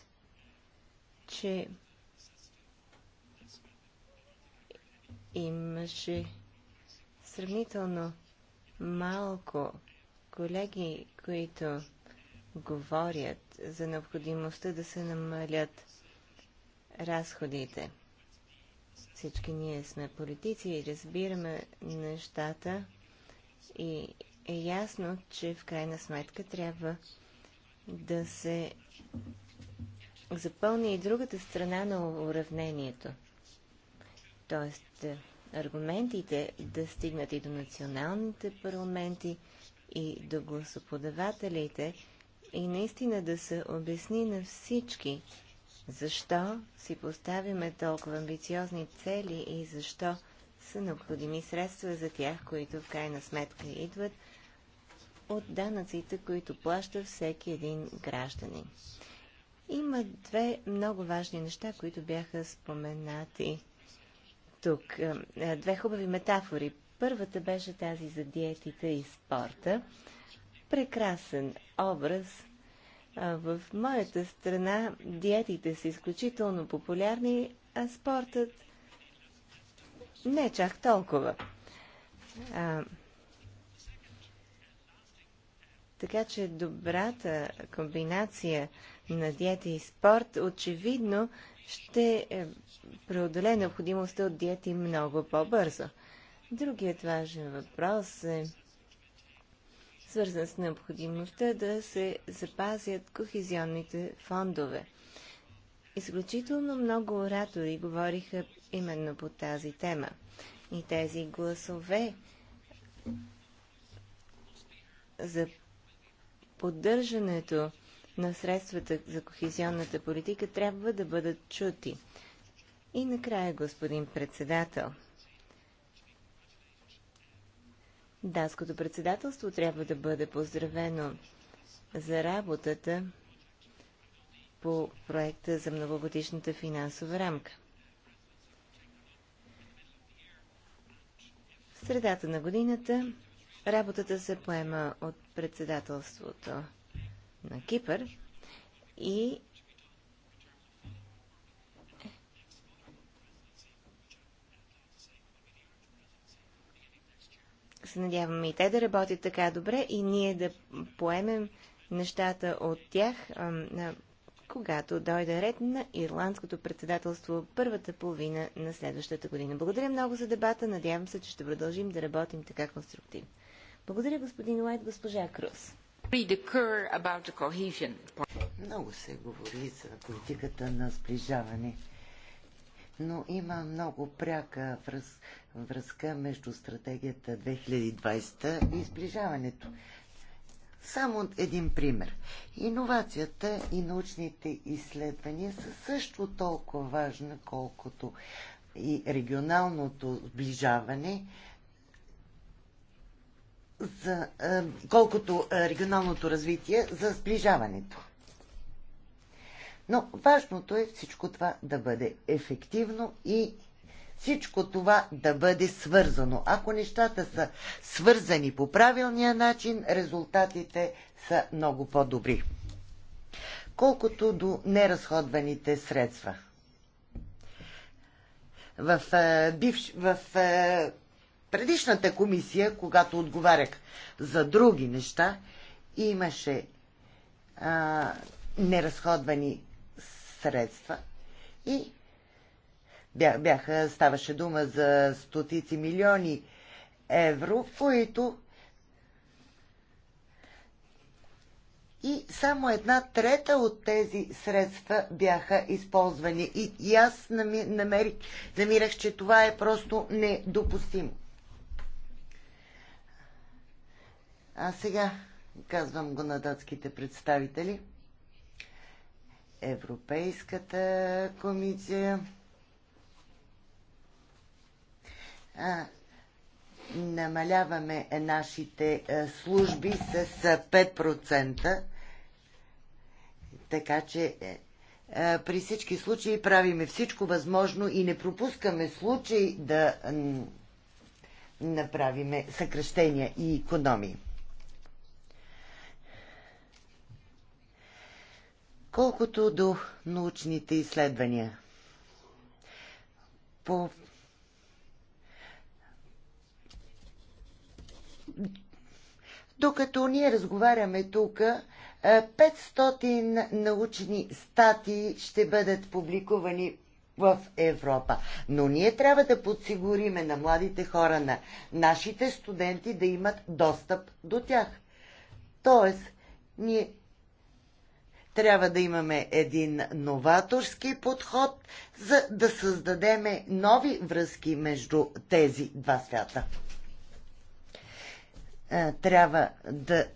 че имаше сравнително малко колеги, които говорят за необходимостта да се намалят разходите – всички ние сме политици и разбираме нещата и е ясно, че в крайна сметка трябва да се запълни и другата страна на уравнението. Тоест, е, аргументите да стигнат и до националните парламенти, и до гласоподавателите, и наистина да се обясни на всички защо си поставяме толкова амбициозни цели и защо са необходими средства за тях, които в крайна сметка идват от данъците, които плаща всеки един гражданин. Има две много важни неща, които бяха споменати тук. Е, е, две хубави метафори. Първата беше тази за диетите и спорта. Прекрасен образ в моята страна диетите са изключително популярни, а спортът не е чак толкова. А, така че добрата комбинация на диета и спорт очевидно ще е, преодолее необходимостта от диети много по-бързо. Другият важен въпрос е свързан с необходимостта да се запазят кохезионните фондове. Изключително много оратори говориха именно по тази тема. И тези гласове за поддържането на средствата за кохезионната политика трябва да бъдат чути. И накрая, господин председател – Данското председателство трябва да бъде поздравено за работата по проекта за многогодишната финансова рамка. В средата на годината работата се поема от председателството на Кипър и се надяваме и те да работят така добре и ние да поемем нещата от тях, когато дойде ред на Ирландското председателство първата половина на следващата година. Благодаря много за дебата. Надявам се, че ще продължим да работим така конструктивно. Благодаря, господин Лайт, госпожа Крус. Много се говори за политиката на сближаване но има много пряка връз, връзка между стратегията 2020 и сближаването. Само един пример. Иновацията и научните изследвания са също толкова важни, колкото и регионалното сближаване, за, е, колкото е, регионалното развитие за сближаването. Но важното е всичко това да бъде ефективно и всичко това да бъде свързано. Ако нещата са свързани по правилния начин, резултатите са много по-добри. Колкото до неразходваните средства. В, е, бивш, в е, предишната комисия, когато отговарях за други неща, имаше а, неразходвани средства и бяха, ставаше дума за стотици милиони евро, които и само една трета от тези средства бяха използвани. И, и аз нами, намерих, намирах, че това е просто недопустимо. А сега казвам го на датските представители – Европейската комисия. А, намаляваме нашите служби с 5%, така че е, при всички случаи правиме всичко възможно и не пропускаме случай да направиме съкрещения и економии. Колкото до научните изследвания, по Докато ние разговаряме тук, 500 е, научни статии ще бъдат публикувани в Европа. Но ние трябва да подсигуриме на младите хора, на нашите студенти да имат достъп до тях. Тоест, ние трябва да имаме един новаторски подход, за да създадеме нови връзки между тези два свята. Е, трябва да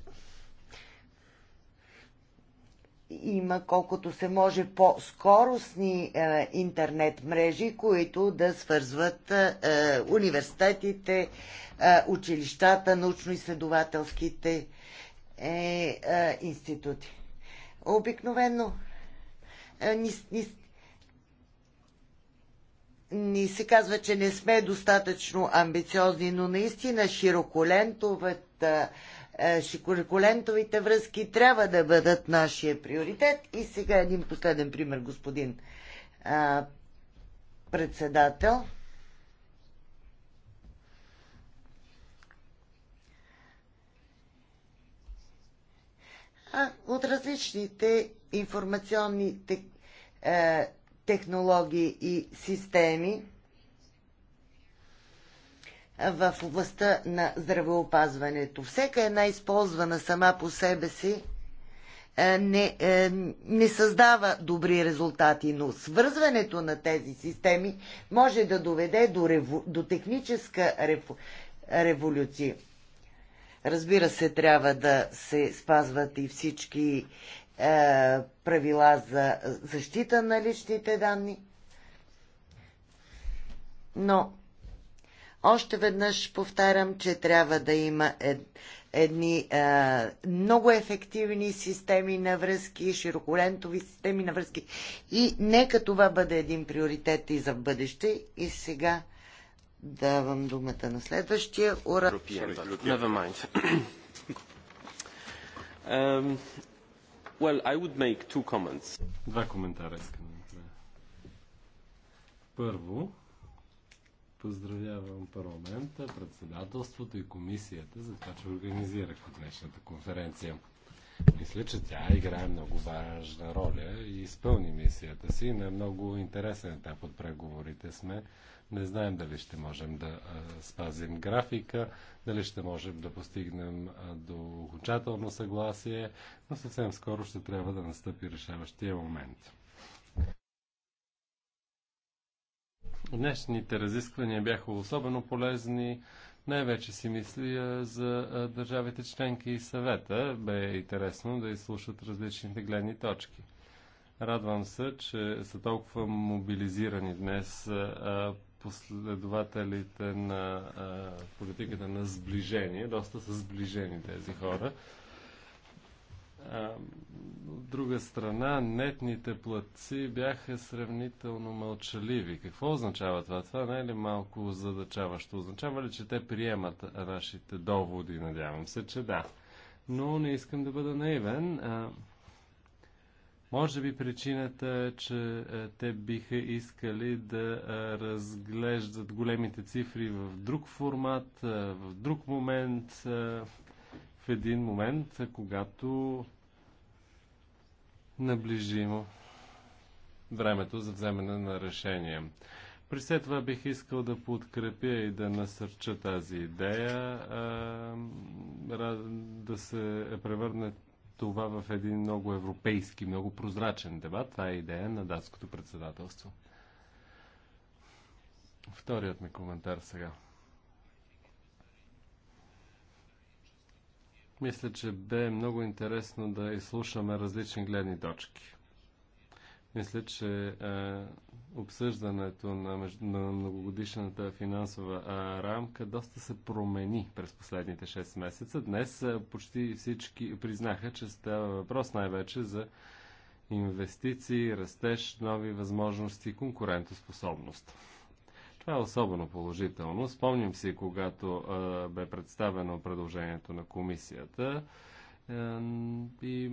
има колкото се може по-скоростни е, интернет мрежи, които да свързват е, университетите, училищата, научно-изследователските институти обикновено е, ни, ни, ни се казва, че не сме достатъчно амбициозни, но наистина широколентовата е, широколентовите връзки трябва да бъдат нашия приоритет. И сега един последен пример, господин а, е, председател. а от различните информационни е, технологии и системи в областта на здравеопазването. Всяка една използвана сама по себе си е, не, е, не създава добри резултати, но свързването на тези системи може да доведе до, рев, до техническа рев, революция. Разбира се, трябва да се спазват и всички е, правила за защита на личните данни. Но още веднъж повтарям, че трябва да има ед, едни е, много ефективни системи на връзки, широколентови системи на връзки. И нека това бъде един приоритет и за бъдеще. И сега Давам думата на следващия ура. Never mind. [coughs] um, well, I would make two comments. Два коментара искам да направя. Първо, поздравявам парламента, председателството и комисията за това, че организирахме днешната конференция. Мисля, че тя играе много важна роля и изпълни мисията си. На много интересен етап от преговорите сме не знаем дали ще можем да спазим графика, дали ще можем да постигнем до окончателно съгласие, но съвсем скоро ще трябва да настъпи решаващия момент. Днешните разисквания бяха особено полезни. Най-вече си мисля за държавите членки и съвета. Бе интересно да изслушат различните гледни точки. Радвам се, че са толкова мобилизирани днес последователите на а, политиката на сближение. Доста са сближени тези хора. А, от друга страна, нетните платци бяха сравнително мълчаливи. Какво означава това? Това не е ли малко задачаващо? Означава ли, че те приемат нашите доводи? Надявам се, че да. Но не искам да бъда наивен. А, може би причината е, че е, те биха искали да е, разглеждат големите цифри в друг формат, е, в друг момент, в един момент, когато наближимо времето за вземане на решение. При след това бих искал да подкрепя и да насърча тази идея, да се превърне това в един много европейски, много прозрачен дебат. Това е идея на датското председателство. Вторият ми коментар сега. Мисля, че бе много интересно да изслушаме различни гледни точки. Мисля, че е, обсъждането на, на многогодишната финансова е, рамка доста се промени през последните 6 месеца. Днес е, почти всички признаха, че става въпрос най-вече за инвестиции, растеж, нови възможности, конкурентоспособност. Това е особено положително. Спомним си, когато е, бе представено предложението на комисията. Е, и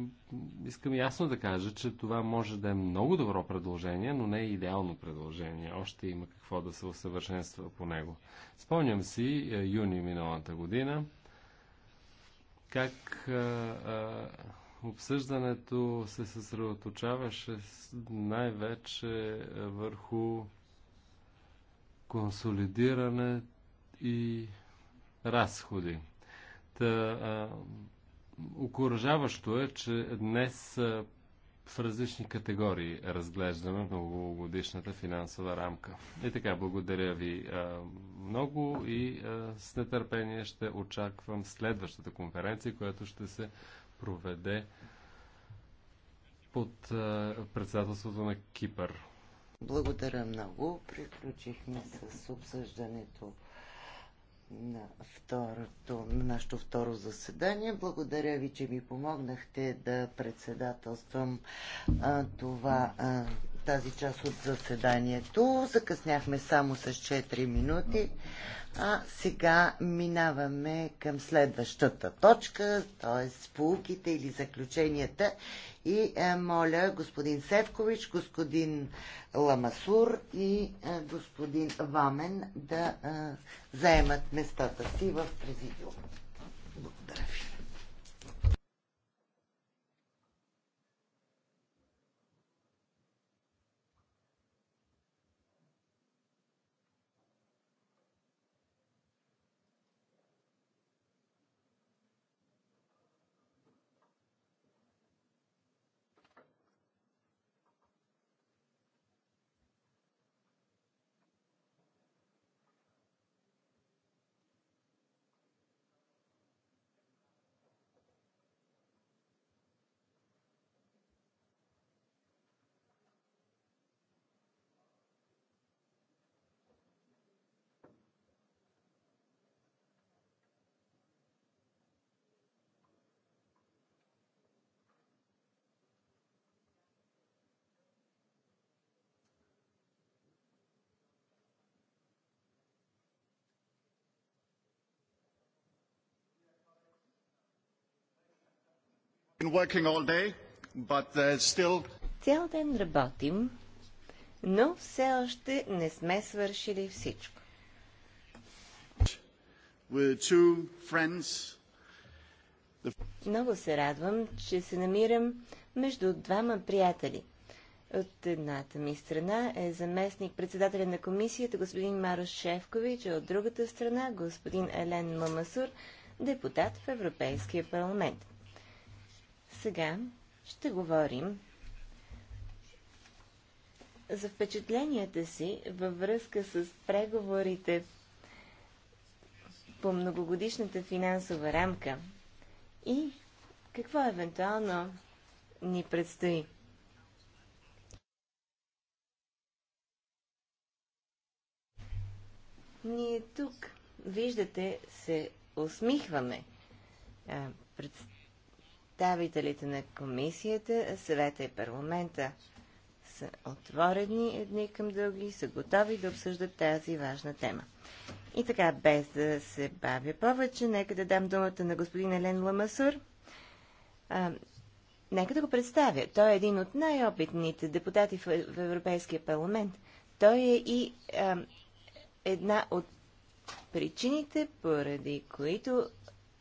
искам ясно да кажа, че това може да е много добро предложение, но не е идеално предложение. Още има какво да се усъвършенства по него. Спомням си е, юни миналата година как е, е, обсъждането се съсредоточаваше най-вече върху консолидиране и разходи. Та, а, Окоръжаващо е, че днес в различни категории разглеждаме многогодишната финансова рамка. И така, благодаря ви много и с нетърпение ще очаквам следващата конференция, която ще се проведе под председателството на Кипър. Благодаря много. Приключихме с обсъждането на, второто, на нашето второ заседание. Благодаря ви, че ми помогнахте да председателствам а, това а, тази част от заседанието. Закъсняхме само с 4 минути. А сега минаваме към следващата точка, т.е. полуките или заключенията. И е, моля господин Севкович, господин Ламасур и е, господин Вамен да е, заемат местата си в президиума. Благодаря ви. Day, still... Цял ден работим, но все още не сме свършили всичко. The... Много се радвам, че се намирам между двама приятели. От едната ми страна е заместник председателя на комисията господин Марос Шефкович, а от другата страна господин Елен Мамасур, депутат в Европейския парламент. Сега ще говорим за впечатленията си във връзка с преговорите по многогодишната финансова рамка и какво евентуално ни предстои. Ние тук, виждате, се усмихваме. А, пред представителите на комисията, съвета и парламента са отворени едни към други и са готови да обсъждат тази важна тема. И така, без да се бавя повече, нека да дам думата на господин Елен Ламасур. А, нека да го представя. Той е един от най-опитните депутати в, Европейския парламент. Той е и а, една от причините, поради които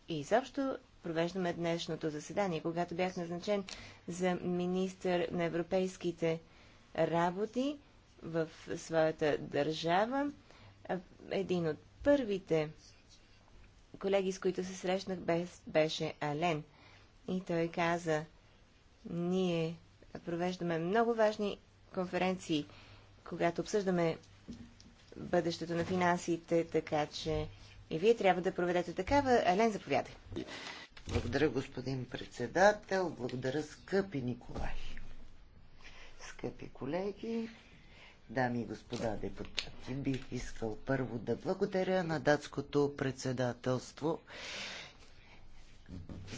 изобщо провеждаме днешното заседание. Когато бях назначен за министър на европейските работи в своята държава, един от първите колеги, с които се срещнах, беше Ален. И той каза, ние провеждаме много важни конференции, когато обсъждаме бъдещето на финансите, така че и вие трябва да проведете такава. Елен, заповядай. Благодаря, господин председател. Благодаря, скъпи Николай. Скъпи колеги, дами и господа депутати, бих искал първо да благодаря на датското председателство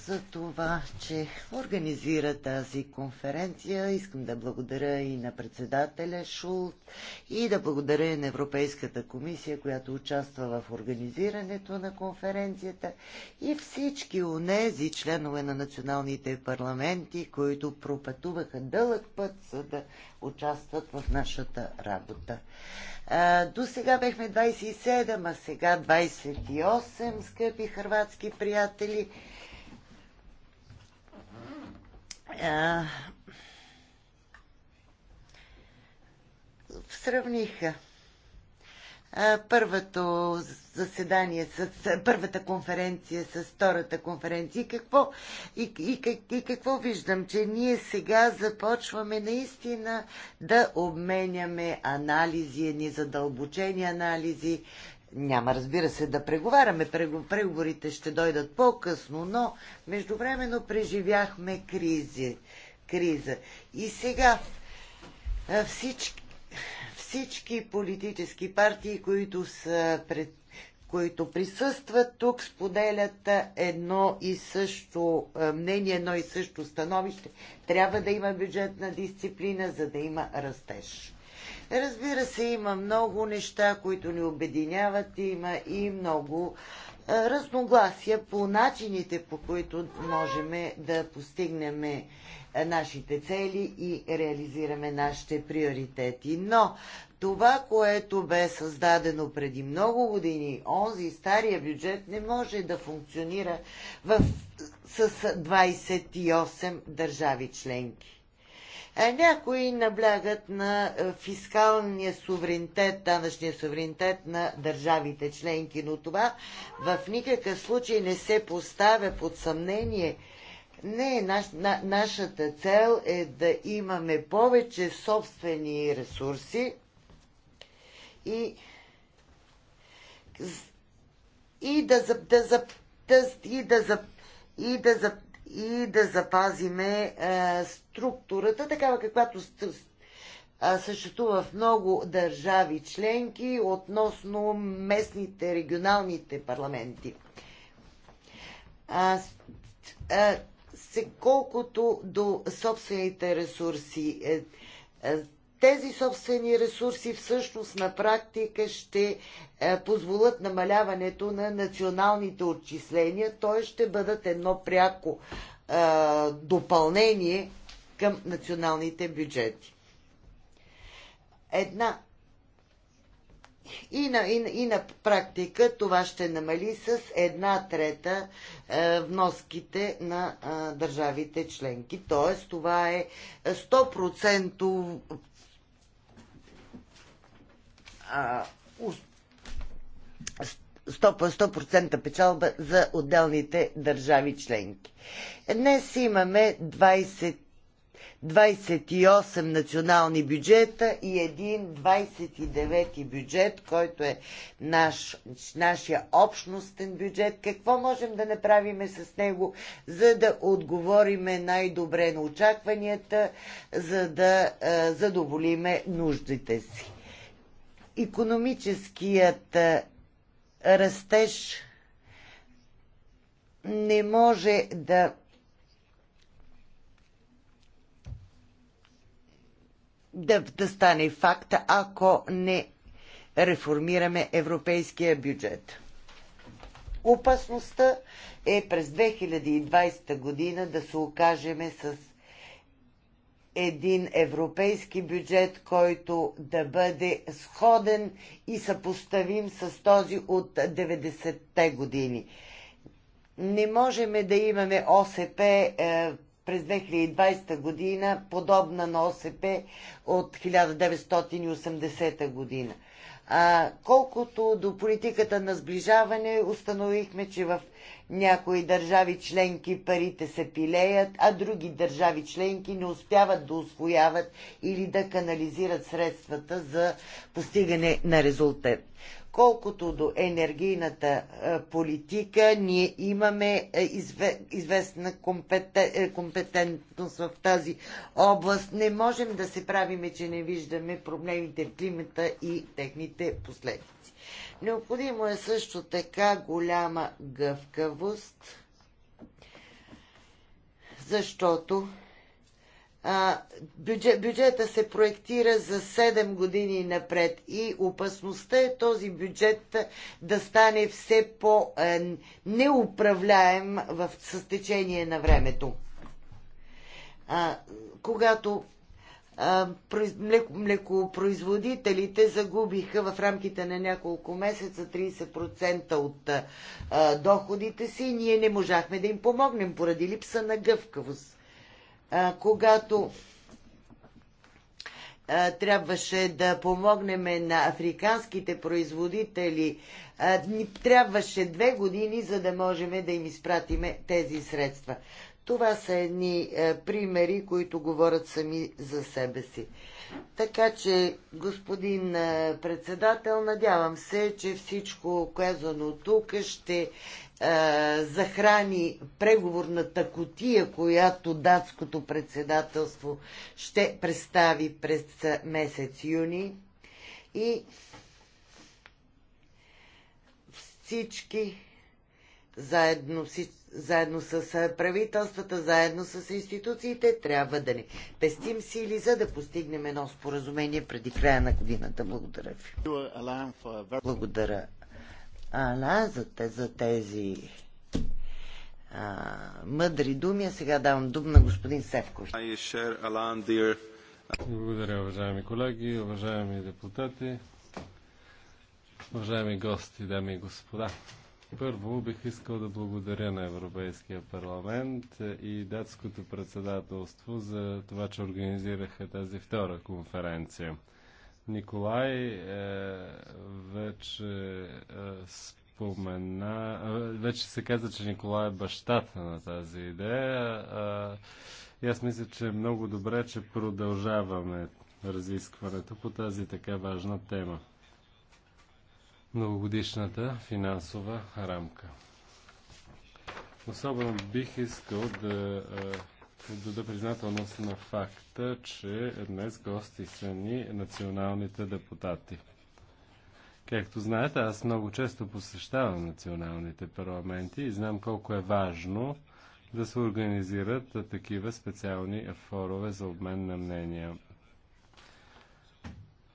за това, че организира тази конференция. Искам да благодаря и на председателя Шулт и да благодаря и на Европейската комисия, която участва в организирането на конференцията и всички онези членове на националните парламенти, които пропътуваха дълъг път, за да участват в нашата работа. До сега бехме 27, а сега 28, скъпи хрватски приятели сравниха първото заседание, с, първата конференция с втората конференция и какво, и, и, и какво виждам, че ние сега започваме наистина да обменяме анализи, едни задълбочени анализи няма, разбира се, да преговаряме. Преговорите ще дойдат по-късно, но междувременно преживяхме кризи, криза. И сега всички, всички политически партии, които са пред които присъстват тук, споделят едно и също мнение, едно и също становище. Трябва да има бюджетна дисциплина, за да има растеж. Разбира се, има много неща, които ни обединяват, има и много разногласия по начините, по които можем да постигнем нашите цели и реализираме нашите приоритети. Но това, което бе създадено преди много години, онзи стария бюджет не може да функционира в, с 28 държави членки. Някои наблягат на е, фискалния суверенитет, данъчния суверенитет на държавите членки, но това в никакъв случай не се поставя под съмнение. Не, наш, на, нашата цел е да имаме повече собствени ресурси и, и да, да, да, да, и да, и да, и да запазиме е, структурата, такава каквато съществува в много държави членки относно местните, регионалните парламенти. А, а, се, колкото до собствените ресурси, е, е, тези собствени ресурси всъщност на практика ще е, позволят намаляването на националните отчисления, т.е. ще бъдат едно пряко е, допълнение към националните бюджети. Една и на, и, и на практика това ще намали с една трета е, вноските на е, държавите членки. Тоест това е 100% а, 100%, печалба за отделните държави членки. Днес имаме 20, 28 национални бюджета и един 29 бюджет, който е наш, нашия общностен бюджет. Какво можем да направим с него, за да отговориме най-добре на очакванията, за да задоволиме нуждите си? економическият растеж не може да да, да стане факт, ако не реформираме европейския бюджет. Опасността е през 2020 година да се окажеме с един европейски бюджет, който да бъде сходен и съпоставим с този от 90-те години. Не можем да имаме ОСП е, през 2020 година, подобна на ОСП от 1980 година. А, колкото до политиката на сближаване, установихме, че в някои държави членки парите се пилеят, а други държави членки не успяват да освояват или да канализират средствата за постигане на резултат. Колкото до енергийната е, политика, ние имаме е, известна е, компетентност в тази област. Не можем да се правиме, че не виждаме проблемите в климата и техните последици. Необходимо е също така голяма гъвкавост, защото бюджет, бюджета се проектира за 7 години напред и опасността е този бюджет да стане все по-неуправляем в, състечение на времето. А, когато млекопроизводителите загубиха в рамките на няколко месеца 30% от а, доходите си, ние не можахме да им помогнем поради липса на гъвкавост когато трябваше да помогнем на африканските производители. Ни трябваше две години, за да можем да им изпратиме тези средства. Това са едни примери, които говорят сами за себе си. Така че, господин председател, надявам се, че всичко казано тук ще е, захрани преговорната котия, която датското председателство ще представи през месец юни. И всички заедно, заедно с правителствата, заедно с институциите, трябва да ни пестим сили, за да постигнем едно споразумение преди края на годината. Благодаря ви. Благодаря, анализът за тези а, мъдри думи. А сега давам дум на господин Севков. Благодаря, уважаеми колеги, уважаеми депутати, уважаеми гости, дами и господа. Първо бих искал да благодаря на Европейския парламент и датското председателство за това, че организираха тази втора конференция. Николай е, вече е, спомена, е, вече се каза, че Николай е бащата на тази идея. Е, и аз мисля, че е много добре, че продължаваме разискването по тази така важна тема. Многогодишната финансова рамка. Особено бих искал да е, даде признателност на факта, че днес гости са ни националните депутати. Както знаете, аз много често посещавам националните парламенти и знам колко е важно да се организират такива специални форове за обмен на мнения.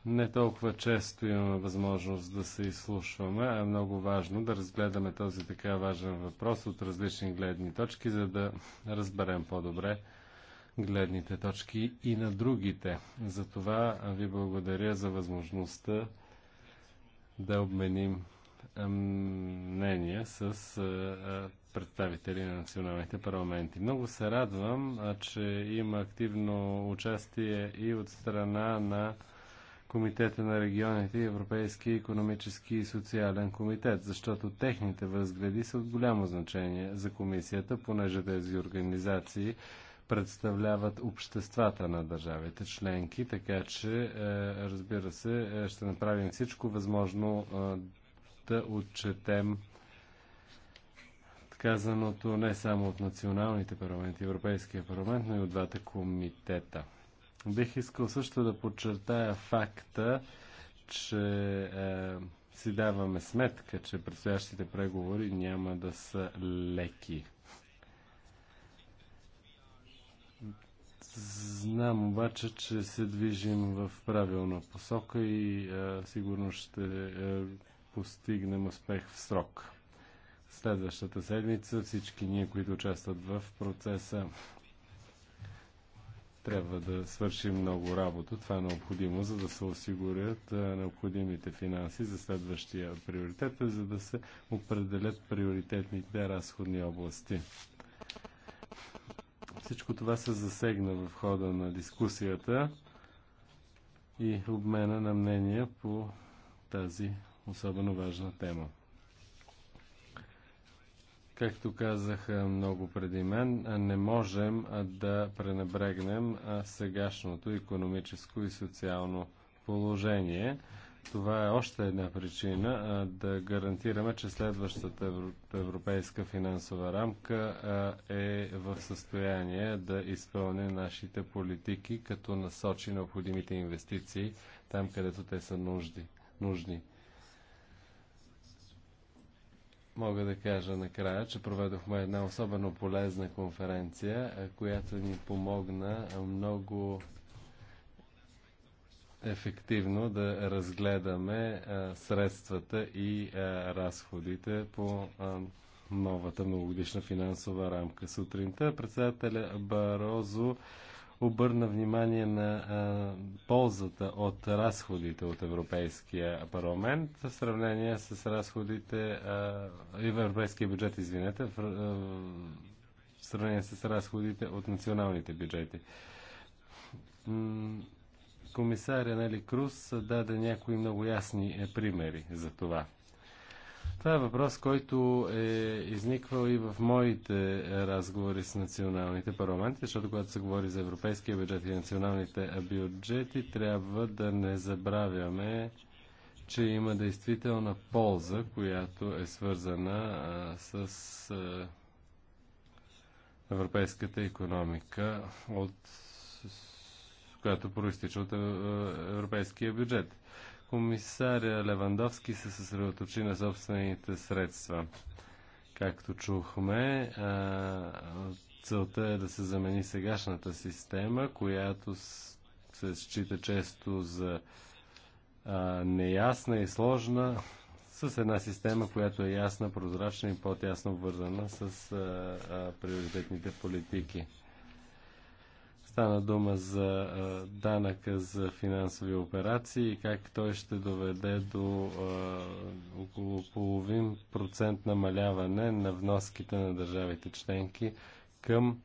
Не толкова често имаме възможност да се изслушваме, а е много важно да разгледаме този така важен въпрос от различни гледни точки, за да разберем по-добре гледните точки и на другите. Затова ви благодаря за възможността да обменим мнения с представители на националните парламенти. Много се радвам, че има активно участие и от страна на Комитета на регионите и Европейския економически и социален комитет, защото техните възгледи са от голямо значение за комисията, понеже тези организации представляват обществата на държавите членки, така че, е, разбира се, е, ще направим всичко възможно е, да отчетем казаното не само от националните парламенти, Европейския парламент, но и от двата комитета. Бих искал също да подчертая факта, че е, си даваме сметка, че предстоящите преговори няма да са леки. Знам обаче, че се движим в правилна посока и е, сигурно ще е, постигнем успех в срок. Следващата седмица всички ние, които участват в процеса, трябва да свършим много работа. Това е необходимо, за да се осигурят необходимите финанси за следващия приоритет, за да се определят приоритетните разходни области. Всичко това се засегна в хода на дискусията и обмена на мнения по тази особено важна тема. Както казах много преди мен, не можем да пренебрегнем сегашното економическо и социално положение. Това е още една причина да гарантираме, че следващата европейска финансова рамка е в състояние да изпълни нашите политики, като насочи необходимите инвестиции там, където те са нужди, нужни. Мога да кажа накрая, че проведохме една особено полезна конференция, която ни помогна много ефективно да разгледаме средствата и разходите по новата многогодишна финансова рамка. Сутринта председателя Барозо обърна внимание на а, ползата от разходите от Европейския парламент в сравнение с разходите а, и в Европейския бюджет, извинете, в, а, в сравнение с разходите от националните бюджети. Комисаря Нели Круз даде някои много ясни е, примери за това. Това е въпрос, който е изниквал и в моите разговори с националните парламенти, защото когато се говори за европейския бюджет и националните бюджети, трябва да не забравяме, че има действителна полза, която е свързана а, с а, европейската економика, от, с, която проистича от а, европейския бюджет комисаря Левандовски се съсредоточи на собствените средства. Както чухме, целта е да се замени сегашната система, която се счита често за неясна и сложна, с една система, която е ясна, прозрачна и по-тясно вързана с приоритетните политики. Стана дума за данъка за финансови операции и как той ще доведе до около половин процент намаляване на вноските на държавите членки към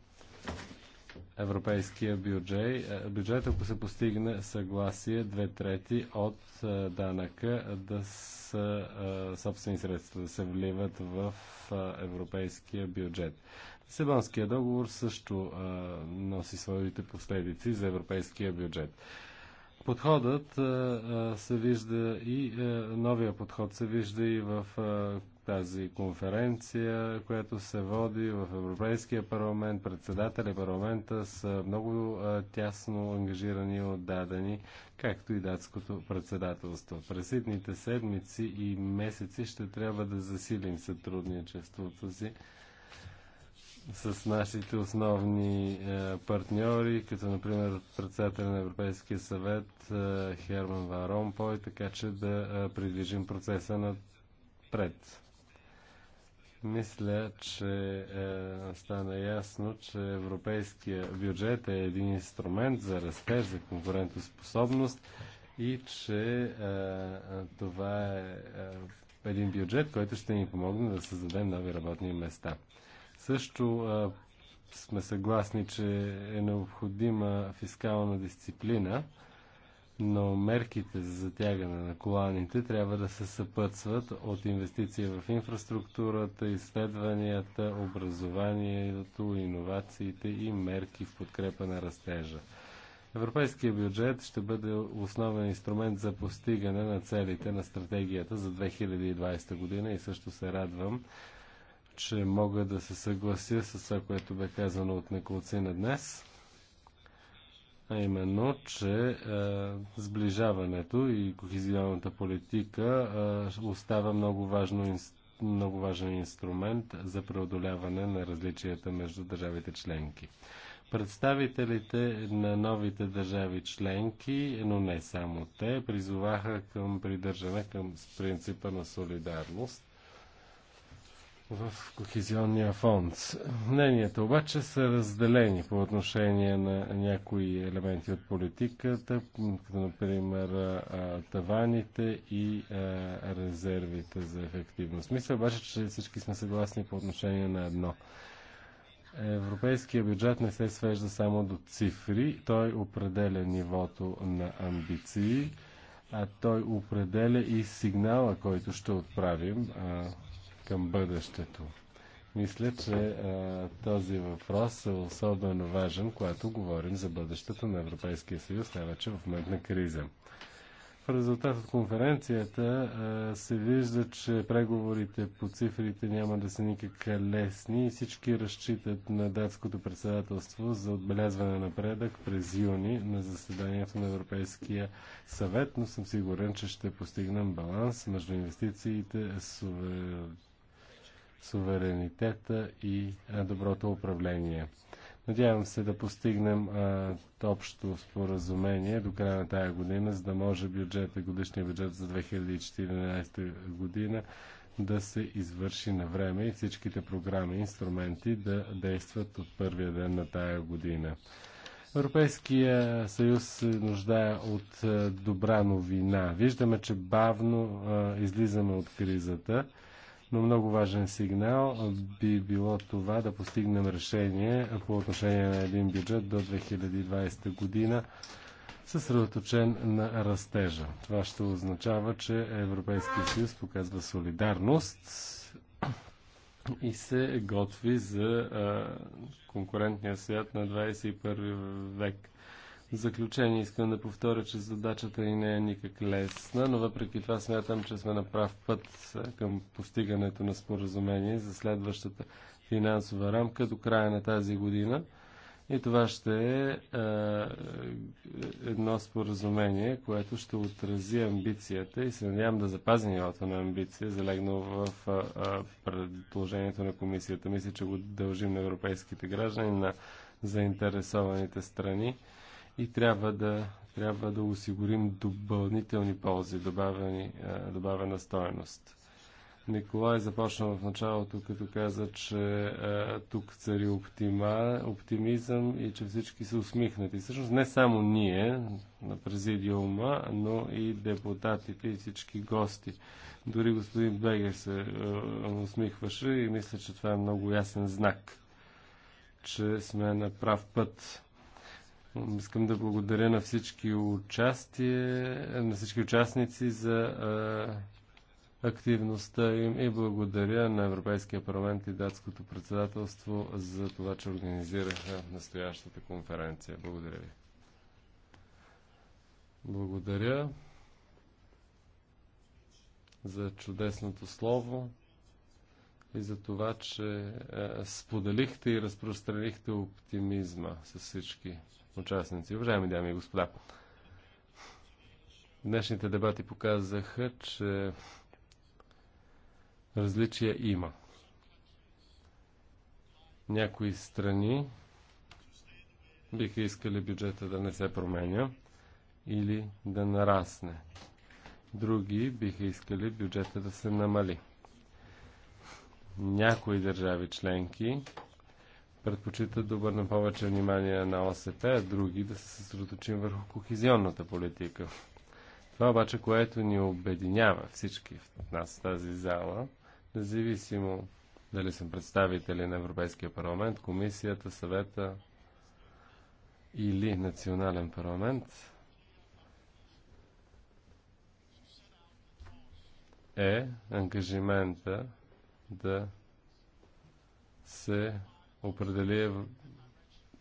европейския бюджет, бюджет, ако се постигне съгласие, две трети от данъка да са собствени средства, да се вливат в европейския бюджет. Лисабонския договор също а, носи своите последици за европейския бюджет. Подходът а, се вижда и а, новия подход се вижда и в а, тази конференция, която се води в Европейския парламент. Председатели и парламента са много а, тясно ангажирани и отдадени, както и датското председателство. През седмици и месеци ще трябва да засилим сътрудничеството си с нашите основни е, партньори, като например председател на Европейския съвет е, Херман Ван и така че да е, придвижим процеса напред. Мисля, че е, стана ясно, че европейския бюджет е един инструмент за растеж, за конкурентоспособност и че е, това е, е един бюджет, който ще ни помогне да създадем нови работни места. Също а, сме съгласни, че е необходима фискална дисциплина, но мерките за затягане на коланите трябва да се съпътстват от инвестиции в инфраструктурата, изследванията, образованието, иновациите и мерки в подкрепа на растежа. Европейския бюджет ще бъде основен инструмент за постигане на целите на стратегията за 2020 година и също се радвам, че мога да се съглася с това, което бе казано от Николцина днес, а именно, че е, сближаването и кохизионната политика е, остава много, важно, много важен инструмент за преодоляване на различията между държавите членки представителите на новите държави членки, но не само те, призоваха към придържане към принципа на солидарност в Кохезионния фонд. Мненията обаче са разделени по отношение на някои елементи от политиката, като например таваните и резервите за ефективност. Мисля обаче, че всички сме съгласни по отношение на едно. Европейския бюджет не се свежда само до цифри, той определя нивото на амбиции, а той определя и сигнала, който ще отправим към бъдещето. Мисля, че а, този въпрос е особено важен, когато говорим за бъдещето на Европейския съюз, най-вече в момент на криза. В резултат от конференцията а, се вижда, че преговорите по цифрите няма да са никак лесни и всички разчитат на датското председателство за отбелязване на напредък през юни на заседанието на Европейския съвет, но съм сигурен, че ще постигнем баланс между инвестициите, суверенитета суверенитета и доброто управление. Надявам се да постигнем общо споразумение до края на тая година, за да може бюджета, годишния бюджет за 2014 година да се извърши на време и всичките програми и инструменти да действат от първия ден на тая година. Европейския съюз се нуждае от добра новина. Виждаме, че бавно излизаме от кризата но много важен сигнал би било това да постигнем решение по отношение на един бюджет до 2020 година съсредоточен на растежа. Това ще означава, че Европейския съюз показва солидарност и се готви за конкурентния свят на 21 век. В заключение искам да повторя, че задачата ни не е никак лесна, но въпреки това смятам, че сме на прав път към постигането на споразумение за следващата финансова рамка до края на тази година. И това ще е, е едно споразумение, което ще отрази амбицията и се надявам да запази нивото на амбиция, залегнало в е, предложението на комисията. Мисля, че го дължим на европейските граждани, на заинтересованите страни и трябва да, трябва да осигурим допълнителни ползи, добавени, добавена стоеност. Николай започна в началото, като каза, че е, тук цари оптима, оптимизъм и че всички са усмихнати. Всъщност не само ние на президиума, но и депутатите и всички гости. Дори господин Бегер се е, усмихваше и мисля, че това е много ясен знак, че сме на прав път. Искам да благодаря на всички, участие, на всички участници за а, активността им и благодаря на Европейския парламент и датското председателство за това, че организираха настоящата конференция. Благодаря ви. Благодаря за чудесното слово и за това, че споделихте и разпространихте оптимизма с всички участници. Уважаеми дами и господа, днешните дебати показаха, че различия има. Някои страни биха искали бюджета да не се променя или да нарасне. Други биха искали бюджета да се намали. Някои държави членки предпочитат да обърнем повече внимание на ОСП, а други да се съсредоточим върху кохезионната политика. Това обаче, което ни обединява всички в нас в тази зала, независимо дали съм представители на Европейския парламент, комисията, съвета или национален парламент, е ангажимента да се определи е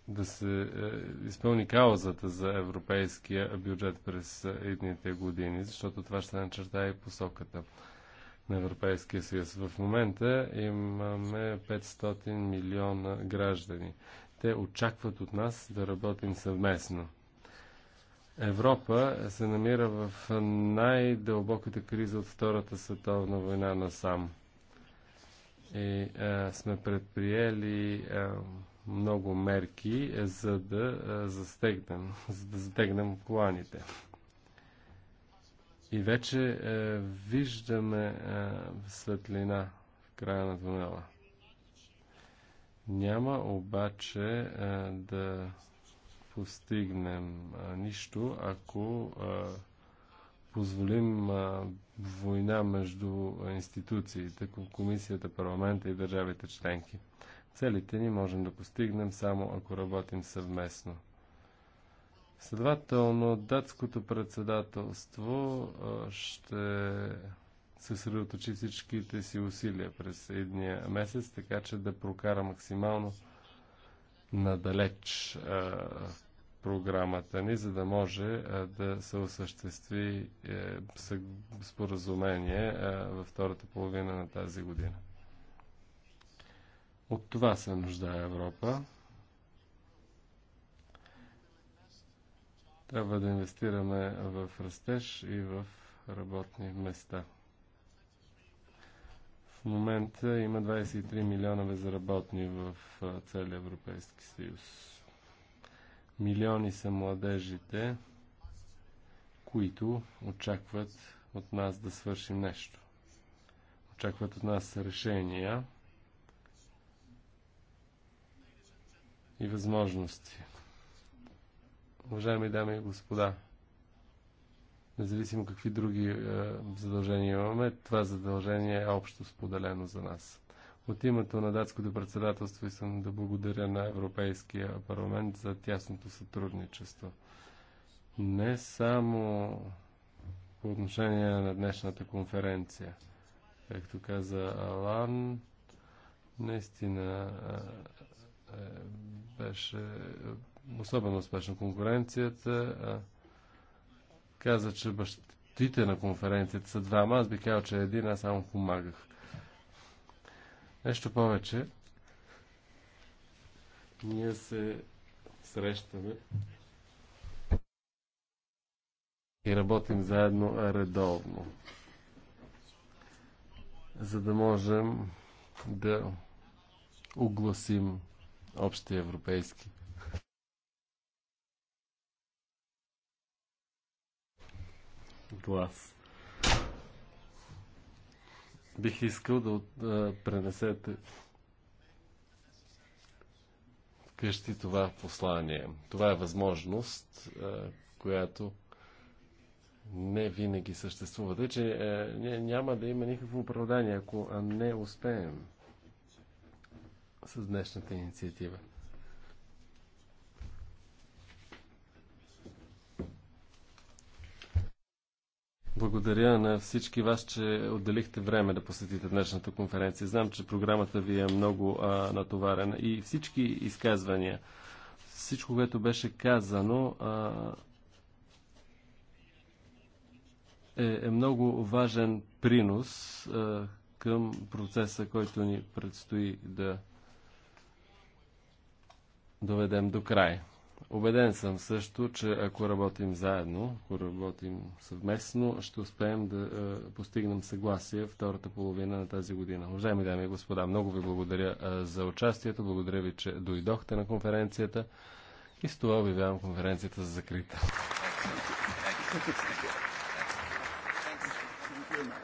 да се е, изпълни каузата за европейския бюджет през е, едните години, защото това ще начерта и посоката на Европейския съюз. В момента имаме 500 милиона граждани. Те очакват от нас да работим съвместно. Европа се намира в най-дълбоката криза от Втората световна война насам. сам и е, а, сме предприели а, много мерки, е, за да а, застегнем, [laughs] за да затегнем коланите. И вече а, е, виждаме а, светлина в края на тунела. Няма обаче а, да постигнем а, нищо, ако а, позволим а, война между институциите, комисията, парламента и държавите членки. Целите ни можем да постигнем само ако работим съвместно. Следователно, датското председателство ще съсредоточи всичките си усилия през едния месец, така че да прокара максимално надалеч програмата ни, за да може да се осъществи е, споразумение във втората половина на тази година. От това се нуждае Европа. Трябва да инвестираме в растеж и в работни места. В момента има 23 милиона безработни в целия Европейски съюз. Милиони са младежите, които очакват от нас да свършим нещо. Очакват от нас решения и възможности. Уважаеми дами и господа, независимо какви други е, задължения имаме, това задължение е общо споделено за нас. От името на датското председателство искам да благодаря на Европейския парламент за тясното сътрудничество. Не само по отношение на днешната конференция. Както каза Алан, наистина е, беше особено успешна конкуренцията. Каза, че бащите на конференцията са двама. Аз би казал, че един, аз само помагах. Нещо повече. Ние се срещаме и работим заедно редовно, за да можем да огласим общия европейски глас. Бих искал да пренесете вкъщи това послание. Това е възможност, е, която не винаги съществува. Тъй, че а, е, няма да има никакво оправдание, ако не успеем с днешната инициатива. Благодаря на всички вас, че отделихте време да посетите днешната конференция. Знам, че програмата ви е много а, натоварена и всички изказвания, всичко, което беше казано, а, е, е много важен принос а, към процеса, който ни предстои да доведем до края. Обеден съм също, че ако работим заедно, ако работим съвместно, ще успеем да е, постигнем съгласие втората половина на тази година. Уважаеми дами и господа, много ви благодаря е, за участието, благодаря ви, че дойдохте на конференцията и с това обявявам конференцията за закрита. Thank you. Thank you. Thank you. Thank you. Thank you.